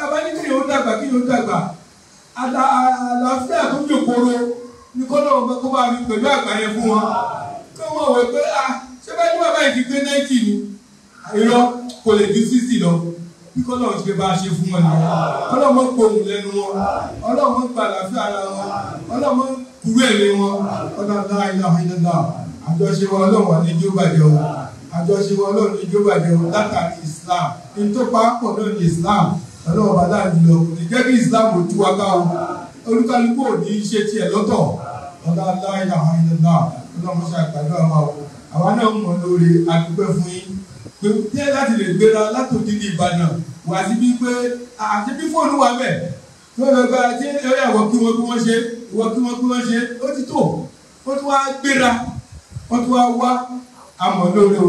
tàbá ní kéèyàn ó dàgbà kéèyàn ó dàgbà àlàáfíà tó jòkòrò ní kọ́nà ọmọ tó bá rí pẹ̀lú àgbáyé fún wọn kí wọ́n wọ̀ pé à ṣé bá ní bàbá yìí ti gbé náìtì ni irọ́ kò lè dín sísì lọ bí kọ́nà ti fi bá a ṣe fún wọn ni ọlọ́mọ gbòòrùn lẹ́nu wọn ọlọ́mọ gba àlàáfíà ara wọn ọlọ́mọ kúrú ẹ̀mí wọn ọlọ́dá ìlànà àjọṣe wọn ọlọ́run àlejò bàjẹ́ wọn àjọṣe wọn ọlọ́run àlejò bàjẹ́ wọn látàrí Islam ní tó pa á pọ̀ náà ní Islam ọlọ́wọ́ bàtà ìlú kò ní jẹ́ kí islam ò tú wa ká o olúkálukú ò ní í ṣe tiẹ̀ lọ́tọ̀ ọ̀dà aláìyá àwọn ilẹ̀ náà ọlọ́mọ ṣe àgbàdo àwa o àwa náà mọ̀ lórí àdúgbò fún yín pé tẹ́ láti lè gbéra látòdì ní ìbàdàn wà sí bí pé àti bí fóònù wa bẹ̀ tó lọ gba tí ẹ̀rọ àwọ̀ kí wọ́n kí wọ́n ṣe ìwọ̀ kí wọ́n kí wọ́n ṣe ó ti tó ó ti wá gbéra ó ti wá wá àmọ̀ lórí o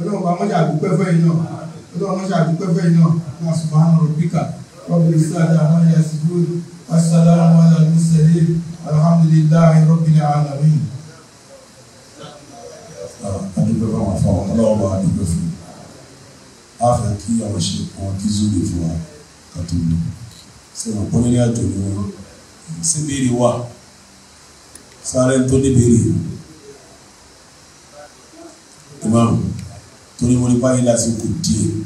ọlọ́run bá mọ́jà àdúgbò fún yín náà ọlọ́run ṣàdúpẹ́ bẹ́ẹ̀ náà wọn sì máa ń rọ bíkà rọ́bì ìsàlẹ̀ àwọn ẹ̀yà síbú assalamu ala mùsẹ̀lẹ̀ alhamdulillahi rabbil alamin. adúgbò bá wọn fún ọmọ ọlọ́run bá dúpẹ́ fún un a fẹ́ kí àwọn ṣe wọn kí zúlẹ̀ fún wa ká tó lò sẹ́wọ̀n kọ́ nílé àjò ni wọn síbèrè wà sáré tó níbèrè ìmáàmù torí mo ní báyìí láti kù díẹ̀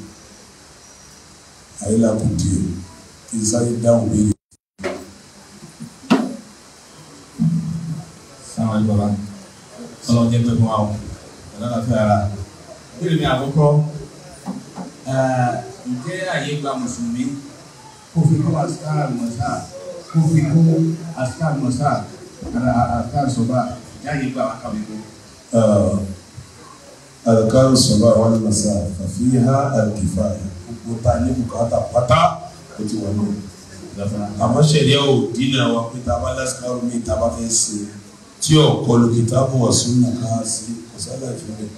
àyè láti kù díẹ̀ kí n sáré dáhùn béèrè. sáwọn ẹni bàbá ọlọ́run jẹ́ pé fún wa o ọlọ́run àfẹ́ ara ìbéèrè mi àkọ́kọ́ ǹjẹ́ àyè gba mùsùlùmí kó fi kó àṣà mọ̀ṣá kó fi kó àṣà mọ̀ṣá àṣà sọ̀bà jáde gba àwọn àkàwé kó àdìkárò sọ̀rọ̀ àwọn àlùmọ̀sá àfihàn àdìfà gbogbo ta ní bùkátà pátá ó ti wà lórí. àmọ́ sẹ̀ríà ò dínà wa pé tá a bá lásìkárò mi tá a bá fẹ́ ṣe tí ọ̀kọlù kìtàbù wà sínú ká sí ọ̀sálà ìfúnlẹ̀.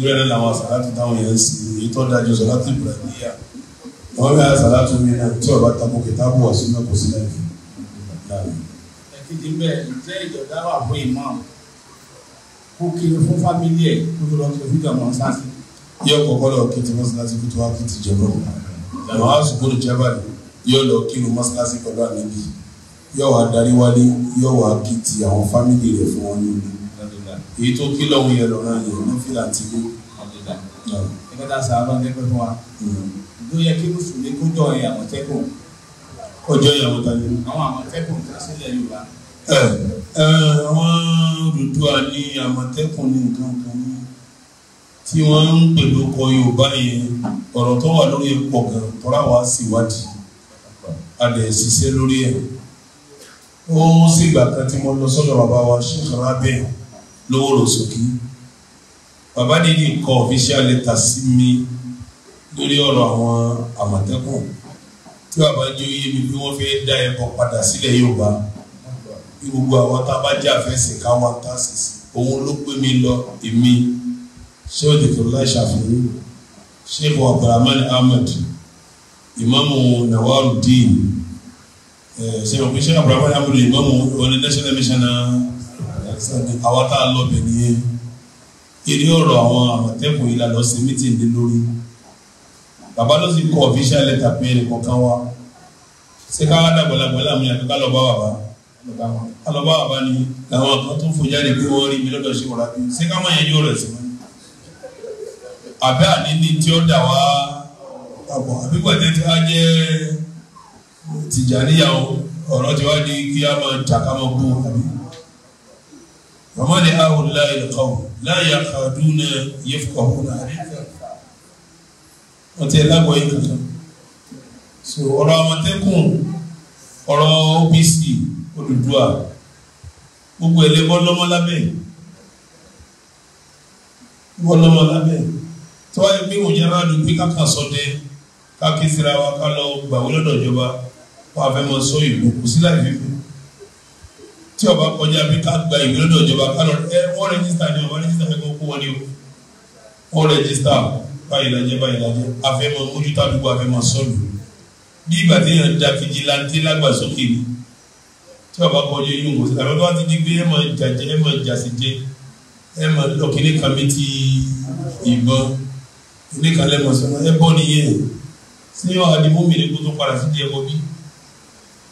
ìrẹ́ náà làwọn àsàlátù táwọn yẹn ń sin èyí tó dájú sàlátù ìbùràníyà wọ́n bẹ àsàlátù mi náà tí ọ̀bá tako kìtàbù wà sínú kò sílẹ̀ ìfúnlẹ̀. ẹ̀kejì ń bẹ ǹjẹ́ ìjọba wà fún ìmáàmù kó kiri fún fámìlì ẹ̀ kó tó lọ kiri fún ìjàmbá sáàsì. yóò kọ́kọ́ lọ kí ti mọ́sálásí kó tó wá kí ti jẹ̀bọ̀ làwọn aṣọ kó lè jẹba rẹ̀ yóò lọ kiri mọ́sálásí pẹ̀lú ànábì yóò wá darí wálé yóò wá kí ti àwọn fámìlì rẹ̀ fún wọn ní ìlú. èyí tó kí lọ́hùn yẹn lọ́nà yẹn ní fìlà ti kó. ẹgbẹ́ ta sàábà ń dẹ́gbẹ́ fún wa ló yẹ kí mùsùlùmí kó jọ ẹ̀yà àmọ̀tẹ́kùn. ọjọ́ ìyàwó ta ni. àwọn àmọ̀tẹ́kùn kásílẹ̀ Yorùbá àwọn Odùduwà ní àmọ̀tẹ́kùn ní nǹkan kan tí wọ́n ń pè lóko Yorùbá yẹn ọ̀rọ̀ tó wà lórí epo gan tọ́ra wá síwádìí a lè ṣiṣẹ́ lórí ẹ̀ ó sì gbà kan tí mo lọ sọ́dọ̀ bàbá wa Sheikh Rabi lówó lòsòkì bàbá dídì kọ official letter sí mi lórí ọ̀rọ̀ àwọn àmọ̀tẹ́kùn tí bàbá jẹ́ oyé mi bí wọ́n fẹ́ dá ẹbọ padà sílẹ̀ Yorùbá bí gbogbo àwọn tá a bá jẹ́ àfẹ́sìn ká wọn tá a sì sí òun ló pè mí lọ èmi sheikh dikorola shafiu sheikh abdulrahman ahmed imaamu nawarudin sheikh ọkùnrin sheikh abdulrahman ahmed imaamu ọ̀nà national mission àwọn tá a lọ bẹ̀ nìyẹn eré ọ̀rọ̀ àwọn àmọ̀tẹ́kùn yìí la lọ sí mítìn lé lórí bàbá ló ti kọ official letter pé ẹnì kọ̀ọ̀kan wa ṣé ká wá dàgbàlagbà láàmú ká lọ bá wà bá alọ́bá àbá ni làwọn kan tó fò jáde kí wọ́n rí mi lọ́dọ̀ ṣe wọ̀lá bí ṣé ká máa yẹn yóò rẹ̀ sí wọn. àbẹ́ àní ni tí ó dà wá papọ̀ àbígbàdé tí wá jẹ́ tìjàníyàwó ọ̀rọ̀ tí wá di kí a máa tàkà máa bú àbí. màmá ni a ò láyé lọ́kọ̀ láyé àkàdú náà yẹ fọkàn fún náà wọ́n ti ẹ̀ lágbọ̀ yìí kankan. ọ̀rọ̀ àmọ̀tẹ́kùn ọ̀rọ̀ OPC Odùduwà gbogbo ẹ̀lẹ́ bọ́ lọ́mọ lábẹ́ bọ́ lọ́mọ lábẹ́ tọ́wá yìí pé òun yára lù pé káka sọdẹ káàkiri síra wa ká lọ gbà wọlé dọ̀jọba wà fẹ́ mọ sọ ìlú kò sí láì fífi tí ọba kọjá bí ká gba ìwé lọ́dọ̀ ìjọba ká lọ ẹ wọ́n rẹ́jísítà ni ọba rẹ́jísítà fẹ́ kó kó wọn ni o wọ́n rẹ́jísítà báyìí lajẹ́ báyìí lajẹ́ afẹ́mọ mójútó àdúgbò afẹ́mọ sọ́ọ̀lù bí ìgbà tí yẹn da lantí lágbàsókè ni tí wọ́n bá kọjú inú wò sí àbẹ́tọ́ ti di pé ẹ máa jàjẹ́ ẹ máa jàsíjẹ ẹ máa lọ kíní kan bí ti ìbọn kíní kan lẹ́mọ̀ sọ́nà ẹ bọ́ nìyẹn sí wàá di mọ́mì ní kó tó padà sí ìdíyẹ bọ́bí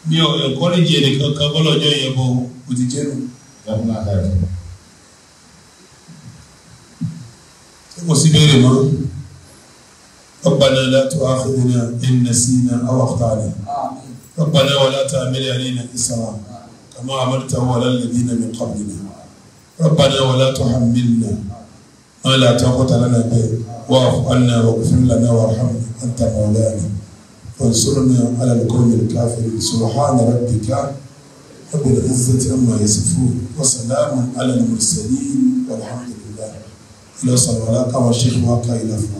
mi ò ẹ̀kọ́lẹ́jì ẹnìkan kan bọ́lọ́jọ́ yẹn bọ́ kò ti jẹ́nu. kò sí béèrè mọ́ ربنا لا تؤاخذنا إن نسينا أو أخطأنا ربنا ولا تعمل علينا إسرا كما عملته على الذين من قبلنا ربنا ولا تحملنا ما لا طاقة لنا به واعف عنا واغفر لنا وارحمنا أنت مولانا وانصرنا على القوم الكافرين سبحان ربك رب العزة عما يصفون وسلام على المرسلين والحمد لله إلى صلاة وشيخ واقع إلى فوق